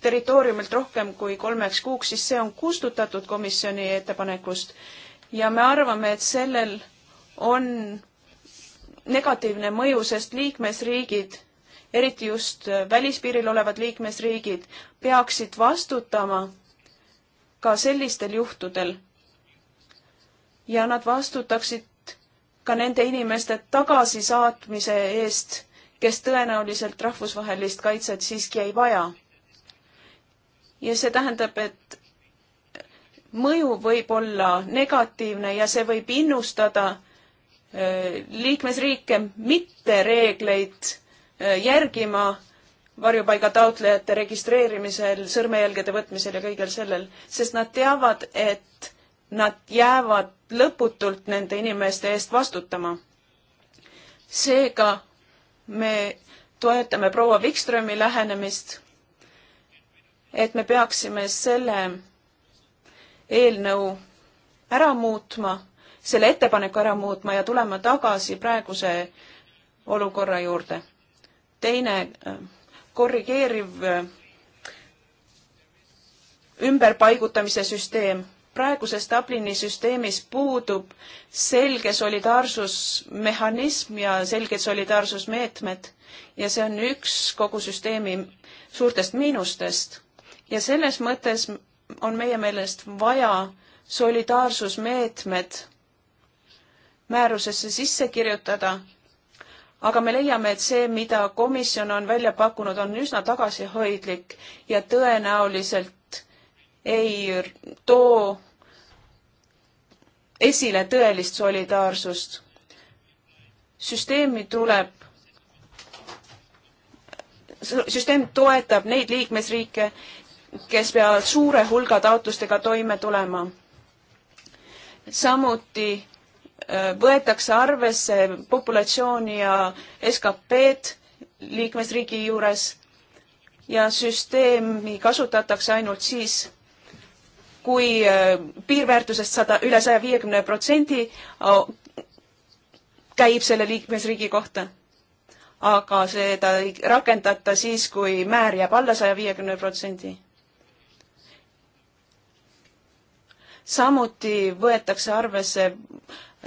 territooriumilt rohkem kui kolmeks kuuks, siis see on kustutatud komisjoni ettepanekust ja me arvame, et sellel on negatiivne mõju, sest liikmesriigid, eriti just välispiiril olevad liikmesriigid, peaksid vastutama ka sellistel juhtudel. ja nad vastutaksid ka nende inimeste tagasisaatmise eest, kes tõenäoliselt rahvusvahelist kaitset siiski ei vaja. ja see tähendab, et mõju võib olla negatiivne ja see võib innustada äh, liikmesriike mitte reegleid äh, järgima varjupaiga taotlejate registreerimisel, sõrmejälgede võtmisel ja kõigel sellel, sest nad teavad, et nad jäävad lõputult nende inimeste eest vastutama. seega me toetame proua Wikströmi lähenemist, et me peaksime selle eelnõu ära muutma, selle ettepaneku ära muutma ja tulema tagasi praeguse olukorra juurde. teine äh, korrigeeriv äh, ümberpaigutamise süsteem. praeguses Dublini süsteemis puudub selge solidaarsusmehhanism ja selged solidaarsusmeetmed ja see on üks kogu süsteemi suurtest miinustest. ja selles mõttes on meie meelest vaja solidaarsusmeetmed määrusesse sisse kirjutada, aga me leiame, et see, mida komisjon on välja pakkunud, on üsna tagasihoidlik ja tõenäoliselt ei too esile tõelist solidaarsust. süsteemi tuleb süsteem toetab neid liikmesriike, kes peavad suure hulga taotlustega toime tulema. samuti äh, võetakse arvesse populatsiooni ja SKP-d liikmesriigi juures ja süsteemi kasutatakse ainult siis, kui äh, piirväärtusest sada, üle saja viiekümne protsendi äh, käib selle liikmesriigi kohta. aga seda ei rakendata siis, kui määr jääb alla saja viiekümne protsendi samuti võetakse arvesse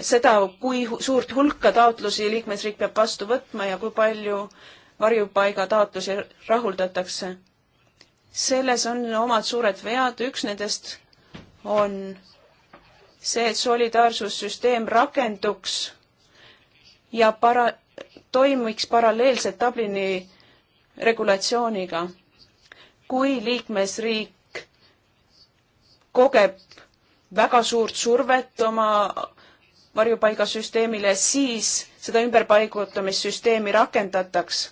seda, kui suurt hulka taotlusi liikmesriik peab vastu võtma ja kui palju varjupaiga taotlusi rahuldatakse. selles on omad suured vead, üks nendest on see, et solidaarsussüsteem rakenduks ja para-, toimiks paralleelselt Dublini regulatsiooniga. kui liikmesriik kogeb väga suurt survet oma varjupaigasüsteemile, siis seda ümberpaigutamissüsteemi rakendataks.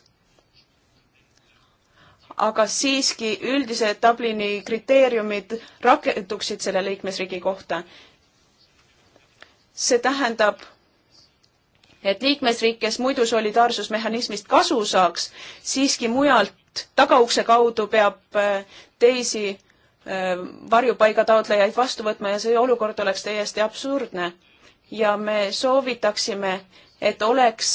aga siiski üldised Dublini kriteeriumid rakenduksid selle liikmesriigi kohta. see tähendab, et liikmesriik, kes muidu solidaarsusmehhanismist kasu saaks, siiski mujalt tagaukse kaudu peab äh, teisi Äh, varjupaiga taotlejaid vastu võtma ja see olukord oleks täiesti absurdne. ja me soovitaksime, et oleks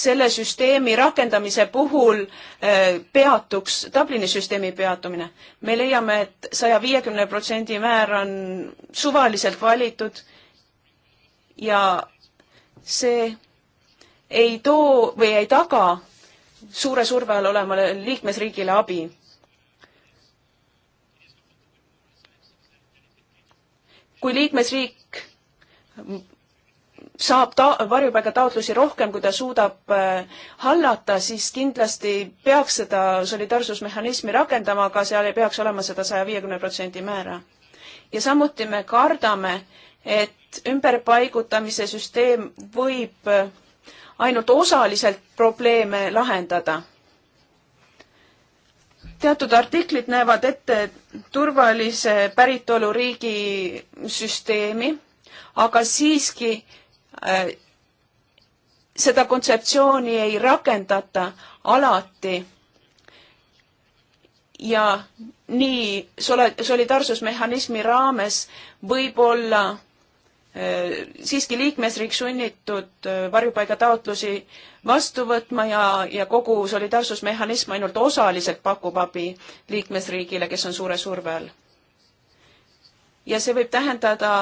selle süsteemi rakendamise puhul äh, peatuks Dublini süsteemi peatumine. me leiame et, et saja viiekümne protsendi määr on suvaliselt valitud ja see ei too või ei taga suure surve all olevale liikmesriigile abi kui liikmesriik saab ta-, varjupaigataotlusi rohkem, kui ta suudab äh, hallata, siis kindlasti peaks seda solidaarsusmehhanismi rakendama, aga seal ei peaks olema seda saja viiekümne protsendi määra. ja samuti me kardame, et ümberpaigutamise süsteem võib äh, ainult osaliselt probleeme lahendada teatud artiklid näevad ette turvalise päritoluriigi süsteemi, aga siiski äh, seda kontseptsiooni ei rakendata alati. ja nii solidaarsusmehhanismi raames võib-olla Äh, siiski liikmesriik sunnitud äh, varjupaigataotlusi vastu võtma ja, ja kogu solidaarsusmehhanism ainult osaliselt pakub abi liikmesriigile, kes on suure surve all. ja see võib tähendada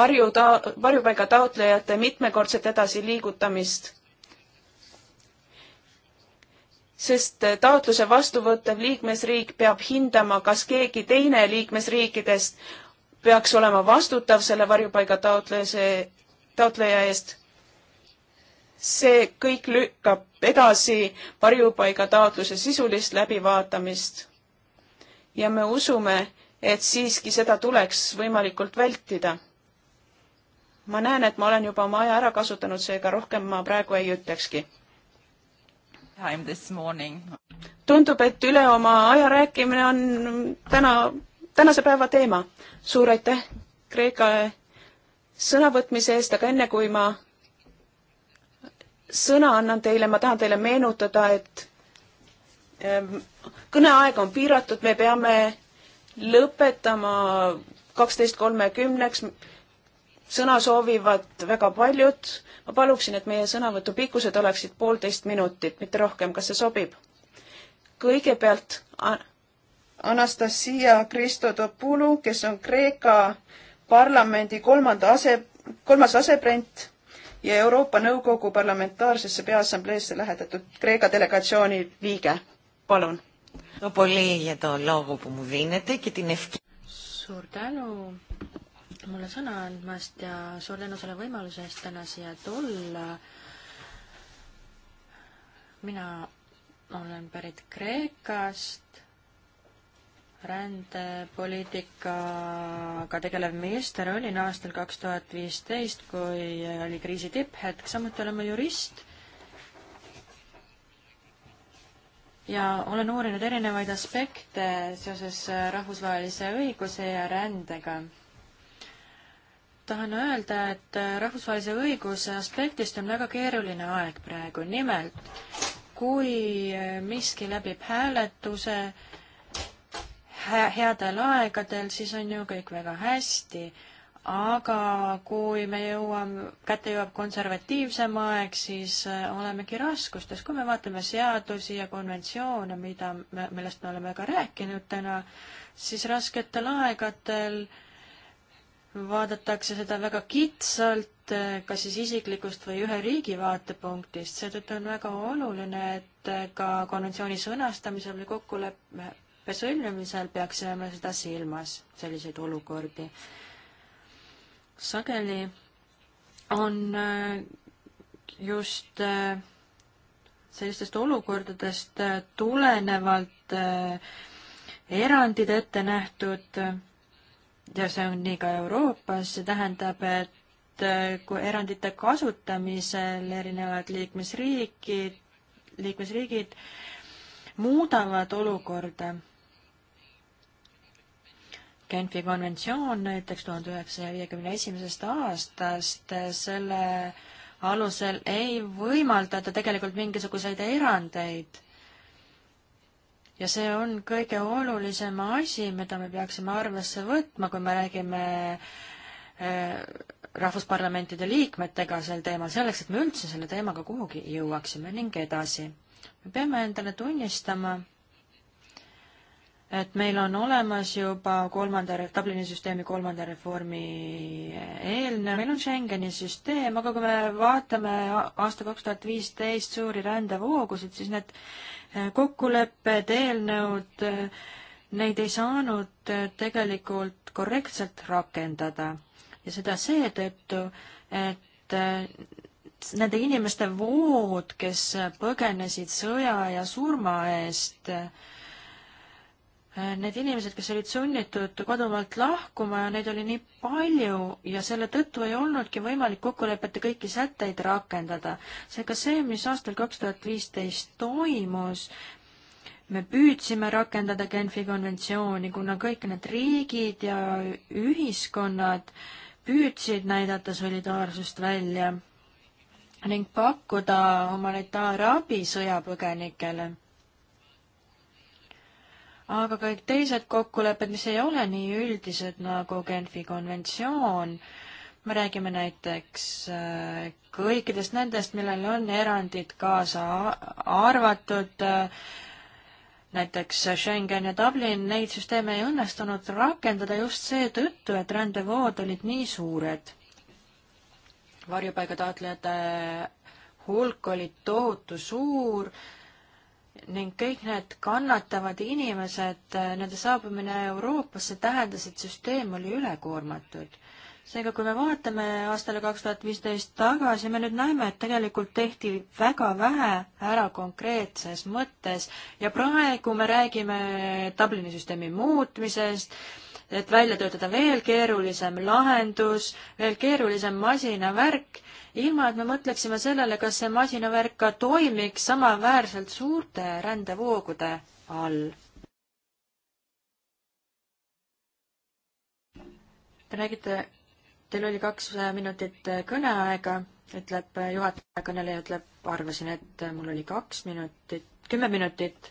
varjuta-, varjupaigataotlejate mitmekordset edasiliigutamist. sest äh, taotluse vastu võttev liikmesriik peab hindama, kas keegi teine liikmesriikidest peaks olema vastutav selle varjupaiga taotluse, taotleja eest. see kõik lükkab edasi varjupaiga taotluse sisulist läbivaatamist. ja me usume, et siiski seda tuleks võimalikult vältida. ma näen, et ma olen juba oma aja ära kasutanud, seega rohkem ma praegu ei ütlekski tundub, et üle oma aja rääkimine on täna tänase päeva teema. suur aitäh Kreeka sõnavõtmise eest, aga enne kui ma sõna annan teile, ma tahan teile meenutada, et ehm, kõneaeg on piiratud, me peame lõpetama kaksteist kolmekümneks. sõna soovivad väga paljud. ma paluksin, et meie sõnavõtu pikkused oleksid poolteist minutit, mitte rohkem. kas see sobib? kõigepealt Anastasia Kristotopoulou, kes on Kreeka parlamendi kolmanda ase, kolmas aseprent ja Euroopa Nõukogu Parlamentaarsesse Peaassambleesse lähetatud Kreeka delegatsiooni liige. palun. suur tänu mulle sõna andmast ja suur tänu selle võimaluse eest täna siia tulla. mina olen pärit Kreekast rändepoliitikaga tegelev minister olin aastal kaks tuhat viisteist, kui oli kriisi tipphetk, samuti olen ma jurist. ja olen uurinud erinevaid aspekte seoses rahvusvahelise õiguse ja rändega. tahan öelda, et rahvusvahelise õiguse aspektist on väga keeruline aeg praegu, nimelt kui miski läbib hääletuse, headel aegadel, siis on ju kõik väga hästi. aga kui me jõuame, kätte jõuab konservatiivsem aeg, siis äh, olemegi raskustes. kui me vaatame seadusi ja konventsioone, mida, millest me oleme ka rääkinud täna, siis rasketel aegadel vaadatakse seda väga kitsalt, äh, kas siis isiklikust või ühe riigi vaatepunktist, seetõttu on väga oluline, et äh, ka konventsiooni sõnastamisel või kokkuleppe leppe sõlmimisel peaksime me seda silmas, selliseid olukordi. sageli on äh, just äh, sellistest olukordadest äh, tulenevalt erandid ette nähtud ja see on nii ka Euroopas, see tähendab, et kui erandite kasutamisel erinevad liikmesriigid, liikmesriigid muudavad olukorda Genfi konventsioon näiteks tuhande üheksasaja viiekümne esimesest aastast, selle alusel ei võimaldata tegelikult mingisuguseid erandeid. ja see on kõige olulisem asi, mida me peaksime arvesse võtma, kui me räägime äh, rahvusparlamentide liikmetega sel teemal, selleks et me üldse selle teemaga kuhugi jõuaksime ning edasi. me peame endale tunnistama, et meil on olemas juba kolmanda, Dublini süsteemi kolmanda reformi eelne, meil on Schengeni süsteem, aga kui me vaatame aasta kaks tuhat viisteist suuri rändevoogusid, siis need eh, kokkulepped, eelnõud, eh, neid ei saanud eh, tegelikult korrektselt rakendada. ja seda seetõttu, et nende inimeste vood, kes põgenesid sõja ja surma eest, need inimesed, kes olid sunnitud kodumaalt lahkuma ja neid oli nii palju ja selle tõttu ei olnudki võimalik kokkulepete kõiki sätteid rakendada. seega see, mis aastal kaks tuhat viisteist toimus, me püüdsime rakendada Genfi konventsiooni, kuna kõik need riigid ja ühiskonnad püüdsid näidata solidaarsust välja ning pakkuda humanitaarabi sõjapõgenikele aga kõik teised kokkulepped, mis ei ole nii üldised nagu Genfi konventsioon, me räägime näiteks äh, kõikidest nendest, millel on erandid kaasa arvatud, äh, näiteks Schengen ja Dublin, neid süsteeme ei õnnestunud rakendada just seetõttu, et rändevood olid nii suured. varjupaigataotlejate hulk oli tohutu suur, ning kõik need kannatavad inimesed, äh, nende saabumine Euroopasse tähendas, et süsteem oli ülekoormatud. seega, kui me vaatame aastale kaks tuhat viisteist tagasi, me nüüd näeme, et tegelikult tehti väga vähe ära konkreetses mõttes ja praegu me räägime Dublini süsteemi muutmisest, et välja töötada veel keerulisem lahendus, veel keerulisem masinavärk ilma et me mõtleksime sellele, kas see masinavärk ka toimiks samaväärselt suurte rändevoogude all. Te räägite, teil oli kaks minutit kõneaega, ütleb juhataja, kõneleja ütleb, arvasin, et mul oli kaks minutit, kümme minutit.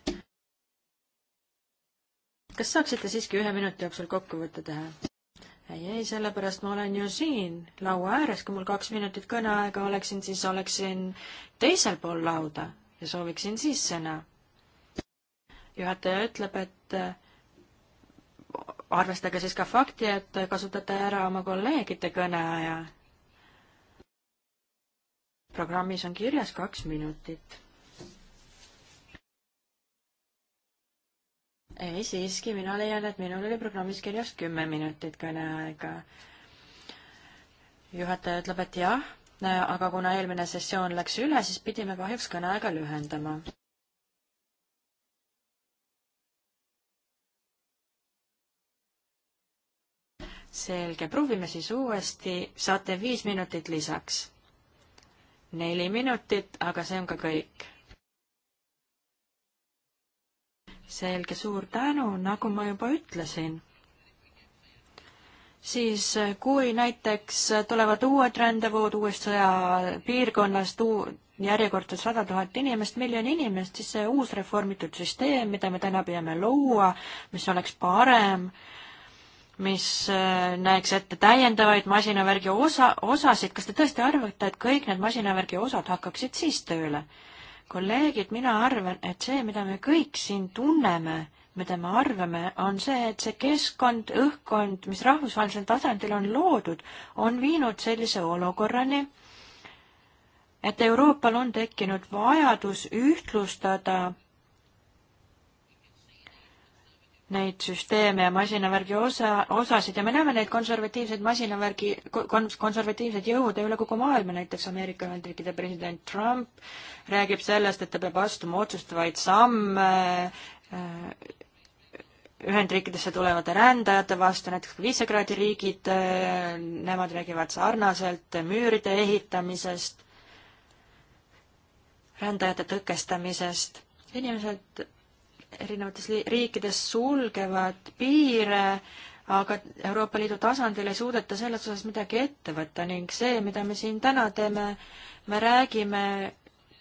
kas saaksite siiski ühe minuti jooksul kokkuvõtte teha? ei, ei, sellepärast ma olen ju siin laua ääres, kui mul kaks minutit kõneaega oleksin, siis oleksin teisel pool lauda ja sooviksin siis sõna. juhataja ütleb, et äh, arvestage siis ka fakti, et kasutate ära oma kolleegide kõneaja. programmis on kirjas kaks minutit ei, siiski mina leian, et minul oli programmis kirjas kümme minutit kõneaega. juhataja ütleb, et jah, aga kuna eelmine sessioon läks üle, siis pidime kahjuks kõneaega lühendama. selge, proovime siis uuesti, saate viis minutit lisaks. neli minutit, aga see on ka kõik selge, suur tänu, nagu ma juba ütlesin, siis eh, kui näiteks eh, tulevad uued rändevood uuest sõjapiirkonnast, järjekordselt sada tuhat inimest, miljon inimest, siis see uus reformitud süsteem, mida me täna püüame luua, mis oleks parem, mis eh, näeks ette täiendavaid masinavärgi osa, osasid, kas te tõesti arvate, et kõik need masinavärgi osad hakkaksid siis tööle? kolleegid, mina arvan, et see, mida me kõik siin tunneme, mida me arvame, on see, et see keskkond, õhkkond, mis rahvusvahelisel tasandil on loodud, on viinud sellise olukorrani, et Euroopal on tekkinud vajadus ühtlustada neid süsteeme ja masinavärgi osa, osasid ja me näeme neid konservatiivseid masinavärgi, konservatiivseid jõude üle kogu maailma, näiteks Ameerika Ühendriikide president Trump räägib sellest, et ta peab astuma otsustavaid samme äh, Ühendriikidesse tulevate rändajate vastu, näiteks Visegradi riigid, äh, nemad räägivad sarnaselt müüride ehitamisest, rändajate tõkestamisest. inimesed erinevates riikides sulgevad piire, aga Euroopa Liidu tasandil ei suudeta selles osas midagi ette võtta ning see, mida me siin täna teeme, me räägime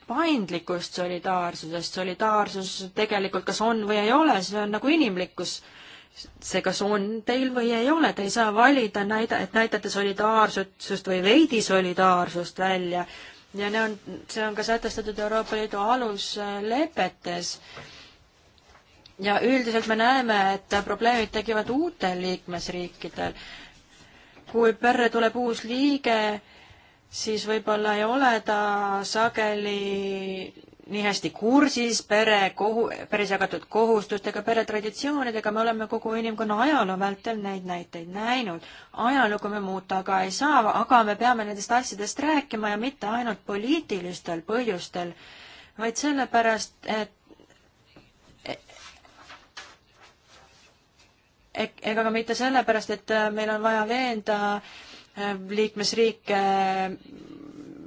paindlikust solidaarsusest, solidaarsus tegelikult kas on või ei ole, see on nagu inimlikkus. see kas on teil või ei ole, te ei saa valida, näida, et näitate solidaarsust või veidi solidaarsust välja ja need on, see on ka sätestatud Euroopa Liidu aluslepetes äh, ja üldiselt me näeme, et probleemid tekivad uutel liikmesriikidel. kui perre tuleb uus liige, siis võib-olla ei ole ta sageli nii hästi kursis pere kohu, peres jagatud kohustustega, pere traditsioonidega, me oleme kogu inimkonna ajaloo vältel neid näiteid näinud. ajalugu me muuta aga ei saa, aga me peame nendest asjadest rääkima ja mitte ainult poliitilistel põhjustel, vaid sellepärast, et ega ka mitte sellepärast, et äh, meil on vaja veenda äh, liikmesriike, äh,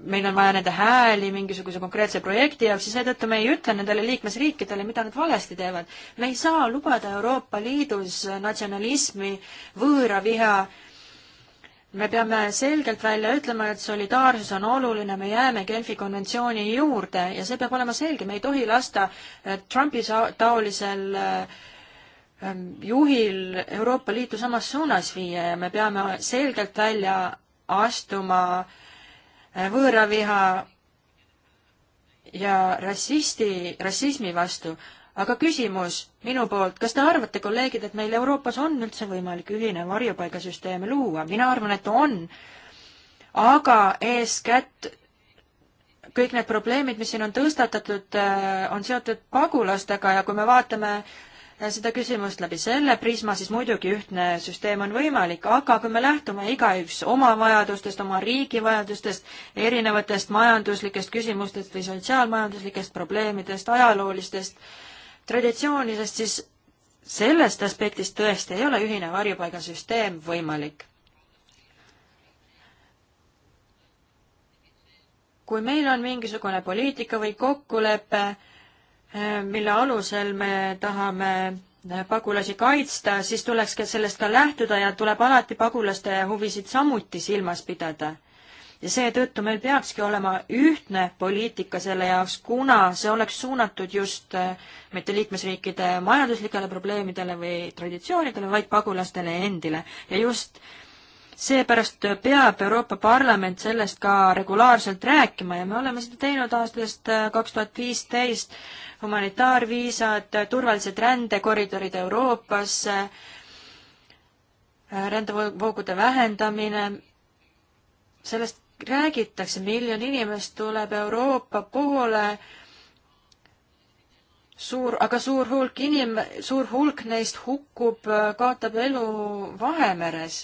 meil on vaja nende hääli mingisuguse konkreetse projekti jaoks ja seetõttu me ei ütle nendele liikmesriikidele, mida nad valesti teevad. me ei saa lubada Euroopa Liidus natsionalismi, võõra viha, me peame selgelt välja ütlema, et solidaarsus on oluline, me jääme Genfi konventsiooni juurde ja see peab olema selge, me ei tohi lasta Trumpi taolisel äh, Ähm, juhil Euroopa Liitu samas suunas viia ja me peame selgelt välja astuma äh, võõraviha ja rassisti, rassismi vastu. aga küsimus minu poolt, kas te arvate, kolleegid, et meil Euroopas on üldse võimalik ühine varjupaigasüsteem luua? mina arvan, et on. aga eeskätt kõik need probleemid, mis siin on tõstatatud, äh, on seotud pagulastega ja kui me vaatame seda küsimust läbi selle prisma, siis muidugi ühtne süsteem on võimalik, aga kui me lähtume igaüks oma vajadustest, oma riigi vajadustest, erinevatest majanduslikest küsimustest või sotsiaalmajanduslikest probleemidest, ajaloolistest traditsioonidest, siis sellest aspektist tõesti ei ole ühine varjupaigasüsteem võimalik. kui meil on mingisugune poliitika või kokkulepe, Äh, mille alusel me tahame äh, pagulasi kaitsta, siis tuleks ka sellest ka lähtuda ja tuleb alati pagulaste huvisid samuti silmas pidada. ja seetõttu meil peakski olema ühtne poliitika selle jaoks, kuna see oleks suunatud just äh, mitte liikmesriikide majanduslikele probleemidele või traditsioonidele, vaid pagulastele endile ja just seepärast peab Euroopa Parlament sellest ka regulaarselt rääkima ja me oleme seda teinud aastast kaks tuhat viisteist humanitaarviisad, turvalised rändekoridorid Euroopasse, rändevoogude vähendamine, sellest räägitakse, miljon inimest tuleb Euroopa poole, suur, aga suur hulk inim-, suur hulk neist hukkub, kaotab elu Vahemeres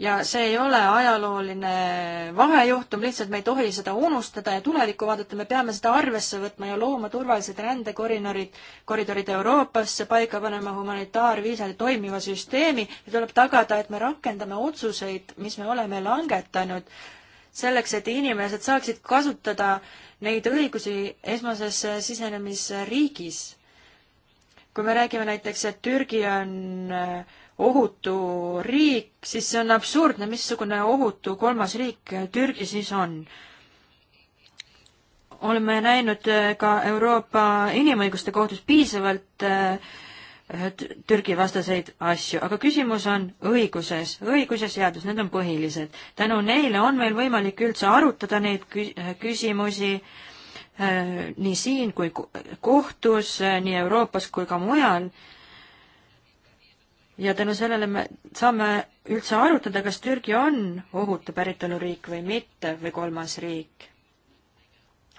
ja see ei ole ajalooline vahejuhtum, lihtsalt me ei tohi seda unustada ja tulevikku vaadata, me peame seda arvesse võtma ja looma turvalised rändekoridorid, koridorid Euroopasse, paika panema humanitaarviisade toimiva süsteemi ja tuleb tagada, et me rakendame otsuseid, mis me oleme langetanud, selleks, et inimesed saaksid kasutada neid õigusi esmases sisenemisriigis. kui me räägime näiteks, et Türgi on äh, ohutu riik, siis see on absurdne, missugune ohutu kolmas riik Türgi siis on. oleme näinud äh, ka Euroopa Inimõiguste Kohtus piisavalt äh, Türgi vastaseid asju, aga küsimus on õiguses, õigus ja seadus, need on põhilised. tänu neile on meil võimalik üldse arutada neid äh, küsimusi nii siin kui kohtus, nii Euroopas kui ka mujal ja tänu sellele me saame üldse arutada, kas Türgi on ohutu päritoluriik või mitte või kolmas riik.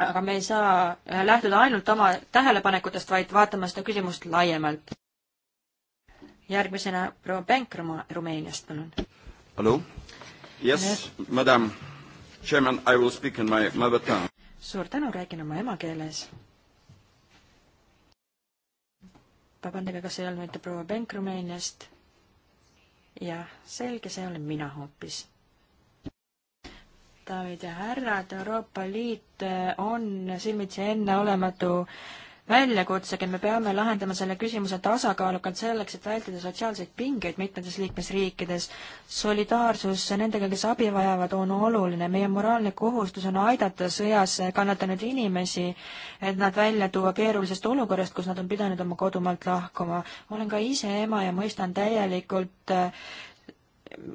aga me ei saa äh, lähtuda ainult oma tähelepanekutest, vaid vaatama seda küsimust laiemalt. järgmisena proua Penk Ruma-, Rumeeniast, palun. hallo? Yes, madam, chairman, I will speak in my mother tongue. suur tänu, räägin oma emakeeles vabandage, kas ei olnud mitte proua Penk Rumeeniast? jah, selge, see olen mina hoopis. daamid ja härrad, Euroopa Liit eh, on silmitsi enneolematu väljakutsega ja me peame lahendama selle küsimuse tasakaalukalt selleks, et vältida sotsiaalseid pingeid mitmetes liikmesriikides. solidaarsus nendega, kes abi vajavad, on oluline. meie moraalne kohustus on aidata sõjas kannatanud inimesi, et nad välja tuua keerulisest olukorrast, kus nad on pidanud oma kodumaalt lahkuma. olen ka ise ema ja mõistan täielikult,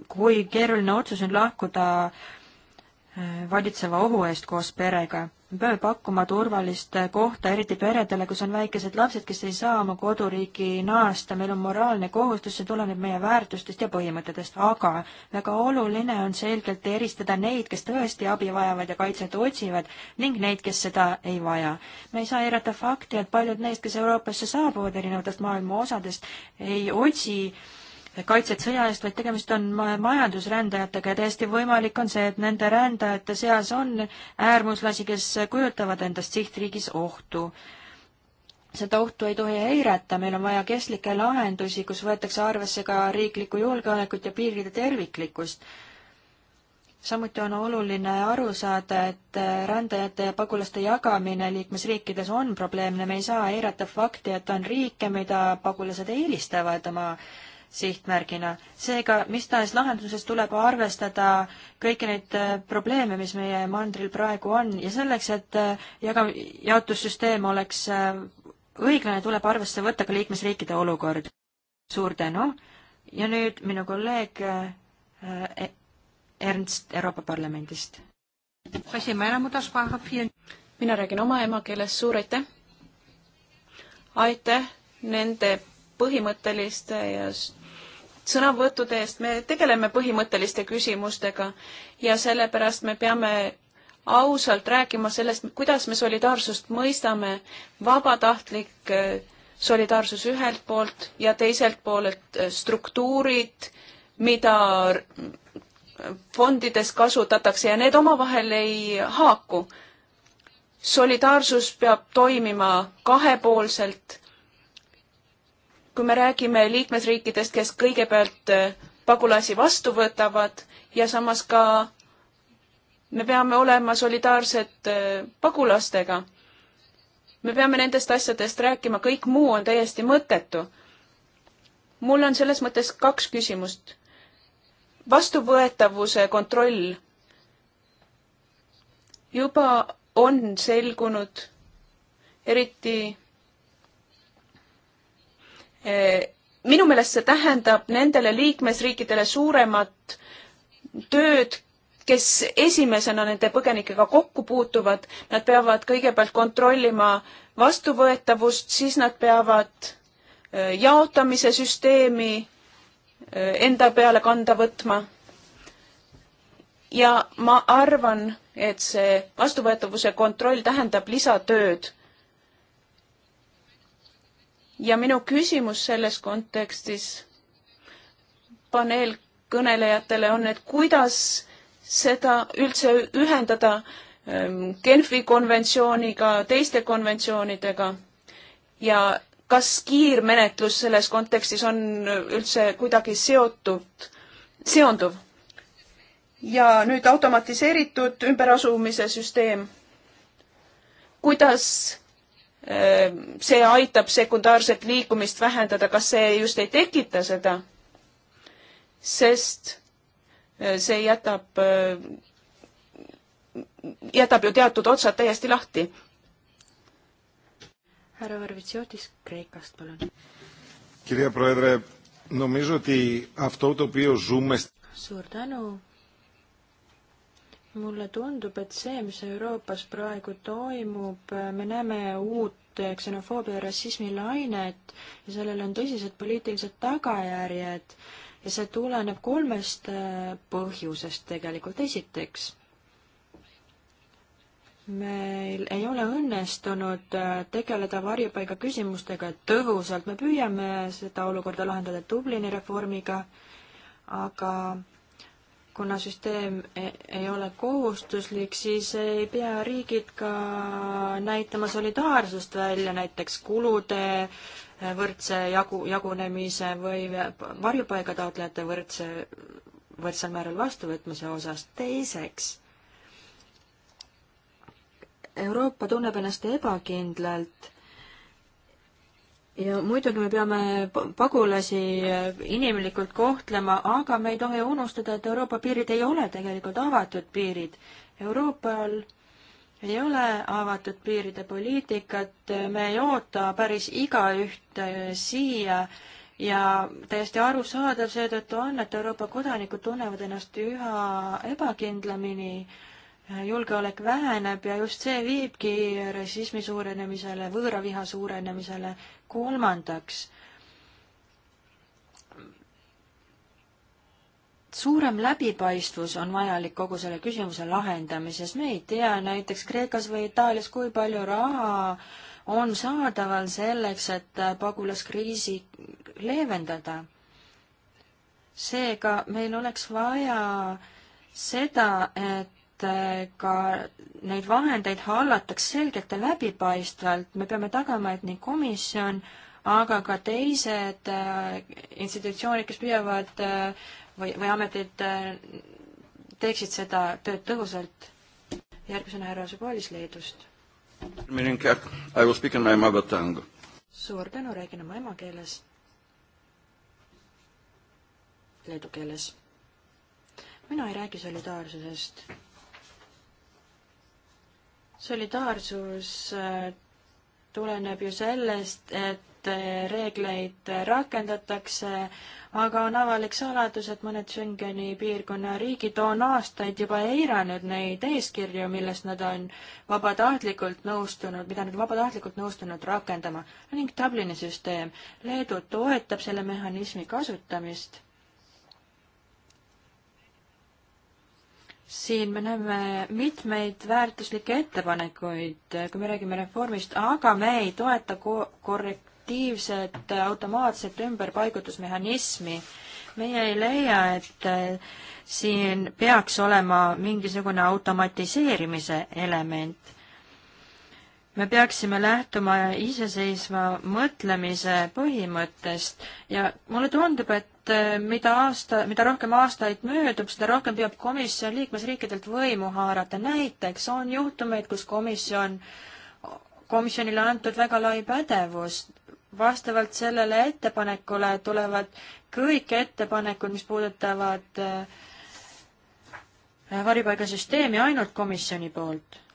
kui keeruline otsus on lahkuda äh, valitseva ohu eest koos perega me peame pakkuma turvalist kohta, eriti peredele, kus on väikesed lapsed, kes ei saa oma koduriiki naasta, meil on moraalne kohustus, see tuleneb meie väärtustest ja põhimõtetest, aga väga oluline on selgelt eristada neid, kes tõesti abi vajavad ja kaitset otsivad, ning neid, kes seda ei vaja. me ei saa eirata fakti, et paljud neist, kes Euroopasse saabuvad erinevatest maailma osadest, ei otsi kaitset sõja eest, vaid tegemist on majandusrändajatega ja täiesti võimalik on see, et nende rändajate seas on äärmuslasi, kes kujutavad endast sihtriigis ohtu. seda ohtu ei tohi eirata, meil on vaja kestlikke lahendusi, kus võetakse arvesse ka riiklikku julgeolekut ja piiride terviklikkust samuti on oluline aru saada, et rändajate ja pagulaste jagamine liikmesriikides on probleemne, me ei saa eirata fakti, et on riike, mida pagulased eelistavad oma sihtmärgina. seega mis tahes lahenduses tuleb arvestada kõiki neid äh, probleeme, mis meie mandril praegu on ja selleks, et äh, jaga-, jaotussüsteem oleks äh, õiglane, tuleb arvesse võtta ka liikmesriikide olukord. suur tänu ja nüüd minu kolleeg e-, Ernst Euroopa Parlamendist. mina räägin oma emakeeles, suur aitäh! aitäh nende põhimõtteliste ja sõnavõttude eest, me tegeleme põhimõtteliste küsimustega ja sellepärast me peame ausalt rääkima sellest, kuidas me solidaarsust mõistame, vabatahtlik äh, solidaarsus ühelt poolt ja teiselt poolelt äh, struktuurid, mida fondides kasutatakse ja need omavahel ei haaku. solidaarsus peab toimima kahepoolselt kui me räägime liikmesriikidest, kes kõigepealt äh, pagulasi vastu võtavad ja samas ka me peame olema solidaarsed äh, pagulastega. me peame nendest asjadest rääkima, kõik muu on täiesti mõttetu. mul on selles mõttes kaks küsimust. vastuvõetavuse kontroll. juba on selgunud, eriti Eh, minu meelest see tähendab nendele liikmesriikidele suuremat tööd, kes esimesena nende põgenikega kokku puutuvad, nad peavad kõigepealt kontrollima vastuvõetavust, siis nad peavad eh, jaotamise süsteemi eh, enda peale kanda võtma. ja ma arvan, et see vastuvõetavuse kontroll tähendab lisatööd ja minu küsimus selles kontekstis paneelkõnelejatele on, et kuidas seda üldse ühendada ähm, Genfi konventsiooniga, teiste konventsioonidega ja kas kiirmenetlus selles kontekstis on üldse kuidagi seotud, seonduv? ja nüüd automatiseeritud ümberasumise süsteem. kuidas see aitab sekundaarset liikumist vähendada, kas see just ei tekita seda? sest äh, see jätab, äh, jätab ju teatud otsad täiesti lahti. härra Varvitsiotis Kreekast, palun. kirja proedre, no mis on see, auto, suur tänu mulle tundub, et see, mis Euroopas praegu toimub, me näeme uut ksenofoobia ja rassismi lainet ja sellel on tõsised poliitilised tagajärjed ja see tuleneb kolmest äh, põhjusest tegelikult. esiteks, meil ei ole õnnestunud äh, tegeleda varjupaiga küsimustega tõhusalt, me püüame seda olukorda lahendada Dublini reformiga, aga kuna süsteem e-, ei ole kohustuslik, siis ei pea riigid ka näitama solidaarsust välja näiteks kulude e, võrdse jagu, jagunemise või varjupaigataotlejate võrdse, võrdsel määral vastuvõtmise osas. teiseks, Euroopa tunneb ennast ebakindlalt ja muidugi me peame pagulasi äh, inimlikult kohtlema, aga me ei tohi unustada, et Euroopa piirid ei ole tegelikult avatud piirid. Euroopal ei ole avatud piiride poliitikat, me ei oota päris igaühte äh, siia ja täiesti arusaadav seetõttu on, et Euroopa kodanikud tunnevad ennast üha ebakindlamini äh, julgeolek väheneb ja just see viibki rassismi suurenemisele, võõraviha suurenemisele. kolmandaks, suurem läbipaistvus on vajalik kogu selle küsimuse lahendamises. me ei tea näiteks Kreekas või Itaalias, kui palju raha on saadaval selleks, et pagulaskriisi leevendada. seega meil oleks vaja seda, et Äh, ka neid vahendeid hallataks selgelt ja läbipaistvalt, me peame tagama, et nii komisjon, aga ka teised äh, institutsioonid, kes püüavad äh, või, või ametid teeksid seda tööd tõhusalt. järgmisena härra Subalis Leedust. suur tänu, räägin oma emakeeles, leedu keeles mina ei räägi solidaarsusest solidaarsus äh, tuleneb ju sellest, et äh, reegleid rakendatakse, aga on avalik saladus, et mõned Schengeni piirkonna riigid on aastaid juba eiranud neid eeskirju, millest nad on vabatahtlikult nõustunud, mida nad vabatahtlikult nõustunud rakendama ning Dublini süsteem. Leedu toetab selle mehhanismi kasutamist siin me näeme mitmeid väärtuslikke ettepanekuid, äh, kui me räägime reformist, aga me ei toeta ko-, korrektiivset äh, automaatset ümberpaigutusmehhanismi. meie ei leia, et äh, siin peaks olema mingisugune automatiseerimise element me peaksime lähtuma iseseisva mõtlemise põhimõttest ja mulle tundub, et äh, mida aasta, mida rohkem aastaid möödub, seda rohkem peab komisjon liikmesriikidelt võimu haarata. näiteks on juhtumeid, kus komisjon, komisjonile antud väga lai pädevus. vastavalt sellele ettepanekule tulevad kõik ettepanekud, mis puudutavad äh, äh, varjupaigasüsteemi ainult komisjoni poolt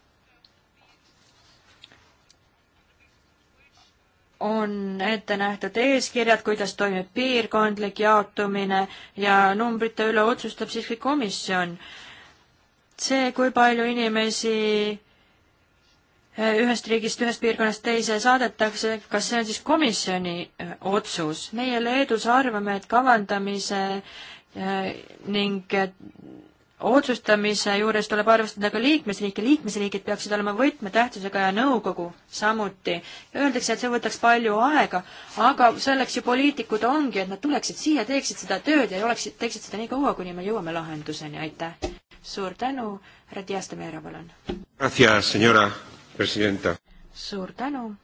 on ette nähtud eeskirjad, kuidas toimib piirkondlik jaotumine ja numbrite üle otsustab siiski komisjon. see, kui palju inimesi eh, ühest riigist, ühest piirkonnast teise saadetakse, kas see on siis komisjoni eh, otsus? meie Leedus arvame, et kavandamise eh, ning otsustamise juures tuleb arvestada ka liikmesriike, liikmesriigid peaksid olema võtmetähtsusega ja nõukogu samuti. Öeldakse, et see võtaks palju aega, aga selleks ju poliitikud ongi, et nad tuleksid siia, teeksid seda tööd ja oleksid, teeksid seda nii kaua, kuni me jõuame lahenduseni, aitäh. suur tänu, härra Dias de Mera, palun. suur tänu.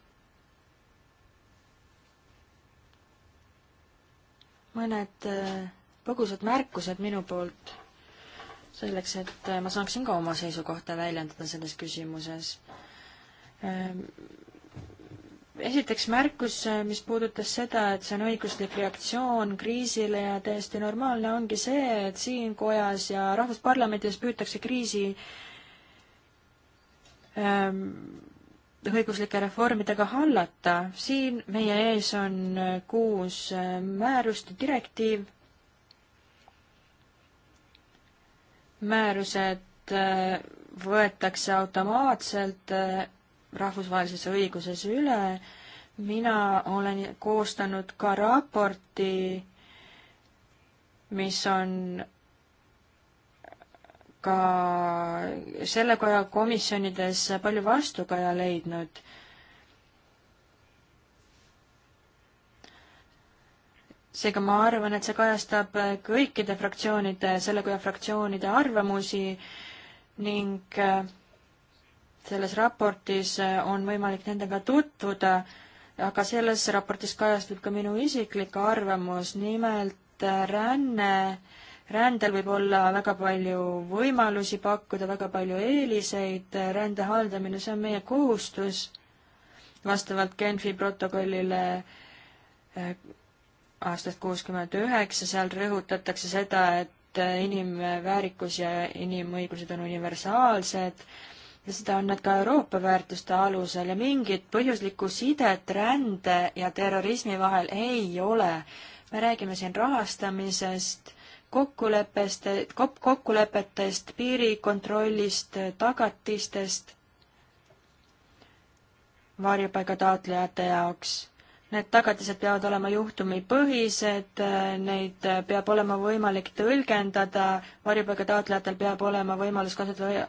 mõned äh, põgusad märkused minu poolt selleks, et äh, ma saaksin ka oma seisukohta väljendada selles küsimuses. Ähm, esiteks märkus, äh, mis puudutas seda, et see on õiguslik reaktsioon kriisile ja täiesti normaalne ongi see, et siin kojas ja Rahvusparlamendides püütakse kriisi ähm, õiguslike reformidega hallata. siin meie ees on äh, kuus määrust ja direktiiv määrused äh, võetakse automaatselt äh, rahvusvahelises õiguses üle. mina olen koostanud ka raporti, mis on ka selle koja komisjonides palju vastukaja leidnud seega ma arvan, et see kajastab kõikide fraktsioonide, selle koja fraktsioonide arvamusi ning äh, selles raportis äh, on võimalik nendega tutvuda, aga selles raportis kajastub ka minu isiklik arvamus, nimelt äh, ränne, rändel võib olla väga palju võimalusi pakkuda, väga palju eeliseid, rände haldamine, see on meie kohustus vastavalt Genfi protokollile aastast kuuskümmend üheksa, seal rõhutatakse seda, et inimväärikus ja inimõigused on universaalsed ja seda on nad ka Euroopa väärtuste alusel ja mingit põhjuslikku sidet rände ja terrorismi vahel ei ole. me räägime siin rahastamisest, kokkuleppest, kokkulepetest, piirikontrollist, tagatistest varjupaigataotlejate jaoks Need tagatised peavad olema juhtumipõhised, neid peab olema võimalik tõlgendada, varjupaigataotlejatel peab olema võimalus kasutada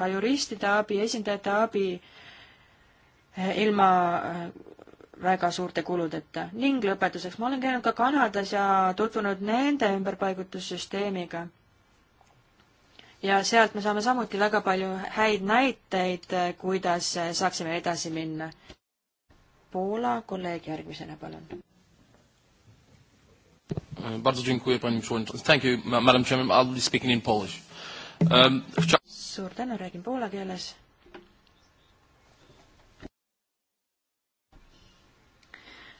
ka juristide abi, esindajate abi eh, ilma eh, väga suurte kuludeta. ning lõpetuseks, ma olen käinud ka Kanadas ja tutvunud nende ümberpaigutussüsteemiga ja sealt me saame samuti väga palju häid näiteid, eh, kuidas saaksime edasi minna. Poola kolleeg järgmisena, palun. Uh, bardzo dziękuję pani przewodnicząca. Thank you, madam chairman. I'll be speaking in Polish. Um, Suur tänu, räägin poola keeles.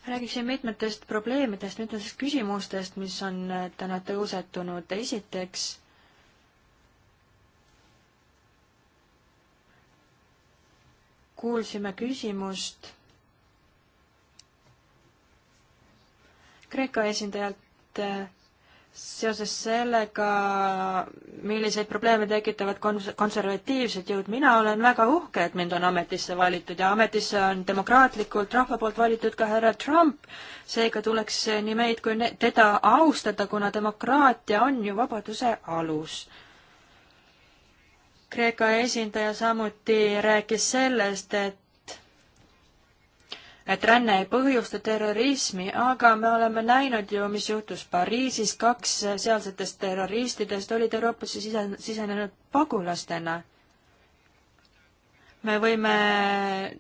räägiksin mitmetest probleemidest, mitmetest küsimustest, mis on äh, täna tõusetunud. esiteks kuulsime küsimust Kreeka esindajalt eh, seoses sellega, milliseid probleeme tekitavad kons-, konservatiivsed jõud, mina olen väga uhke, et mind on ametisse valitud ja ametisse on demokraatlikult rahva poolt valitud ka härra Trump. seega tuleks nii meid kui ne-, teda austada, kuna demokraatia on ju vabaduse alus. Kreeka esindaja samuti rääkis sellest, et et ränne ei põhjusta terrorismi, aga me oleme näinud ju, mis juhtus Pariisis, kaks sealsetest terroristidest olid Euroopasse sisen-, sisenenud pagulastena. me võime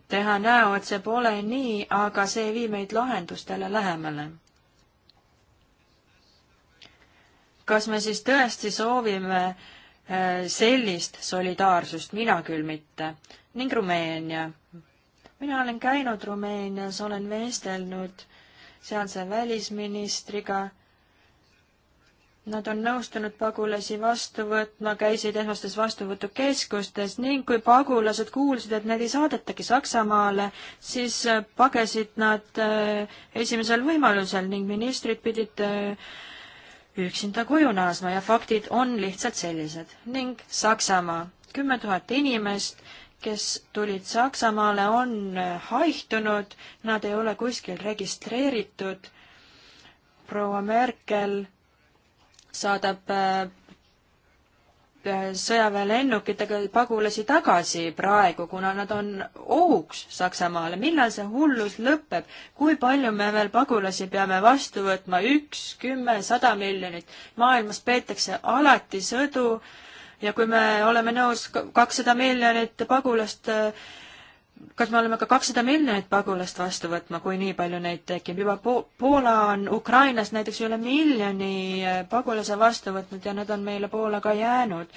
teha näo, et see pole nii, aga see ei vii meid lahendustele lähemale. kas me siis tõesti soovime äh, sellist solidaarsust, mina küll mitte, ning Rumeenia mina olen käinud Rumeenias, olen vestelnud sealse välisministriga. Nad on nõustunud pagulasi vastu võtma, käisid esmastes vastuvõtukeskustes ning kui pagulased kuulsid, et neid ei saadetagi Saksamaale, siis äh, pagesid nad äh, esimesel võimalusel ning ministrid pidid äh, üksinda koju naasma ja faktid on lihtsalt sellised. ning Saksamaa, kümme tuhat inimest kes tulid Saksamaale, on haihtunud, nad ei ole kuskil registreeritud. proua Merkel saadab äh, sõjaväelennukitega pagulasi tagasi praegu, kuna nad on ohuks Saksamaale. millal see hullus lõpeb? kui palju me veel pagulasi peame vastu võtma? üks, kümme, sada miljonit. maailmas peetakse alati sõdu ja kui me oleme nõus kakssada miljonit pagulast, äh, kas me oleme ka kakssada miljonit pagulast vastu võtma, kui nii palju neid tekib? juba po-, Poola on Ukrainas näiteks üle miljoni äh, pagulase vastu võtnud ja nad on meile Poola ka jäänud.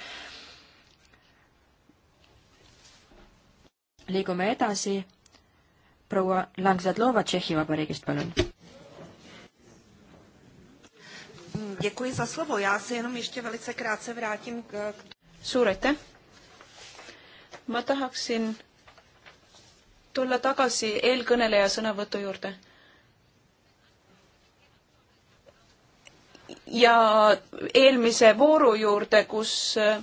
liigume edasi. proua Langsadlova Tšehhi Vabariigist, palun. Děkuji za slovo. Já se jenom ještě velice krátce vrátím k suur aitäh! ma tahaksin tulla tagasi eelkõneleja sõnavõtu juurde. ja eelmise vooru juurde, kus äh,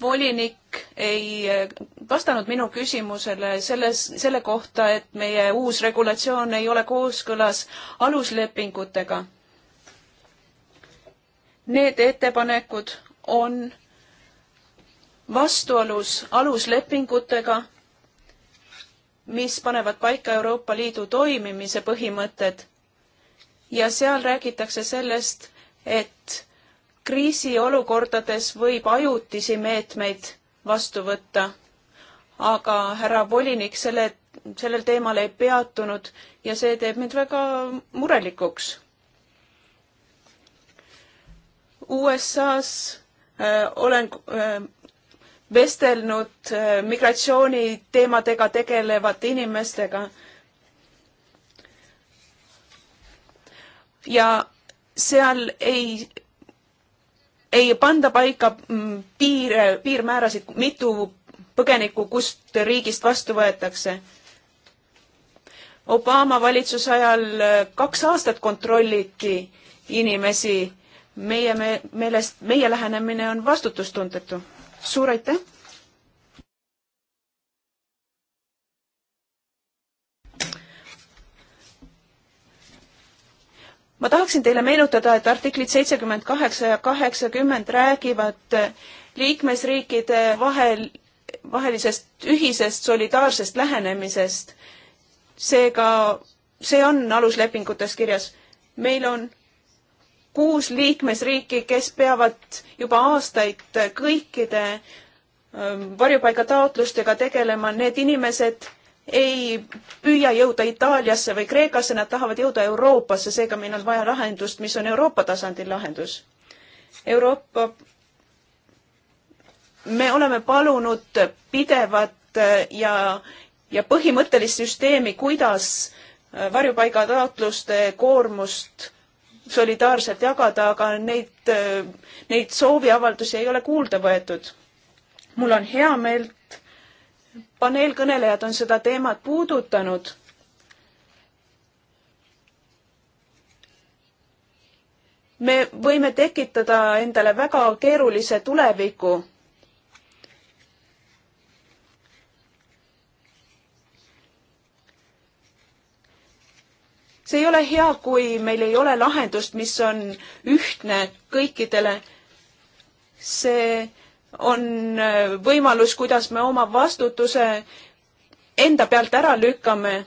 volinik ei äh, vastanud minu küsimusele selles, selle kohta, et meie uus regulatsioon ei ole kooskõlas aluslepingutega. Need ettepanekud on vastuolus aluslepingutega, mis panevad paika Euroopa Liidu toimimise põhimõtted. ja seal räägitakse sellest, et kriisiolukordades võib ajutisi meetmeid vastu võtta. aga härra volinik selle, sellel teemal ei peatunud ja see teeb mind väga murelikuks. USA-s äh, olen äh, vestelnud äh, migratsiooniteemadega tegelevate inimestega. ja seal ei, ei panda paika mm, piire, piirmäärasid, mitu põgenikku kust riigist vastu võetakse Obama valitsuse ajal äh, kaks aastat kontrolliti inimesi. meie me, meelest, meie lähenemine on vastutustundetu suur aitäh! ma tahaksin teile meenutada, et artiklid seitsekümmend kaheksa ja kaheksakümmend räägivad liikmesriikide vahel, vahelisest ühisest solidaarsest lähenemisest. seega see on aluslepingutes kirjas. meil on kuus liikmesriiki, kes peavad juba aastaid kõikide ähm, varjupaigataotlustega tegelema, need inimesed ei püüa jõuda Itaaliasse või Kreekasse, nad tahavad jõuda Euroopasse, seega meil on vaja lahendust, mis on Euroopa tasandil lahendus. Euroopa, me oleme palunud pidevat äh, ja, ja põhimõttelist süsteemi, kuidas äh, varjupaigataotluste koormust solidaarselt jagada, aga neid, neid sooviavaldusi ei ole kuulda võetud. mul on hea meel, paneelkõnelejad on seda teemat puudutanud. me võime tekitada endale väga keerulise tuleviku see ei ole hea, kui meil ei ole lahendust, mis on ühtne kõikidele. see on äh, võimalus, kuidas me oma vastutuse enda pealt ära lükkame.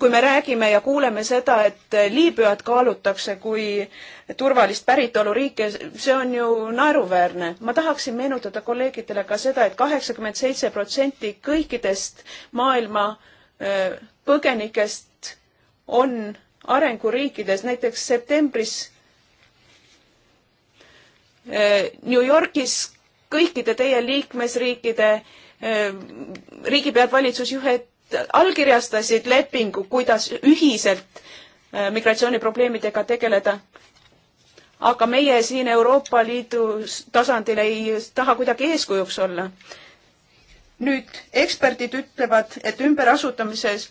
kui me räägime ja kuuleme seda, et äh, Liibüat kaalutakse kui turvalist päritoluriiki, see on ju naeruväärne. ma tahaksin meenutada kolleegidele ka seda et, et kaheksakümmend seitse protsenti kõikidest maailma äh, põgenikest on arenguriikides, näiteks septembris eh, New Yorgis kõikide teie liikmesriikide eh, riigipead, valitsusjuhed allkirjastasid lepingu, kuidas ühiselt eh, migratsiooniprobleemidega tegeleda. aga meie siin Euroopa Liidu tasandil ei taha kuidagi eeskujuks olla. nüüd eksperdid ütlevad, et ümberasutamises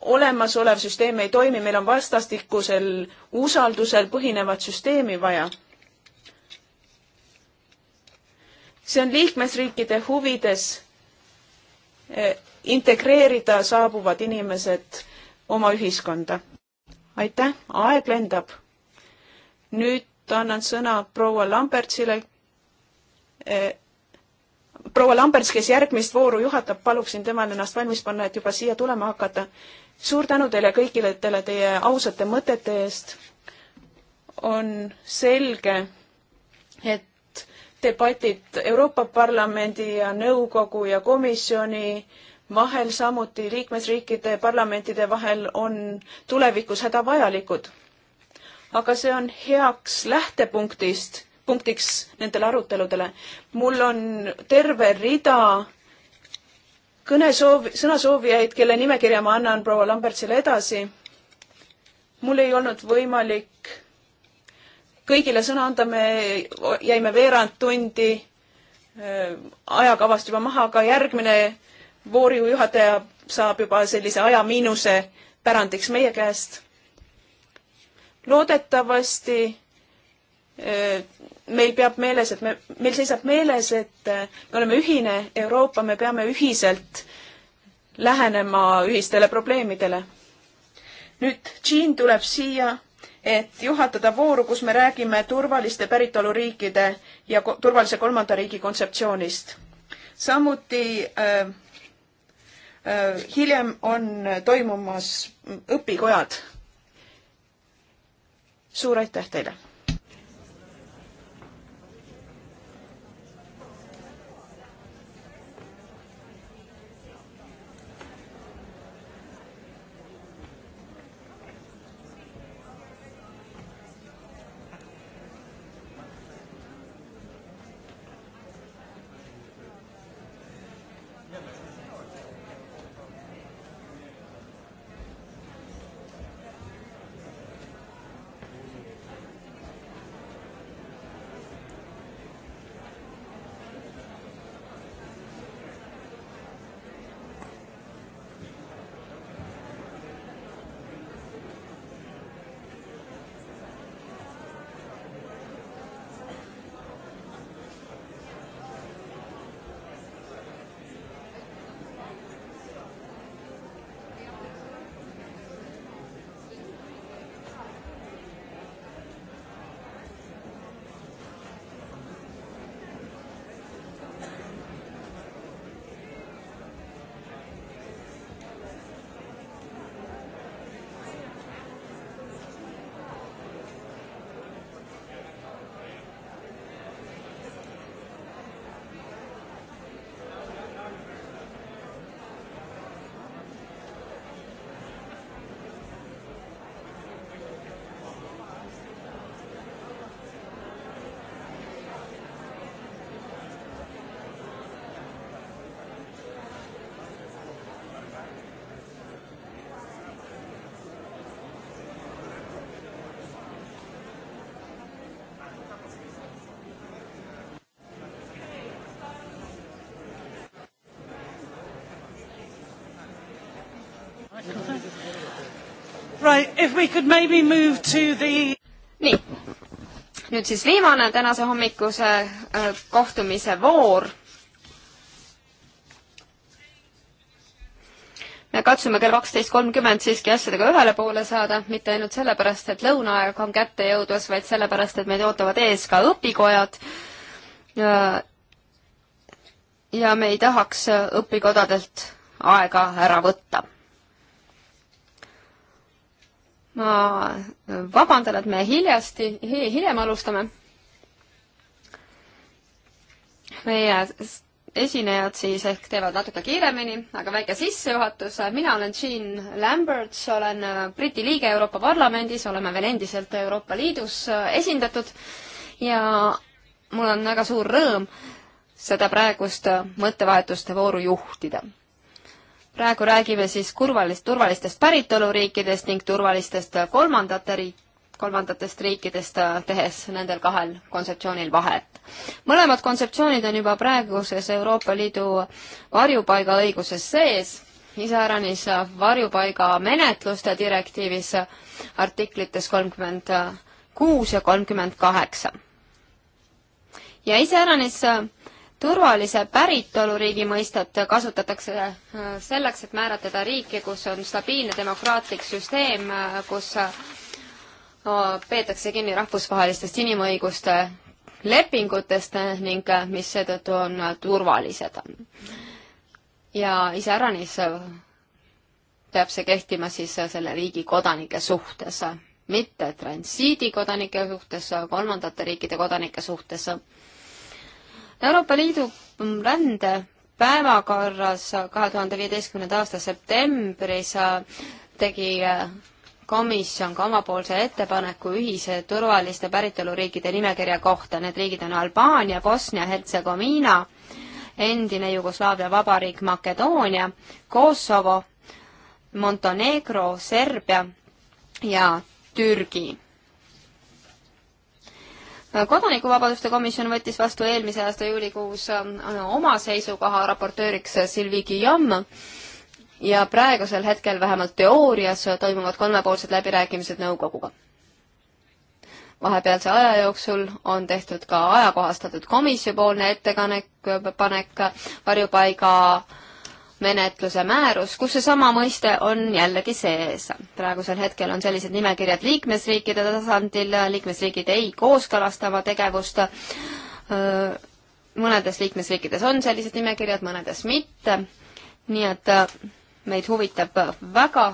olemasolev süsteem ei toimi, meil on vastastikusel usaldusel põhinevat süsteemi vaja. see on liikmesriikide huvides eh, integreerida saabuvad inimesed oma ühiskonda. aitäh, aeg lendab. nüüd annan sõna proua Lambertsile. Eh, proua Lamberts, kes järgmist vooru juhatab, paluksin temal ennast valmis panna, et juba siia tulema hakata suur tänu teile kõikidele teie ausate mõtete eest. on selge, et debatid Euroopa Parlamendi ja nõukogu ja komisjoni vahel, samuti liikmesriikide parlamentide vahel on tulevikus hädavajalikud. aga see on heaks lähtepunktist, punktiks nendele aruteludele. mul on terve rida kõnesoov, sõnasoovijaid, kelle nimekirja ma annan proua Lambertsile edasi. mul ei olnud võimalik kõigile sõna anda, me jäime veerand tundi äh, ajakavast juba maha, aga järgmine vooru juhataja saab juba sellise aja miinuse pärandiks meie käest. loodetavasti meil peab meeles, et me, meil seisab meeles, et me oleme ühine Euroopa, me peame ühiselt lähenema ühistele probleemidele. nüüd Jean tuleb siia, et juhatada vooru, kus me räägime turvaliste päritoluriikide ja ko turvalise kolmanda riigi kontseptsioonist. samuti äh, äh, hiljem on toimumas õpikojad. suur aitäh teile! Right, if we could maybe move to the... nii, nüüd siis viimane tänase hommikuse äh, kohtumise voor. me katsume kell kaksteist kolmkümmend siiski asjadega ühele poole saada, mitte ainult sellepärast, et lõunaaeg on kätte jõudmas, vaid sellepärast, et meid ootavad ees ka õpikojad. Äh, ja me ei tahaks äh, õpikodadelt aega ära võtta ma vabandan, et me hiljasti, hiljem alustame. meie esinejad siis ehk teevad natuke kiiremini, aga väike sissejuhatus. mina olen Jean Lamberts, olen Briti liige Euroopa Parlamendis, oleme veel endiselt Euroopa Liidus esindatud ja mul on väga suur rõõm seda praegust mõttevahetuste vooru juhtida praegu räägime siis kurvalist, turvalistest päritoluriikidest ning turvalistest kolmandate riik-, kolmandatest riikidest, äh, tehes nendel kahel kontseptsioonil vahet. mõlemad kontseptsioonid on juba praeguses Euroopa Liidu varjupaigaõiguses sees, iseäranis äh, varjupaiga menetluste direktiivis äh, artiklites kolmkümmend kuus ja kolmkümmend kaheksa. ja iseäranis turvalise päritoluriigi mõistet kasutatakse äh, selleks, et määratleda riiki, kus on stabiilne demokraatlik süsteem, äh, kus äh, peetakse kinni rahvusvahelistest inimõiguste lepingutest ning mis seetõttu on turvalised. ja iseäranis peab see kehtima siis selle riigi kodanike suhtes, mitte transiidi kodanike suhtes, kolmandate riikide kodanike suhtes Euroopa Liidu rände päevakorras kahe tuhande viieteistkümnenda aasta septembris äh, tegi äh, komisjon ka omapoolse ettepaneku ühise turvaliste päritoluriikide nimekirja kohta. Need riigid on Albaania, Bosnia-Hertsegoviina, endine Jugoslaavia vabariik Makedoonia, Kosovo, Montenegro, Serbia ja Türgi kodanikuvabaduste komisjon võttis vastu eelmise aasta juulikuus äh, oma seisukoha raportööriks Silvi Guillaume ja praegusel hetkel vähemalt teoorias toimuvad kolmepoolsed läbirääkimised nõukoguga. vahepealse aja jooksul on tehtud ka ajakohastatud komisjonipoolne ettepanek varjupaiga äh, menetluse määrus, kus seesama mõiste on jällegi sees. praegusel hetkel on sellised nimekirjad liikmesriikide tasandil, liikmesriigid ei kooskõlasta oma tegevust, mõnedes liikmesriikides on sellised nimekirjad, mõnedes mitte, nii et äh, meid huvitab väga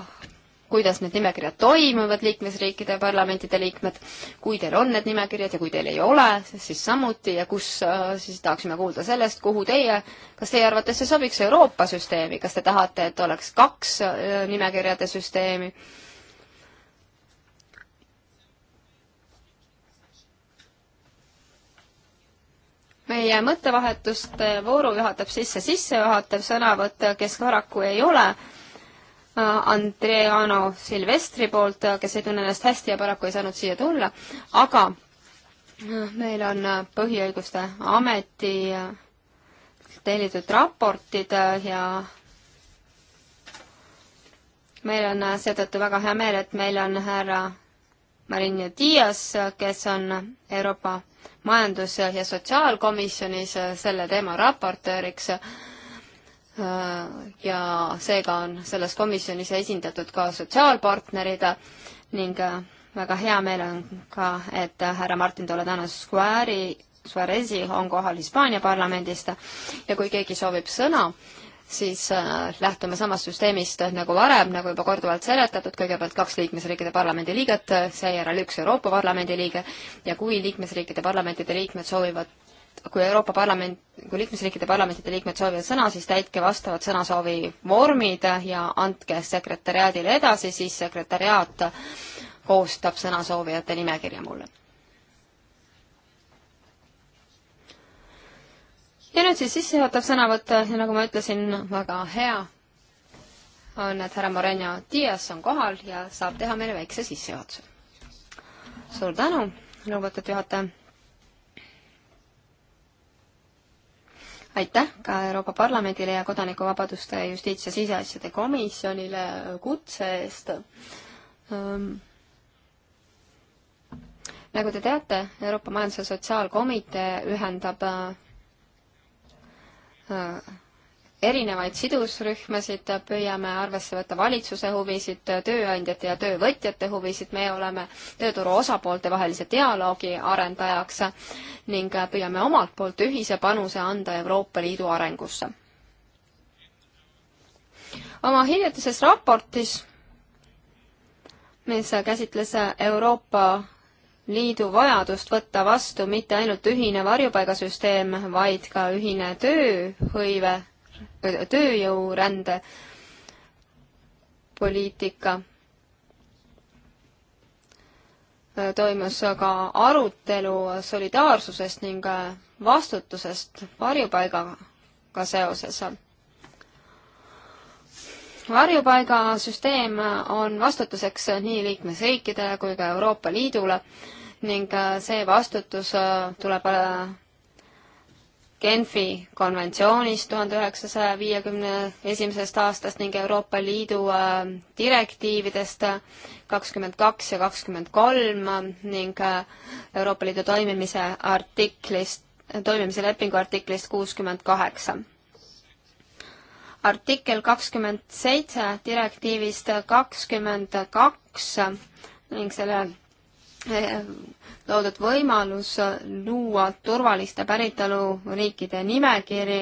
kuidas need nimekirjad toimivad, liikmesriikide parlamentide liikmed, kui teil on need nimekirjad ja kui teil ei ole, siis samuti ja kus, äh, siis tahaksime kuulda sellest, kuhu teie, kas teie arvates see sobiks Euroopa süsteemi, kas te tahate, et oleks kaks äh, nimekirjade süsteemi? meie mõttevahetuste vooru juhatab sisse sissejuhatav sõnavõtt, kes paraku ei ole Äh, Andreano Silvestri poolt, äh, kes ei tunne ennast hästi ja paraku ei saanud siia tulla, aga äh, meil on Põhiõiguste Ameti tellitud raportid ja meil on seetõttu väga hea meel, et meil on härra Marinho Dias, kes on Euroopa Majandus- ja Sotsiaalkomisjonis selle teema raportööriks Äh, ja seega on selles komisjonis esindatud ka sotsiaalpartnerid ning äh, väga hea meel on ka, et härra Martin Toledano Square'i, Suarezi on kohal Hispaania parlamendist ja kui keegi soovib sõna, siis äh, lähtume samast süsteemist nagu varem, nagu juba korduvalt seletatud, kõigepealt kaks liikmesriikide parlamendi liiget, seejärel üks Euroopa Parlamendi liige ja kui liikmesriikide parlamentide liikmed soovivad kui Euroopa Parlament, kui liikmesriikide parlamentide liikmed soovivad sõna, siis täitke vastavad sõnasoovi vormid ja andke sekretäriaadile edasi, siis sekretäriaat koostab sõnasoovijate nimekirja mulle. ja nüüd siis sissejuhatav sõnavõtt ja nagu ma ütlesin, väga hea on, et härra Moreno Dias on kohal ja saab teha meile väikse sissejuhatuse. suur tänu, lugupeetud juhataja aitäh ka Euroopa Parlamendile ja Kodanikuvabaduste justiits- ja siseasjade komisjonile kutse eest ähm.. nagu te teate, Euroopa Majandus- ja Sotsiaalkomitee ühendab äh, erinevaid sidusrühmasid, püüame arvesse võtta valitsuse huvisid, tööandjate ja töövõtjate huvisid, me oleme tööturu osapoolte vahelise dialoogi arendajaks ning püüame omalt poolt ühise panuse anda Euroopa Liidu arengusse. oma hiljutises raportis, mis käsitles Euroopa Liidu vajadust võtta vastu mitte ainult ühine varjupaigasüsteem, vaid ka ühine tööhõive tööjõurände poliitika toimus ka arutelu solidaarsusest ning vastutusest varjupaigaga seoses. varjupaigasüsteem on vastutuseks nii liikmesriikidele kui ka Euroopa Liidule ning see vastutus tuleb Genfi konventsioonist tuhande üheksasaja viiekümne esimesest aastast ning Euroopa Liidu äh, direktiividest kakskümmend kaks ja kakskümmend kolm ning äh, Euroopa Liidu toimimise artiklist, toimimise lepingu artiklist kuuskümmend kaheksa. artikkel kakskümmend seitse direktiivist kakskümmend kaks ning selle Eh, loodud võimalus luua turvaliste päritoluriikide nimekiri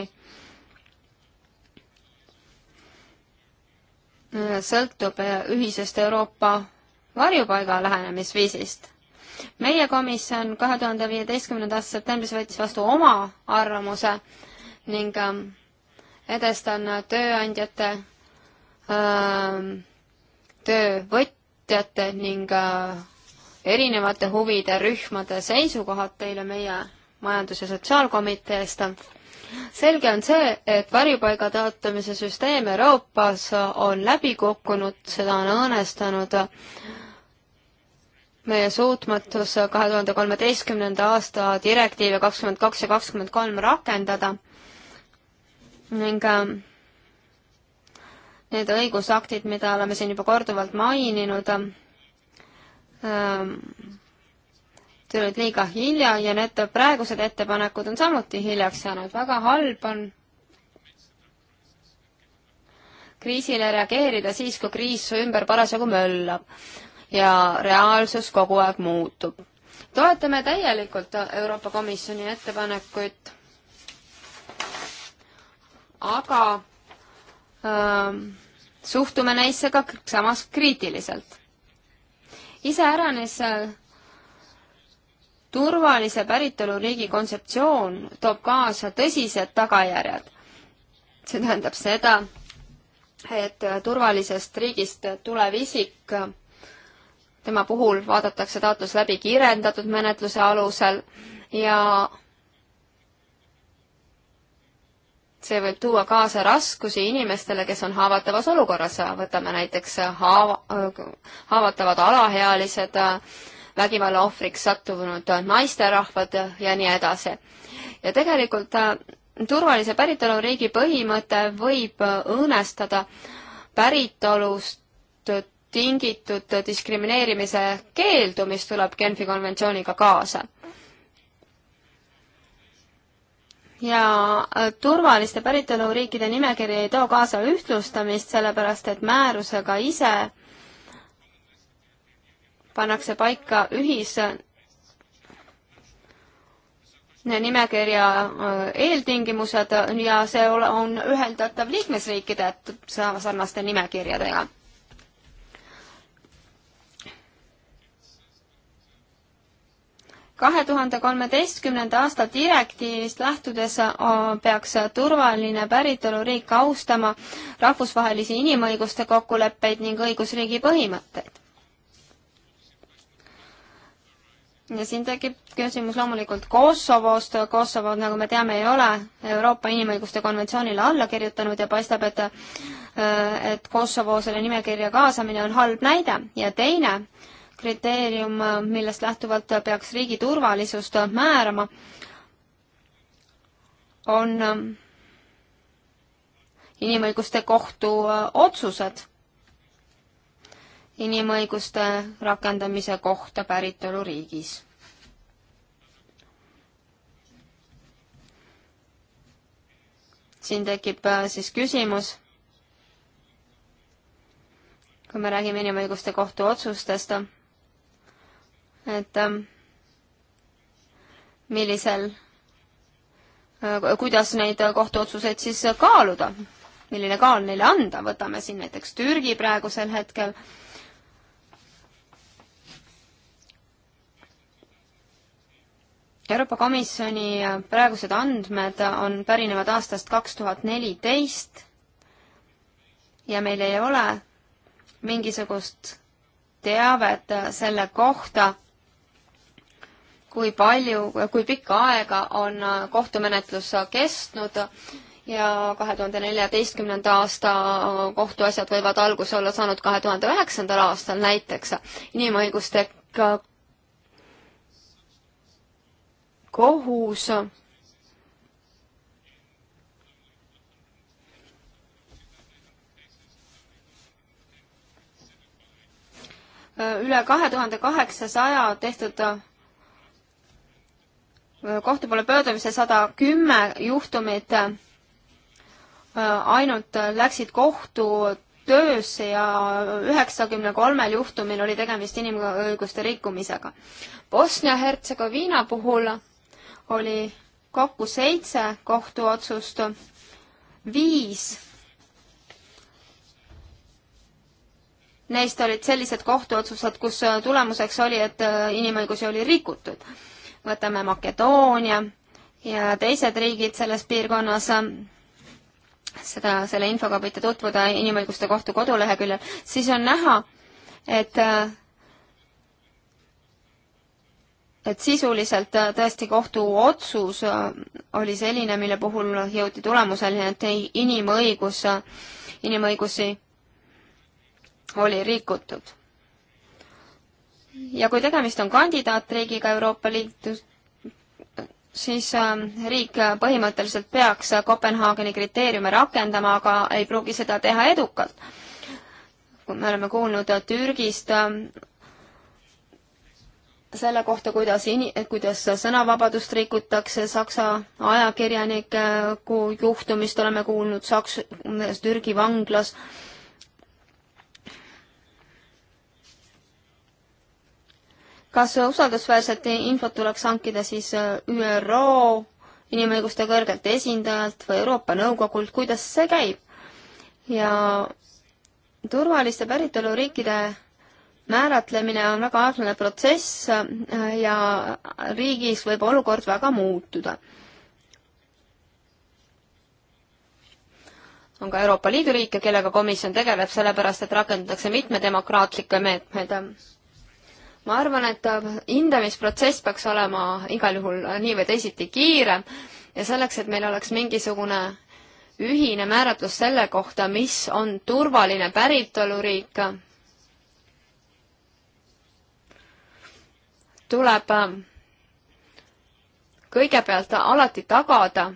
eh, sõltub eh, ühisest Euroopa varjupaiga lähenemisviisist. meie komisjon kahe tuhande viieteistkümnenda aasta septembris võttis vastu oma arvamuse ning edestan tööandjate töövõtjate ning erinevate huvide rühmade seisukohad teile meie majandus- ja sotsiaalkomiteest. selge on see, et varjupaiga taotlemise süsteem Euroopas on läbi kukkunud, seda on õõnestanud meie suutmatus kahe tuhande kolmeteistkümnenda aasta direktiive kakskümmend kaks ja kakskümmend kolm rakendada ning ähm, need õigusaktid, mida oleme siin juba korduvalt maininud, tulid ähm, liiga hilja ja need praegused ettepanekud on samuti hiljaks jäänud. väga halb on kriisile reageerida siis, kui kriis su ümber parasjagu möllab ja reaalsus kogu aeg muutub. toetame täielikult Euroopa Komisjoni ettepanekuid, aga öö, ähm, suhtume neisse ka samas kriitiliselt iseäranis äh, turvalise päritoluriigi kontseptsioon toob kaasa tõsised tagajärjed. see tähendab seda, et äh, turvalisest riigist tulev isik, äh, tema puhul vaadatakse taotlus läbi kiirendatud menetluse alusel ja see võib tuua kaasa raskusi inimestele, kes on haavatavas olukorras, võtame näiteks haava, haavatavad alaealised, vägivalla ohvriks sattunud naisterahvad ja nii edasi. ja tegelikult äh, turvalise päritoluriigi põhimõte võib äh, õõnestada päritolust tingitud diskrimineerimise keeldumist tuleb Genfi konventsiooniga kaasa. ja äh, turvaliste päritoluriikide nimekiri ei too kaasa ühtlustamist, sellepärast et määrusega ise pannakse paika ühis äh, nimekirja äh, eeltingimused ja see on üheldatav liikmesriikide sarnaste nimekirjadega kahe tuhande kolmeteistkümnenda aasta direktiivist lähtudes äh, peaks turvaline päritoluriik austama rahvusvahelisi inimõiguste kokkuleppeid ning õigusriigi põhimõtteid. ja siin tekib küsimus loomulikult Kosovost, Kosovo, nagu me teame, ei ole Euroopa Inimõiguste konventsioonile alla kirjutanud ja paistab, et äh, et Kosovo selle nimekirja kaasamine on halb näide ja teine äh, kriteerium, millest lähtuvalt peaks riigi turvalisust määrama, on inimõiguste kohtu otsused inimõiguste rakendamise kohta päritoluriigis. siin tekib äh, siis küsimus, kui me räägime inimõiguste kohtu otsustest et ähm, millisel, äh, kuidas neid kohtuotsuseid siis kaaluda, milline kaal neile anda, võtame siin näiteks Türgi praegusel hetkel. Euroopa Komisjoni praegused andmed on, pärinevad aastast kaks tuhat neliteist ja meil ei ole mingisugust teavet selle kohta kui palju, kui pikka aega on äh, kohtumenetlus äh, kestnud ja kahe tuhande neljateistkümnenda aasta äh, kohtuasjad võivad alguse olla saanud kahe tuhande üheksandal aastal näiteks. inimõiguste kohus üle kahe tuhande kaheksasaja tehtud kohtu poole pöördumise sada kümme juhtumit ainult läksid kohtu töösse ja üheksakümne kolmel juhtumil oli tegemist inimõiguste rikkumisega. Bosnia-Hertsegoviina puhul oli kokku seitse kohtuotsust, viis neist olid sellised kohtuotsused, kus tulemuseks oli, et äh, inimõigusi oli rikutud võtame Makedoonia ja teised riigid selles piirkonnas, seda, selle infoga võite tutvuda Inimõiguste Kohtu koduleheküljel, siis on näha, et et sisuliselt tõesti kohtuotsus oli selline, mille puhul jõuti tulemuseni, et ei, inimõigus, inimõigusi oli rikutud ja kui tegemist on kandidaatriigiga Euroopa Liidus, siis ähm, riik põhimõtteliselt peaks Kopenhaageni kriteeriume rakendama, aga ei pruugi seda teha edukalt. me oleme kuulnud Türgist ähm, selle kohta, kuidas in-, kuidas sõnavabadust rikutakse, Saksa ajakirjanike äh, juhtumist oleme kuulnud Saks-, Türgi vanglas kas äh, usaldusväärset infot tuleks hankida siis äh, ÜRO inimõiguste kõrgelt esindajalt või Euroopa Nõukogult, kuidas see käib? ja turvaliste päritoluriikide määratlemine on väga aeglane protsess äh, ja riigis võib olukord väga muutuda. on ka Euroopa Liidu riike, kellega komisjon tegeleb, sellepärast et rakendatakse mitme demokraatlikke meetmeid ma arvan, et hindamisprotsess peaks olema igal juhul nii või teisiti kiirem ja selleks, et meil oleks mingisugune ühine määratlus selle kohta, mis on turvaline päritoluriik, tuleb äh, kõigepealt alati tagada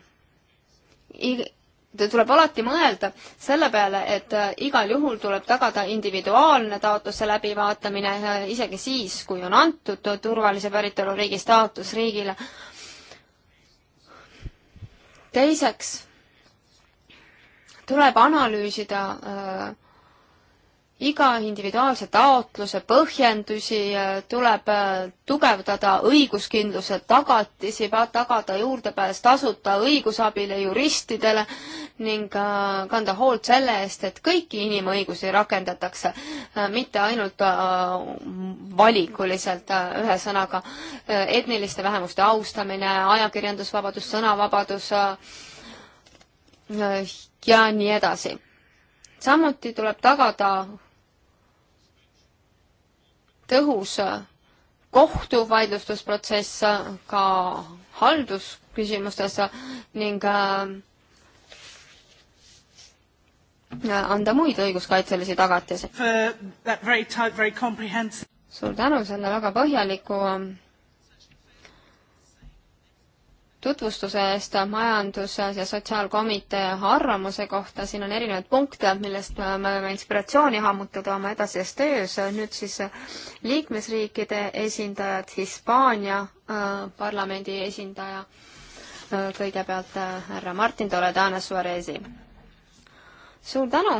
tuleb alati mõelda selle peale, et äh, igal juhul tuleb tagada individuaalne taotluse läbivaatamine, äh, isegi siis, kui on antud turvalise päritoluriigi staatus riigile. teiseks tuleb analüüsida öö, äh, iga individuaalse taotluse põhjendusi äh, tuleb äh, tugevdada õiguskindluse tagatisi, tagada juurdepääs tasuta õigusabile juristidele ning äh, kanda hoolt selle eest, et kõiki inimõigusi rakendatakse, mitte ainult valikuliselt, ühesõnaga etniliste vähemuste austamine, ajakirjandusvabadus, sõnavabadus ja nii edasi samuti tuleb tagada tõhus kohtuvaidlustusprotsess ka haldusküsimustes ning äh, anda muid õiguskaitselisi tagatisi. suur tänu selle väga põhjaliku äh, tutvustuse eest majandus- ja sotsiaalkomitee arvamuse kohta, siin on erinevaid punkte, millest me võime inspiratsiooni hammutada oma edasises töös, nüüd siis liikmesriikide esindajad, Hispaania äh, parlamendi esindaja äh,, kõigepealt äh, härra Martin Toledana Suarezi. suur tänu,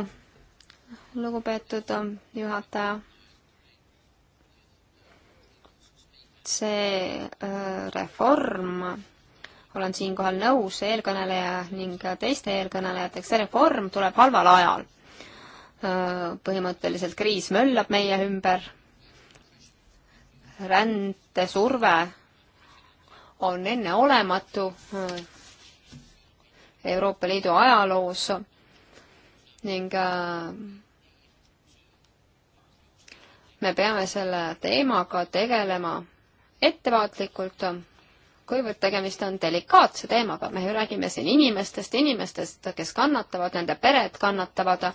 lugupeetud äh, juhataja see äh, reform olen siinkohal nõus eelkõneleja ning teiste eelkõnelejatega, see reform tuleb halval ajal. põhimõtteliselt kriis möllab meie ümber, rändesurve on enneolematu Euroopa Liidu ajaloos ning me peame selle teemaga tegelema ettevaatlikult kuivõrd tegemist on delikaatse teemaga, me ju räägime siin inimestest, inimestest, kes kannatavad, nende pered kannatavad,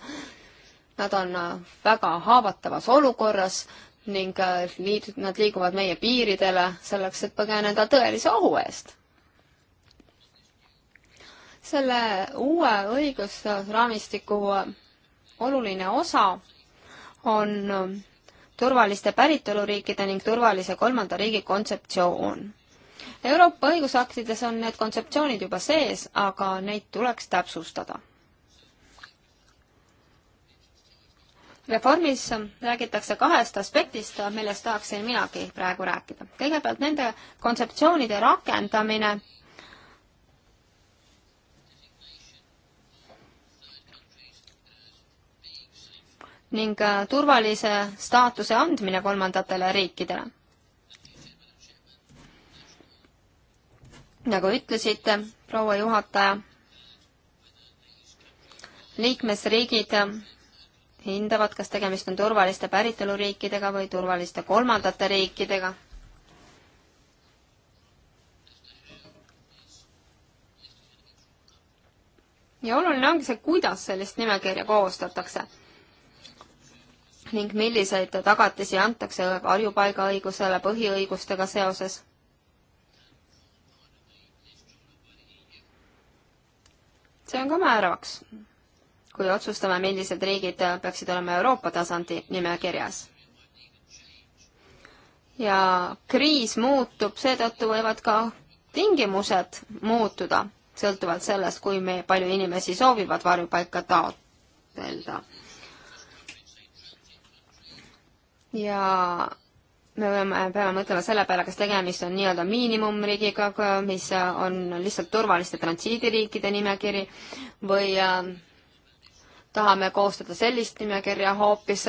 nad on äh, väga haavatavas olukorras ning äh, liid-, nad liiguvad meie piiridele selleks, et põgeneda tõelise ohu eest. selle uue õigusraamistiku äh, oluline osa on turvaliste päritoluriikide ning turvalise kolmanda riigi kontseptsioon Euroopa õigusaktides on need kontseptsioonid juba sees, aga neid tuleks täpsustada. reformis räägitakse kahest aspektist, millest tahaksin minagi praegu rääkida. kõigepealt nende kontseptsioonide rakendamine ning turvalise staatuse andmine kolmandatele riikidele. nagu ütlesite, proua juhataja, liikmesriigid hindavad, kas tegemist on turvaliste päritoluriikidega või turvaliste kolmandate riikidega. ja oluline ongi see, kuidas sellist nimekirja koostatakse ning milliseid tagatisi antakse varjupaigaõigusele põhiõigustega seoses see on ka määravaks, kui otsustame, millised riigid peaksid olema Euroopa tasandi nimekirjas. ja kriis muutub, seetõttu võivad ka tingimused muutuda, sõltuvalt sellest, kui me, palju inimesi soovivad varjupaika taotleda. ja me peame, peame mõtlema selle peale, kas tegemist on nii-öelda miinimumriigiga, mis on lihtsalt turvaliste transiidiriikide nimekiri või äh, tahame koostada sellist nimekirja hoopis,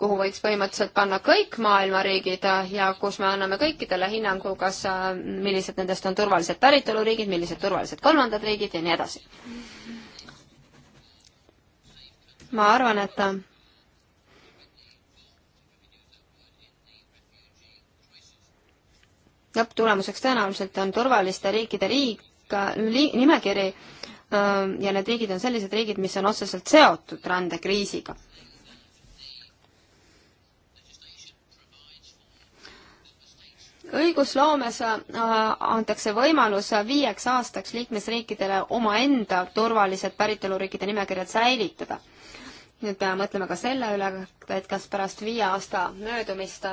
kuhu võiks põhimõtteliselt panna kõik maailma riigid ja kus me anname kõikidele hinnangu, kas, äh, millised nendest on turvalised päritoluriigid, millised turvalised kolmandad riigid ja nii edasi. ma arvan, et äh, lõpptulemuseks tõenäoliselt on turvaliste riikide riik, li, nimekiri ähm, ja need riigid on sellised riigid, mis on otseselt seotud rändekriisiga. õigusloomes äh, antakse võimalus viieks aastaks liikmesriikidele omaenda turvalised päritoluriikide nimekirjad säilitada nüüd peame mõtlema ka selle üle, et kas pärast viie aasta möödumist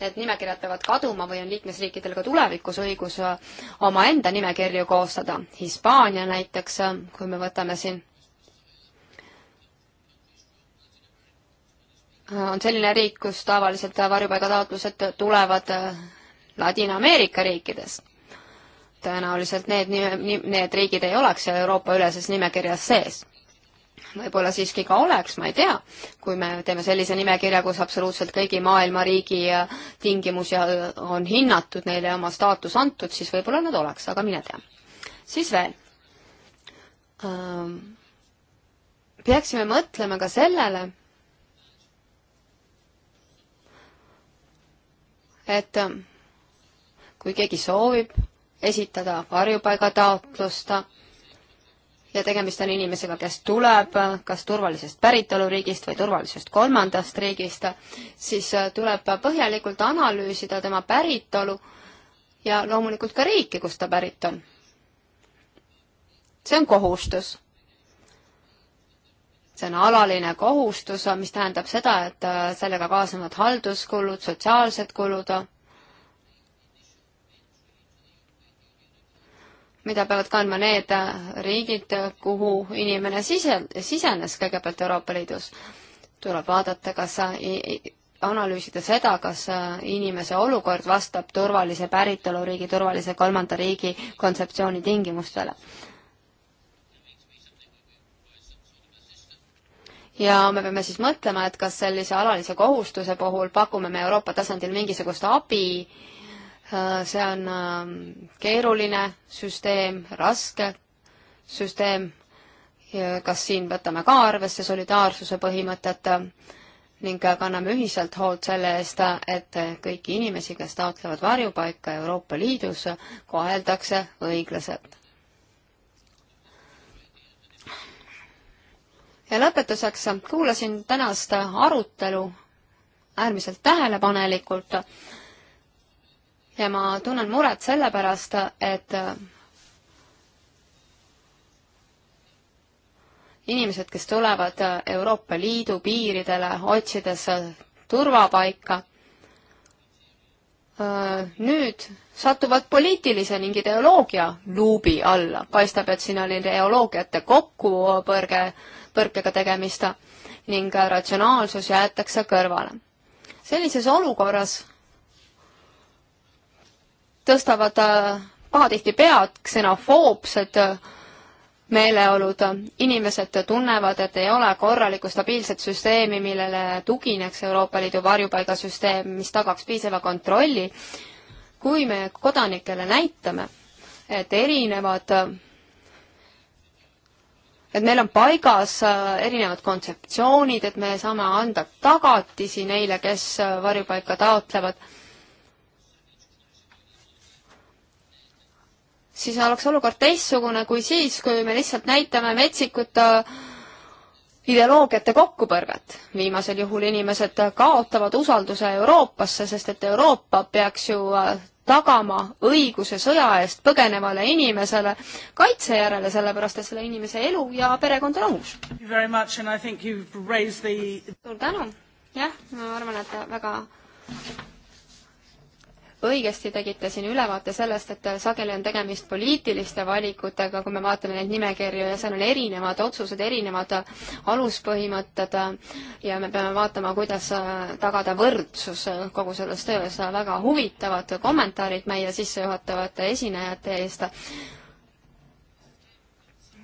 need nimekirjad peavad kaduma või on liikmesriikidel ka tulevikus õigus omaenda nimekirju koostada. Hispaania näiteks, kui me võtame siin, on selline riik, kus tavaliselt varjupaigataotlused tulevad Ladina-Ameerika riikidest. tõenäoliselt need, need riigid ei oleks Euroopa üleses nimekirjas sees võib-olla siiski ka oleks, ma ei tea, kui me teeme sellise nimekirja, kus absoluutselt kõigi maailma riigi tingimusi äh, on hinnatud, neile oma staatus antud, siis võib-olla nad oleks, aga mine tea. siis veel. Äh, peaksime mõtlema ka sellele, et äh, kui keegi soovib esitada varjupaigataotlust, ja tegemist on inimesega, kes tuleb kas turvalisest päritoluriigist või turvalisest kolmandast riigist, siis äh, tuleb põhjalikult analüüsida tema päritolu ja loomulikult ka riiki, kust ta pärit on. see on kohustus. see on alaline kohustus, mis tähendab seda, et äh, sellega kaasnevad halduskulud, sotsiaalsed kulud mida peavad kandma need riigid, kuhu inimene sise, sisenes kõigepealt Euroopa Liidus. tuleb vaadata, kas analüüsida seda, kas inimese olukord vastab turvalise päritoluriigi, turvalise kolmanda riigi kontseptsiooni tingimustele. ja me peame siis mõtlema, et kas sellise alalise kohustuse puhul pakume me Euroopa tasandil mingisugust abi äh, Äh, see on ähm, keeruline süsteem, raske süsteem, kas siin võtame ka arvesse solidaarsuse põhimõtet äh, ning äh, kanname ühiselt hoolt selle eest, et kõiki inimesi, kes taotlevad varjupaika Euroopa Liidus, koheldakse õiglaselt. ja lõpetuseks kuulasin tänast arutelu äärmiselt tähelepanelikult ja ma tunnen muret selle pärast, et inimesed, kes tulevad Euroopa Liidu piiridele, otsides turvapaika, nüüd satuvad poliitilise ning ideoloogia luubi alla. paistab, et siin oli ideoloogiate kokkupõrge, põrkega tegemist ning ratsionaalsus jäetakse kõrvale. sellises olukorras tõstavad äh, pahatihti pead ksenofoobsed äh, meeleolud, inimesed tunnevad, et ei ole korralikku stabiilset süsteemi, millele tugineks Euroopa Liidu varjupaigasüsteem, mis tagaks piisava kontrolli. kui me kodanikele näitame, et erinevad, et meil on paigas äh, erinevad kontseptsioonid, et me saame anda tagatisi neile, kes varjupaika taotlevad siis oleks olukord teistsugune kui siis, kui me lihtsalt näitame metsikut äh, ideoloogiate kokkupõrget. viimasel juhul inimesed kaotavad usalduse Euroopasse, sest et Euroopa peaks ju äh, tagama õiguse sõja eest põgenevale inimesele kaitse järele, sellepärast et selle inimese elu ja perekond on ohus. suur tänu, jah, ma arvan, et väga õigesti tegite siin ülevaate sellest, et sageli on tegemist poliitiliste valikutega, kui me vaatame neid nimekirju ja seal on erinevad otsused, erinevad aluspõhimõtted ja me peame vaatama, kuidas tagada võrdsus kogu selles töös. väga huvitavad kommentaarid meie sissejuhatavate esinejate eest.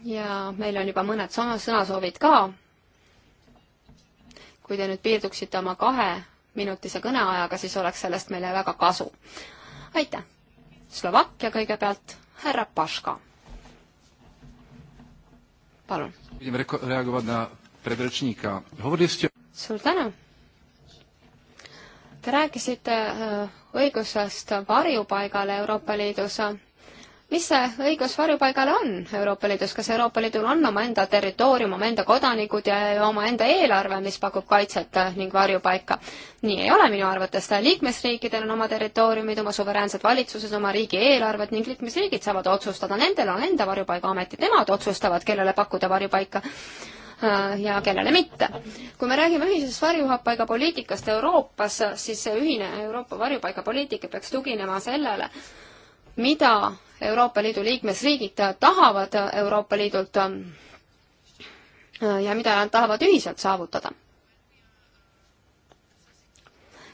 ja meil on juba mõned sõnasoovid ka. kui te nüüd piirduksite oma kahe minutise kõneajaga, siis oleks sellest meile väga kasu. aitäh! Slovakkia kõigepealt, härra Paška. palun. suur tänu! Te rääkisite äh, õigusest varjupaigale Euroopa Liidus mis see õigus varjupaigale on Euroopa Liidus, kas Euroopa Liidul on omaenda territoorium, omaenda kodanikud ja omaenda eelarve, mis pakub kaitset ning varjupaika? nii ei ole minu arvates, liikmesriikidel on oma territooriumid, oma suveräänsed valitsused, oma riigieelarved ning liikmesriigid saavad otsustada, nendel on enda varjupaigaametid, nemad otsustavad, kellele pakkuda varjupaika äh, ja kellele mitte. kui me räägime ühisest varjupaigapoliitikast Euroopas, siis see ühine Euroopa varjupaigapoliitika peaks tuginema sellele, mida Euroopa Liidu liikmesriigid tahavad Euroopa Liidult äh, ja mida nad tahavad ühiselt saavutada.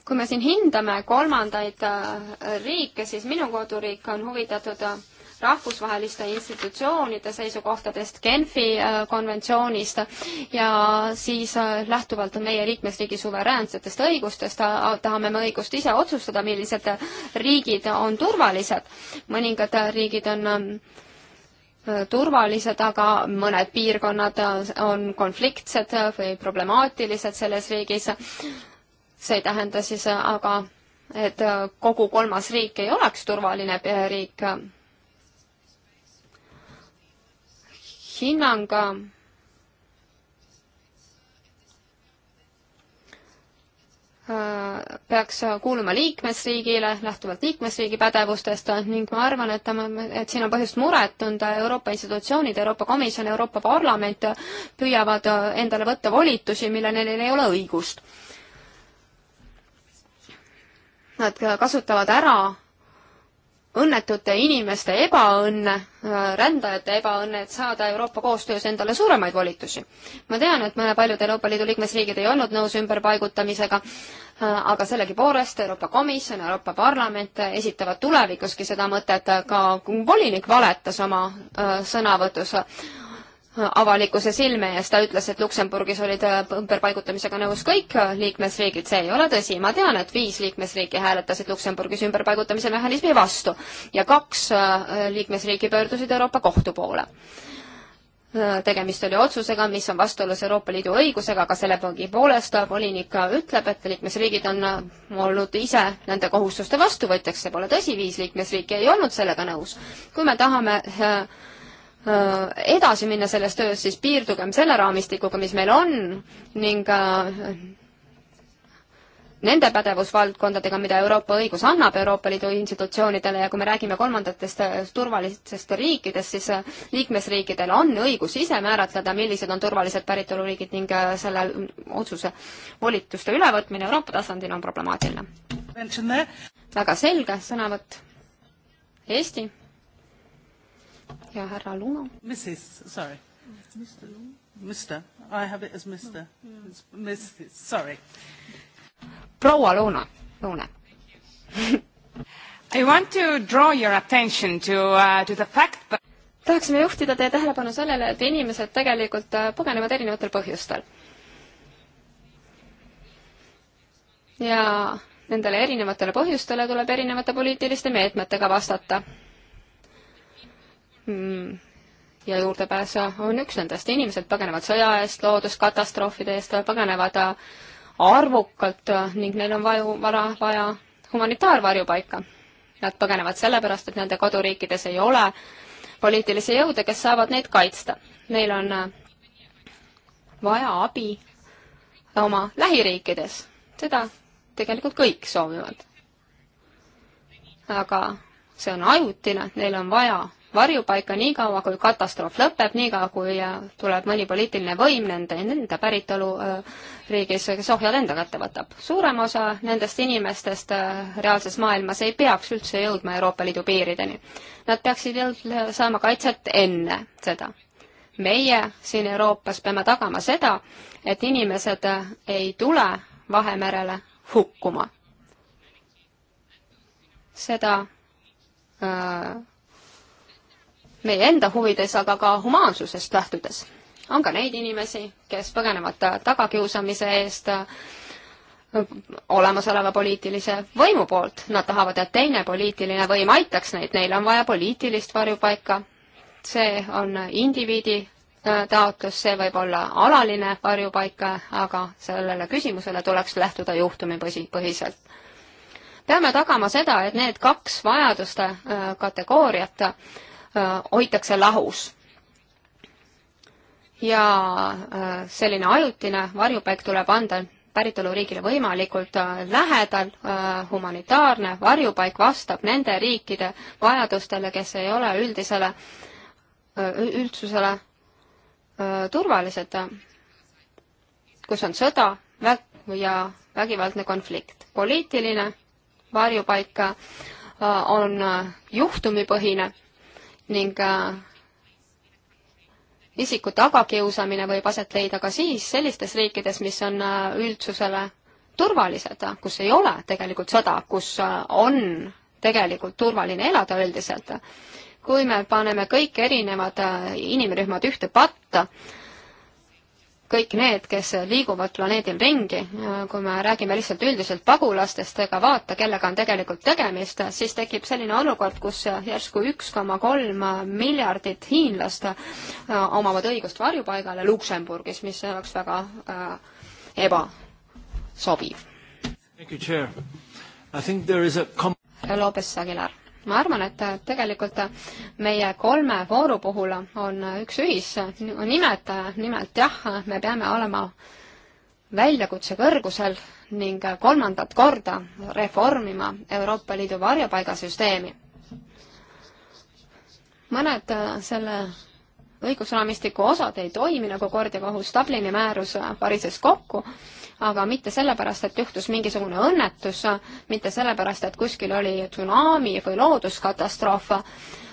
kui me siin hindame kolmandaid äh, riike, siis minu koduriik on huvitatud äh, rahvusvaheliste institutsioonide seisukohtadest, Genfi äh, konventsioonist ja siis äh, lähtuvalt meie liikmesriigi suveräänsetest õigustest äh, tahame me õigust ise otsustada, millised riigid on turvalised. mõningad riigid on ähm, turvalised, aga mõned piirkonnad on konfliktsed või problemaatilised selles riigis. see ei tähenda siis aga, et kogu kolmas riik ei oleks turvaline riik hinnang äh, peaks kuuluma liikmesriigile, lähtuvalt liikmesriigi pädevustest ning ma arvan, et, et siin on põhjust muret tunda, Euroopa institutsioonid, Euroopa Komisjon, Euroopa Parlament püüavad endale võtta volitusi, mille neil ei ole õigust. Nad kasutavad ära õnnetute inimeste ebaõnne, rändajate ebaõnne, et saada Euroopa koostöös endale suuremaid volitusi. ma tean, et mõne paljud Euroopa Liidu liikmesriigid ei olnud nõus ümberpaigutamisega, aga sellegipoolest Euroopa Komisjon, Euroopa Parlament esitavad tulevikuski seda mõtet, ka volinik valetas oma äh, sõnavõtus avalikkuse silme ees, ta ütles, et Luksemburgis olid äh, ümberpaigutamisega nõus kõik äh, liikmesriigid, see ei ole tõsi, ma tean, et viis liikmesriiki hääletasid Luksemburgis ümberpaigutamise mehhanismi vastu ja kaks äh, liikmesriiki pöördusid Euroopa Kohtu poole tegemist oli otsusega, mis on vastuolus Euroopa Liidu õigusega, aga sellegipoolest volinik ütleb, et liikmesriigid on olnud ise nende kohustuste vastuvõtjaks, see pole tõsi, viis liikmesriiki ei olnud sellega nõus. kui me tahame äh, Äh, edasi minna selles töös, siis piirdugem selle raamistikuga, mis meil on ning äh, nende pädevusvaldkondadega, mida Euroopa õigus annab Euroopa Liidu institutsioonidele ja kui me räägime kolmandatest äh, turvalistest riikidest, siis liikmesriikidel on õigus ise määratleda, millised on turvalised päritoluriigid ning selle mm, otsuse volituste ülevõtmine Euroopa tasandil on problemaatiline. väga selge sõnavõtt. Eesti ja härra Luno. Mrs, sorry. Mr. Mr, I have it as Mr no,. Miss, sorry. proua Luno, Luune I want to draw your attention to uh,, to the fact that tahaksime juhtida teie tähelepanu sellele, et inimesed tegelikult äh, põgenevad erinevatel põhjustel. ja nendele erinevatele põhjustele tuleb erinevate poliitiliste meetmetega vastata Mm. ja juurdepääs on üks nendest. inimesed põgenevad sõja eest, looduskatastroofide eest, põgenevad äh, arvukalt äh, ning neil on vaju, vara, vaja humanitaarvarjupaika. Nad põgenevad sellepärast, et nende koduriikides ei ole poliitilisi jõude, kes saavad neid kaitsta. Neil on äh, vaja abi oma lähiriikides. seda tegelikult kõik soovivad. aga see on ajutine, neil on vaja varjupaika niikaua, kui katastroof lõpeb, niikaua, kui äh, tuleb mõni poliitiline võim nende, nende päritolu äh, riigis, kes ohjad enda kätte võtab. suurem osa nendest inimestest äh, reaalses maailmas ei peaks üldse jõudma Euroopa Liidu piirideni. Nad peaksid jõud-, saama kaitset enne seda. meie siin Euroopas peame tagama seda, et inimesed ei tule Vahemerele hukkuma. seda äh, meie enda huvides, aga ka humaansusest lähtudes. on ka neid inimesi, kes põgenevad tagakiusamise eest olemasoleva poliitilise võimu poolt, nad tahavad, et teine poliitiline võim aitaks neid, neil on vaja poliitilist varjupaika, see on indiviidi äh, taotlus, see võib olla alaline varjupaik, aga sellele küsimusele tuleks lähtuda juhtumipõhiselt. peame tagama seda, et need kaks vajaduste äh, kategooriat Äh, hoitakse lahus. ja äh, selline ajutine varjupaik tuleb anda päritoluriigile võimalikult äh, lähedal, humanitaarne varjupaik vastab nende riikide vajadustele, kes ei ole üldisele, üldsusele turvalised, kus on sõda väg- ja vägivaldne konflikt. poliitiline varjupaik on juhtumipõhine ning äh, isiku tagakiusamine võib aset leida ka siis sellistes riikides, mis on äh, üldsusele turvalised, kus ei ole tegelikult sõda, kus äh, on tegelikult turvaline elada üldiselt. kui me paneme kõik erinevad inimrühmad ühte patta, kõik need, kes liiguvad planeedil ringi, kui me räägime lihtsalt üldiselt pagulastest ega vaata, kellega on tegelikult tegemist, siis tekib selline olukord, kus järsku üks koma kolm miljardit hiinlast äh, omavad õigust varjupaigale Luksemburgis, mis oleks väga äh, ebasobiv. Lopez Aguilar ma arvan, et tegelikult meie kolme vooru puhul on üks ühisnimetaja, nimelt jah, me peame olema väljakutse kõrgusel ning kolmandat korda reformima Euroopa Liidu varjupaigasüsteemi. mõned selle õigusraamistiku osad ei toimi nagu kord ja kohus, Dublini määrus varises kokku aga mitte sellepärast, et juhtus mingisugune õnnetus, mitte sellepärast, et kuskil oli tsunami või looduskatastroof,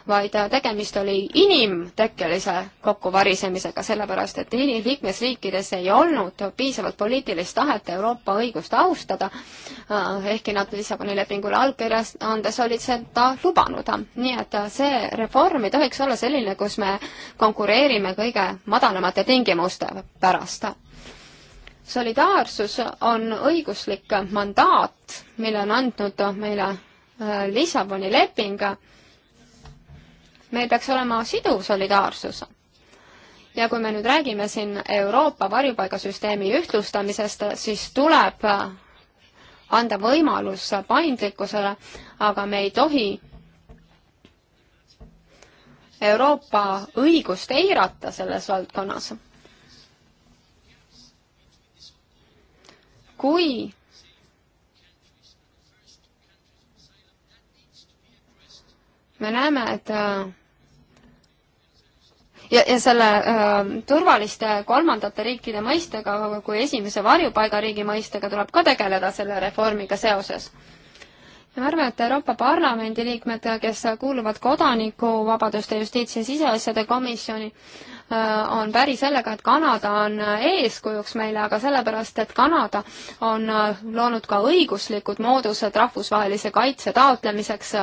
vaid tegemist oli inimtekkelise kokkuvarisemisega, sellepärast et liikmesriikides ei olnud piisavalt poliitilist tahet Euroopa õigust austada, ehkki nad Lissaboni lepingule allkirja andes olid seda lubanud. nii et see reform ei tohiks olla selline, kus me konkureerime kõige madalamate tingimuste pärast solidaarsus on õiguslik mandaat, mille on andnud meile äh, Lissaboni leping. meil peaks olema siduv solidaarsus. ja kui me nüüd räägime siin Euroopa varjupaigasüsteemi ühtlustamisest, siis tuleb äh, anda võimalus paindlikkusele, aga me ei tohi Euroopa õigust eirata selles valdkonnas kui me näeme, et äh, ja, ja selle äh, turvaliste kolmandate riikide mõistega kui esimese varjupaigariigi mõistega tuleb ka tegeleda selle reformiga seoses. ja ma arvan, et Euroopa Parlamendi liikmed, kes kuuluvad kodanikuvabaduste, justiits- ja siseasjade komisjoni äh,, Äh, on päri sellega, et Kanada on äh, eeskujuks meile, aga sellepärast, et Kanada on äh, loonud ka õiguslikud moodused rahvusvahelise kaitse taotlemiseks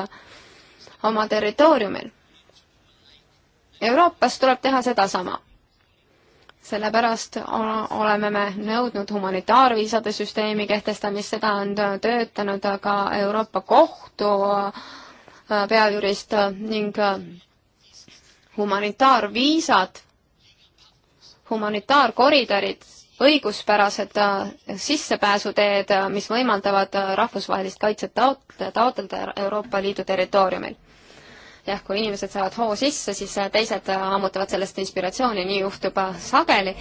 oma territooriumil. Euroopas tuleb teha sedasama. sellepärast oleme me nõudnud humanitaarviisade süsteemi kehtestamist, seda on töötanud ka Euroopa Kohtu peajurist ning humanitaarviisad humanitaarkoridorid, õiguspärased äh, sissepääsuteed, äh, mis võimaldavad äh, rahvusvahelist kaitset taot-, taotleda Euroopa Liidu territooriumil. jah, kui inimesed saavad hoo sisse, siis teised ammutavad sellest inspiratsiooni, nii juhtub sageli.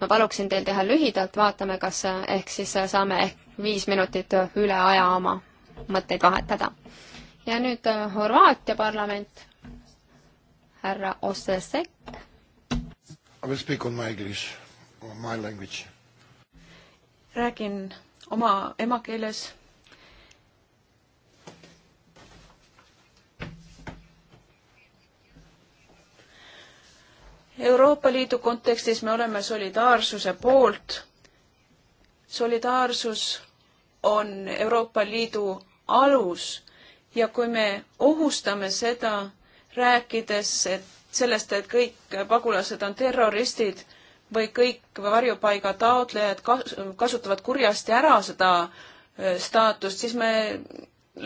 ma paluksin teil teha lühidalt, vaatame, kas ehk siis saame ehk viis minutit üle aja oma mõtteid vahetada. ja nüüd Horvaatia parlament, härra Osesek I will speak on my english, on my language. räägin oma emakeeles. Euroopa Liidu kontekstis me oleme solidaarsuse poolt. solidaarsus on Euroopa Liidu alus ja kui me ohustame seda, rääkides, et sellest, et kõik pagulased on terroristid või kõik varjupaiga taotlejad kasutavad kurjasti ära seda äh, staatust, siis me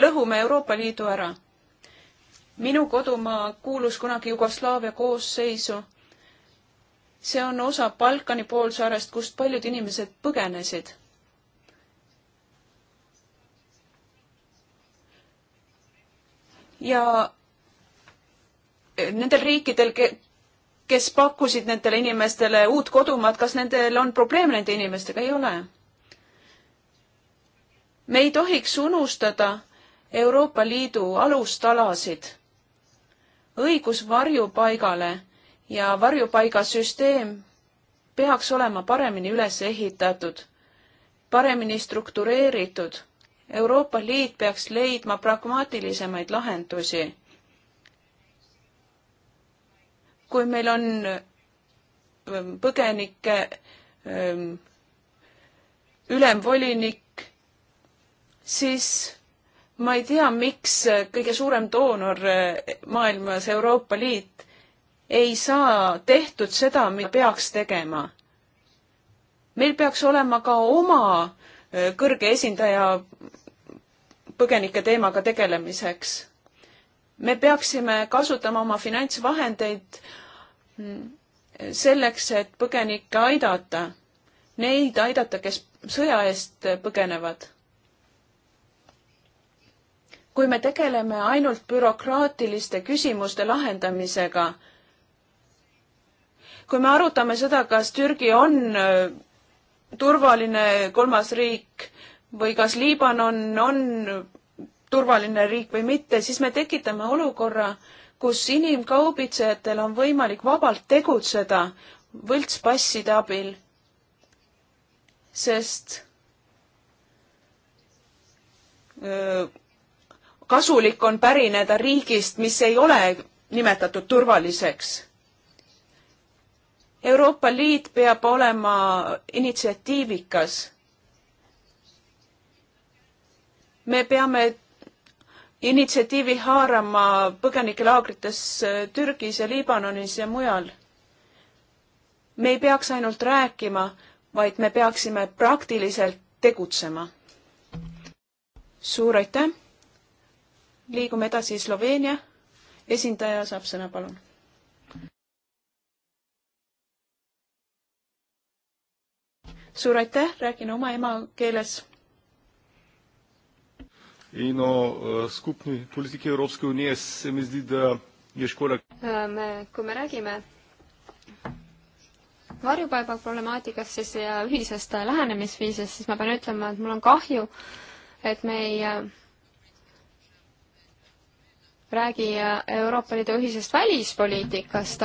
lõhume Euroopa Liidu ära. minu kodumaa kuulus kunagi Jugoslaavia koosseisu. see on osa Balkani poolsaarest, kust paljud inimesed põgenesid ja nendel riikidel, kes pakkusid nendele inimestele uut kodumaad, kas nendel on probleem nende inimestega? ei ole. me ei tohiks unustada Euroopa Liidu alustalasid, õigus varjupaigale ja varjupaigasüsteem peaks olema paremini üles ehitatud, paremini struktureeritud. Euroopa Liit peaks leidma pragmaatilisemaid lahendusi kui meil on ähm, põgenike ähm, ülemvolinik, siis ma ei tea, miks kõige suurem doonor äh, maailmas, Euroopa Liit, ei saa tehtud seda, mida peaks tegema. meil peaks olema ka oma äh, kõrge esindaja põgenike teemaga tegelemiseks. me peaksime kasutama oma finantsvahendeid äh, selleks, et põgenikke aidata, neid aidata, kes sõja eest põgenevad. kui me tegeleme ainult bürokraatiliste küsimuste lahendamisega, kui me arutame seda, kas Türgi on äh, turvaline kolmas riik või kas Liibanon on turvaline riik või mitte, siis me tekitame olukorra, kus inimkaubitsejatel on võimalik vabalt tegutseda võltspasside abil, sest kasulik on pärineda riigist, mis ei ole nimetatud turvaliseks. Euroopa Liit peab olema initsiatiivikas. me peame initsiatiivi haarama põgenikelaagrites äh, Türgis ja Liibanonis ja mujal. me ei peaks ainult rääkima, vaid me peaksime praktiliselt tegutsema. suur aitäh! liigume edasi Sloveenia. esindaja saab sõna, palun. suur aitäh, räägin oma emakeeles in o e, skupni politiki Evropske unije, se mi zdi, da je škoda. E, me, kui me räägime varjupaiga problemaatikast siis ja ühisest lähenemisviisist, siis ma pean ütlema, et mul on kahju, et me ei e, räägi Euroopa Liidu ühisest välispoliitikast.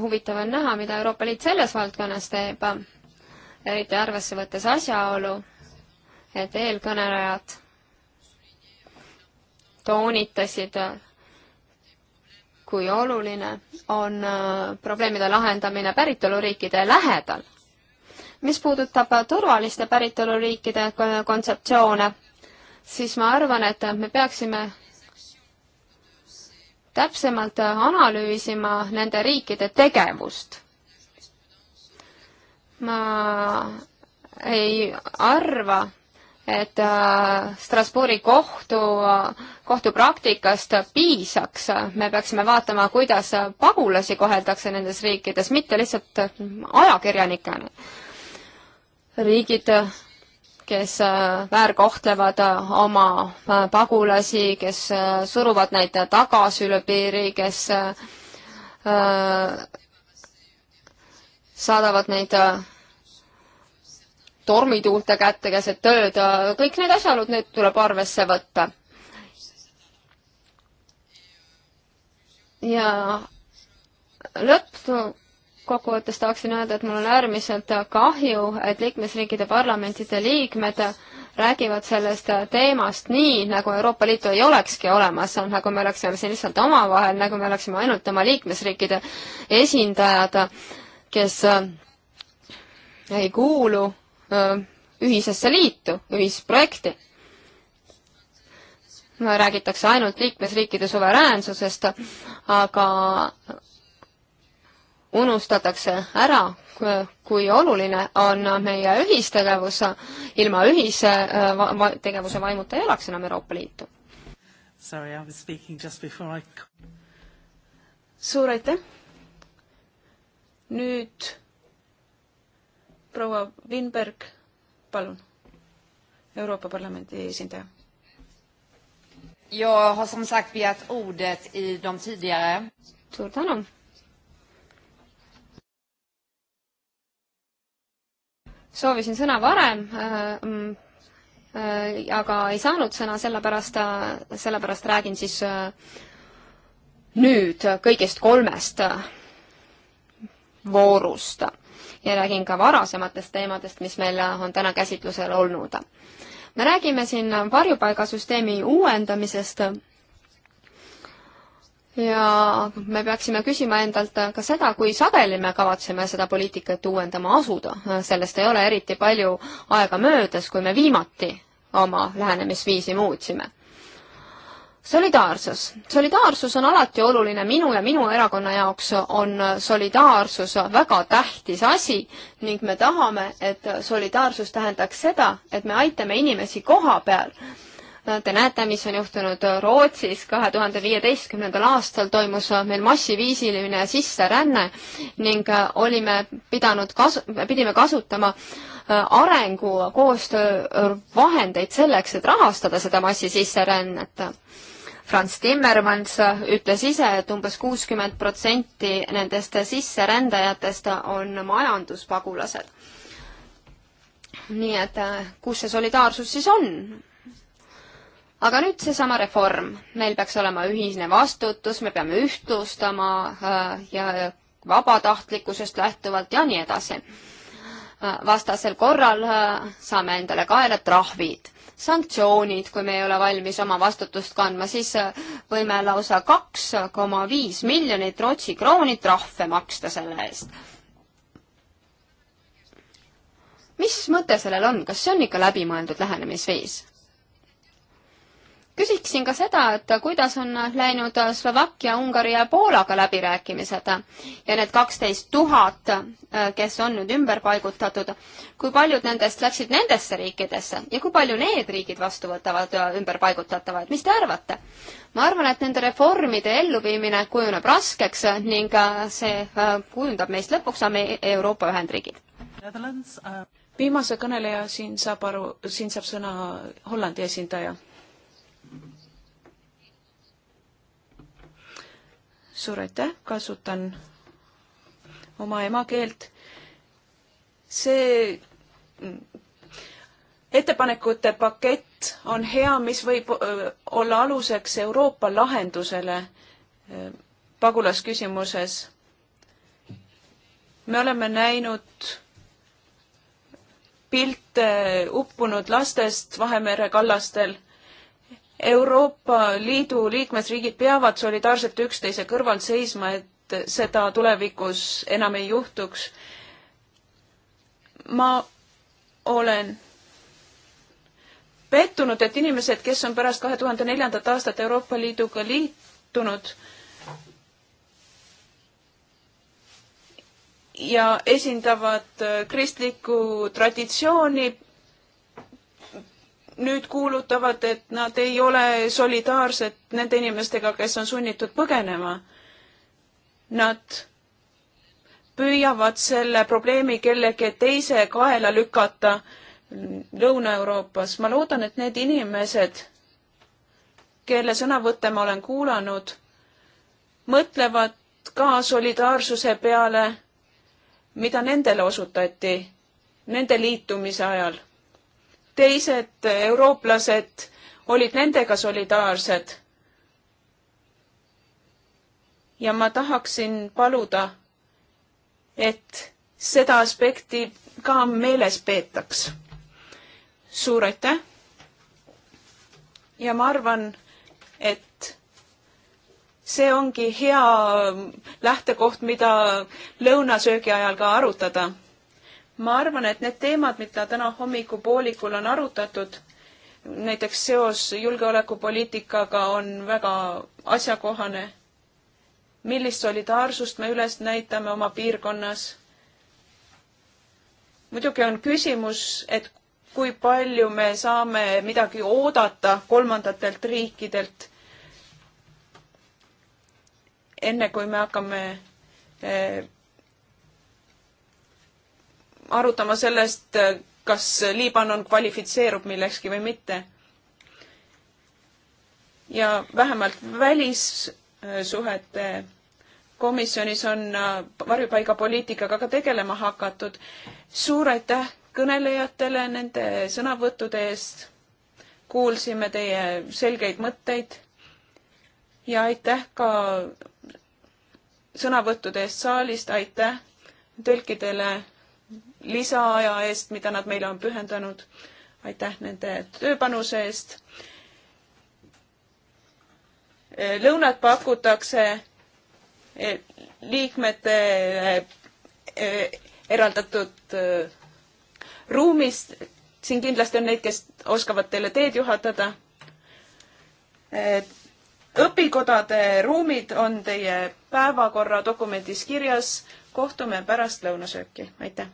huvitav on näha, mida Euroopa Liit selles valdkonnas teeb, eriti arvesse võttes asjaolu, et eelkõnelejad toonitasid, kui oluline on äh, probleemide lahendamine päritoluriikide lähedal. mis puudutab turvaliste päritoluriikide kontseptsioone, siis ma arvan, et me peaksime täpsemalt analüüsima nende riikide tegevust. ma ei arva, et äh, Strasbourgi kohtu, kohtupraktikast piisaks, me peaksime vaatama, kuidas pagulasi koheldakse nendes riikides, mitte lihtsalt ajakirjanikena. riigid, kes äh, väärkohtlevad äh, oma pagulasi, kes suruvad neid tagasi üle piiri, kes saadavad neid tormituulte kätte keset tööd, kõik need asjaolud, need tuleb arvesse võtta. ja lõppkokkuvõttes tahaksin öelda, et mul on äärmiselt kahju, et liikmesriikide parlamentide liikmed räägivad sellest teemast nii, nagu Euroopa Liitu ei olekski olemas, nagu me oleksime siin lihtsalt omavahel, nagu me oleksime ainult oma liikmesriikide esindajad, kes ei kuulu ühisesse liitu, ühisprojekti. räägitakse ainult liikmesriikide suveräänsusest, aga unustatakse ära, kui oluline on meie ühistegevus, ilma ühise va tegevuse vaimuta ei elaks enam Euroopa Liitu. suur aitäh! nüüd proua Winberg, palun, Euroopa Parlamendi esindaja. Jag har som sagt begärt ordet i de tidigare. Suur tänu. soovisin sõna varem äh,, äh, aga ei saanud sõna, sellepärast, äh, sellepärast räägin siis äh, nüüd kõigest kolmest äh, voorust äh, ja räägin ka varasematest teemadest, mis meil on täna käsitlusel olnud. me räägime siin varjupaigasüsteemi uuendamisest ja me peaksime küsima endalt ka seda, kui sageli me kavatseme seda poliitikat uuendama asuda. sellest ei ole eriti palju aega möödas, kui me viimati oma lähenemisviisi muutsime solidaarsus. solidaarsus on alati oluline, minu ja minu erakonna jaoks on solidaarsus väga tähtis asi ning me tahame, et solidaarsus tähendaks seda, et me aitame inimesi koha peal. Te näete, mis on juhtunud Rootsis, kahe tuhande viieteistkümnendal aastal toimus meil massiviisiline sisseränne ning olime pidanud kasu-, pidime kasutama arengukoostöö vahendeid selleks, et rahastada seda massisisserännet Franz Timmermans ütles ise, et umbes kuuskümmend protsenti nendest sisserändajatest on majanduspagulased. nii et äh, kus see solidaarsus siis on? aga nüüd seesama reform, meil peaks olema ühine vastutus, me peame ühtlustama äh, ja vabatahtlikkusest lähtuvalt ja nii edasi. Äh, vastasel korral saame endale kaela trahvid sanktsioonid, kui me ei ole valmis oma vastutust kandma, siis äh, võime lausa kaks koma viis miljonit Rootsi krooni trahve maksta selle eest. mis mõte sellel on, kas see on ikka läbimõeldud lähenemisviis? küsiksin ka seda, et kuidas on läinud Slovakkia, Ungari ja Poolaga läbirääkimised ja need kaksteist tuhat, kes on nüüd ümber paigutatud, kui paljud nendest läksid nendesse riikidesse ja kui palju need riigid vastu võtavad ümberpaigutatavaid, mis te arvate? ma arvan, et nende reformide elluviimine kujuneb raskeks ning see kujundab meist lõpuks Euroopa Ühendriigid. viimase kõneleja siin saab aru, siin saab sõna Hollandi esindaja suur aitäh, kasutan oma emakeelt. see ettepanekute pakett on hea, mis võib olla aluseks Euroopa lahendusele pagulasküsimuses. me oleme näinud pilte uppunud lastest Vahemere kallastel Euroopa Liidu liikmesriigid peavad solidaarselt üksteise kõrval seisma, et seda tulevikus enam ei juhtuks. ma olen pettunud, et inimesed, kes on pärast kahe tuhande neljandat aastat Euroopa Liiduga liitunud ja esindavad kristlikku traditsiooni, nüüd kuulutavad, et nad ei ole solidaarsed nende inimestega, kes on sunnitud põgenema. Nad püüavad selle probleemi kellegi teise kaela lükata Lõuna-Euroopas. ma loodan, et need inimesed, kelle sõnavõtte ma olen kuulanud, mõtlevad ka solidaarsuse peale, mida nendele osutati nende liitumise ajal teised eurooplased olid nendega solidaarsed. ja ma tahaksin paluda, et seda aspekti ka meeles peetaks. suur aitäh! ja ma arvan, et see ongi hea lähtekoht, mida lõunasöögi ajal ka arutada ma arvan, et need teemad, mida täna hommikupoolikul on arutatud, näiteks seos julgeolekupoliitikaga on väga asjakohane. millist solidaarsust me üles näitame oma piirkonnas? muidugi on küsimus, et kui palju me saame midagi oodata kolmandatelt riikidelt, enne kui me hakkame eh, arutama sellest, kas Liibanon kvalifitseerub millekski või mitte. ja vähemalt välissuhete komisjonis on äh, varjupaigapoliitikaga ka tegelema hakatud. suur aitäh kõnelejatele nende sõnavõttude eest. kuulsime teie selgeid mõtteid ja aitäh ka sõnavõttude eest saalist, aitäh tõlkidele lisaaja eest, mida nad meile on pühendanud. aitäh nende tööpanuse eest. lõunat pakutakse eh, liikmete eh, eraldatud eh, ruumist. siin kindlasti on neid, kes oskavad teile teed juhatada õpikodade ruumid on teie päevakorradokumendis kirjas. kohtume pärast lõunasööki, aitäh!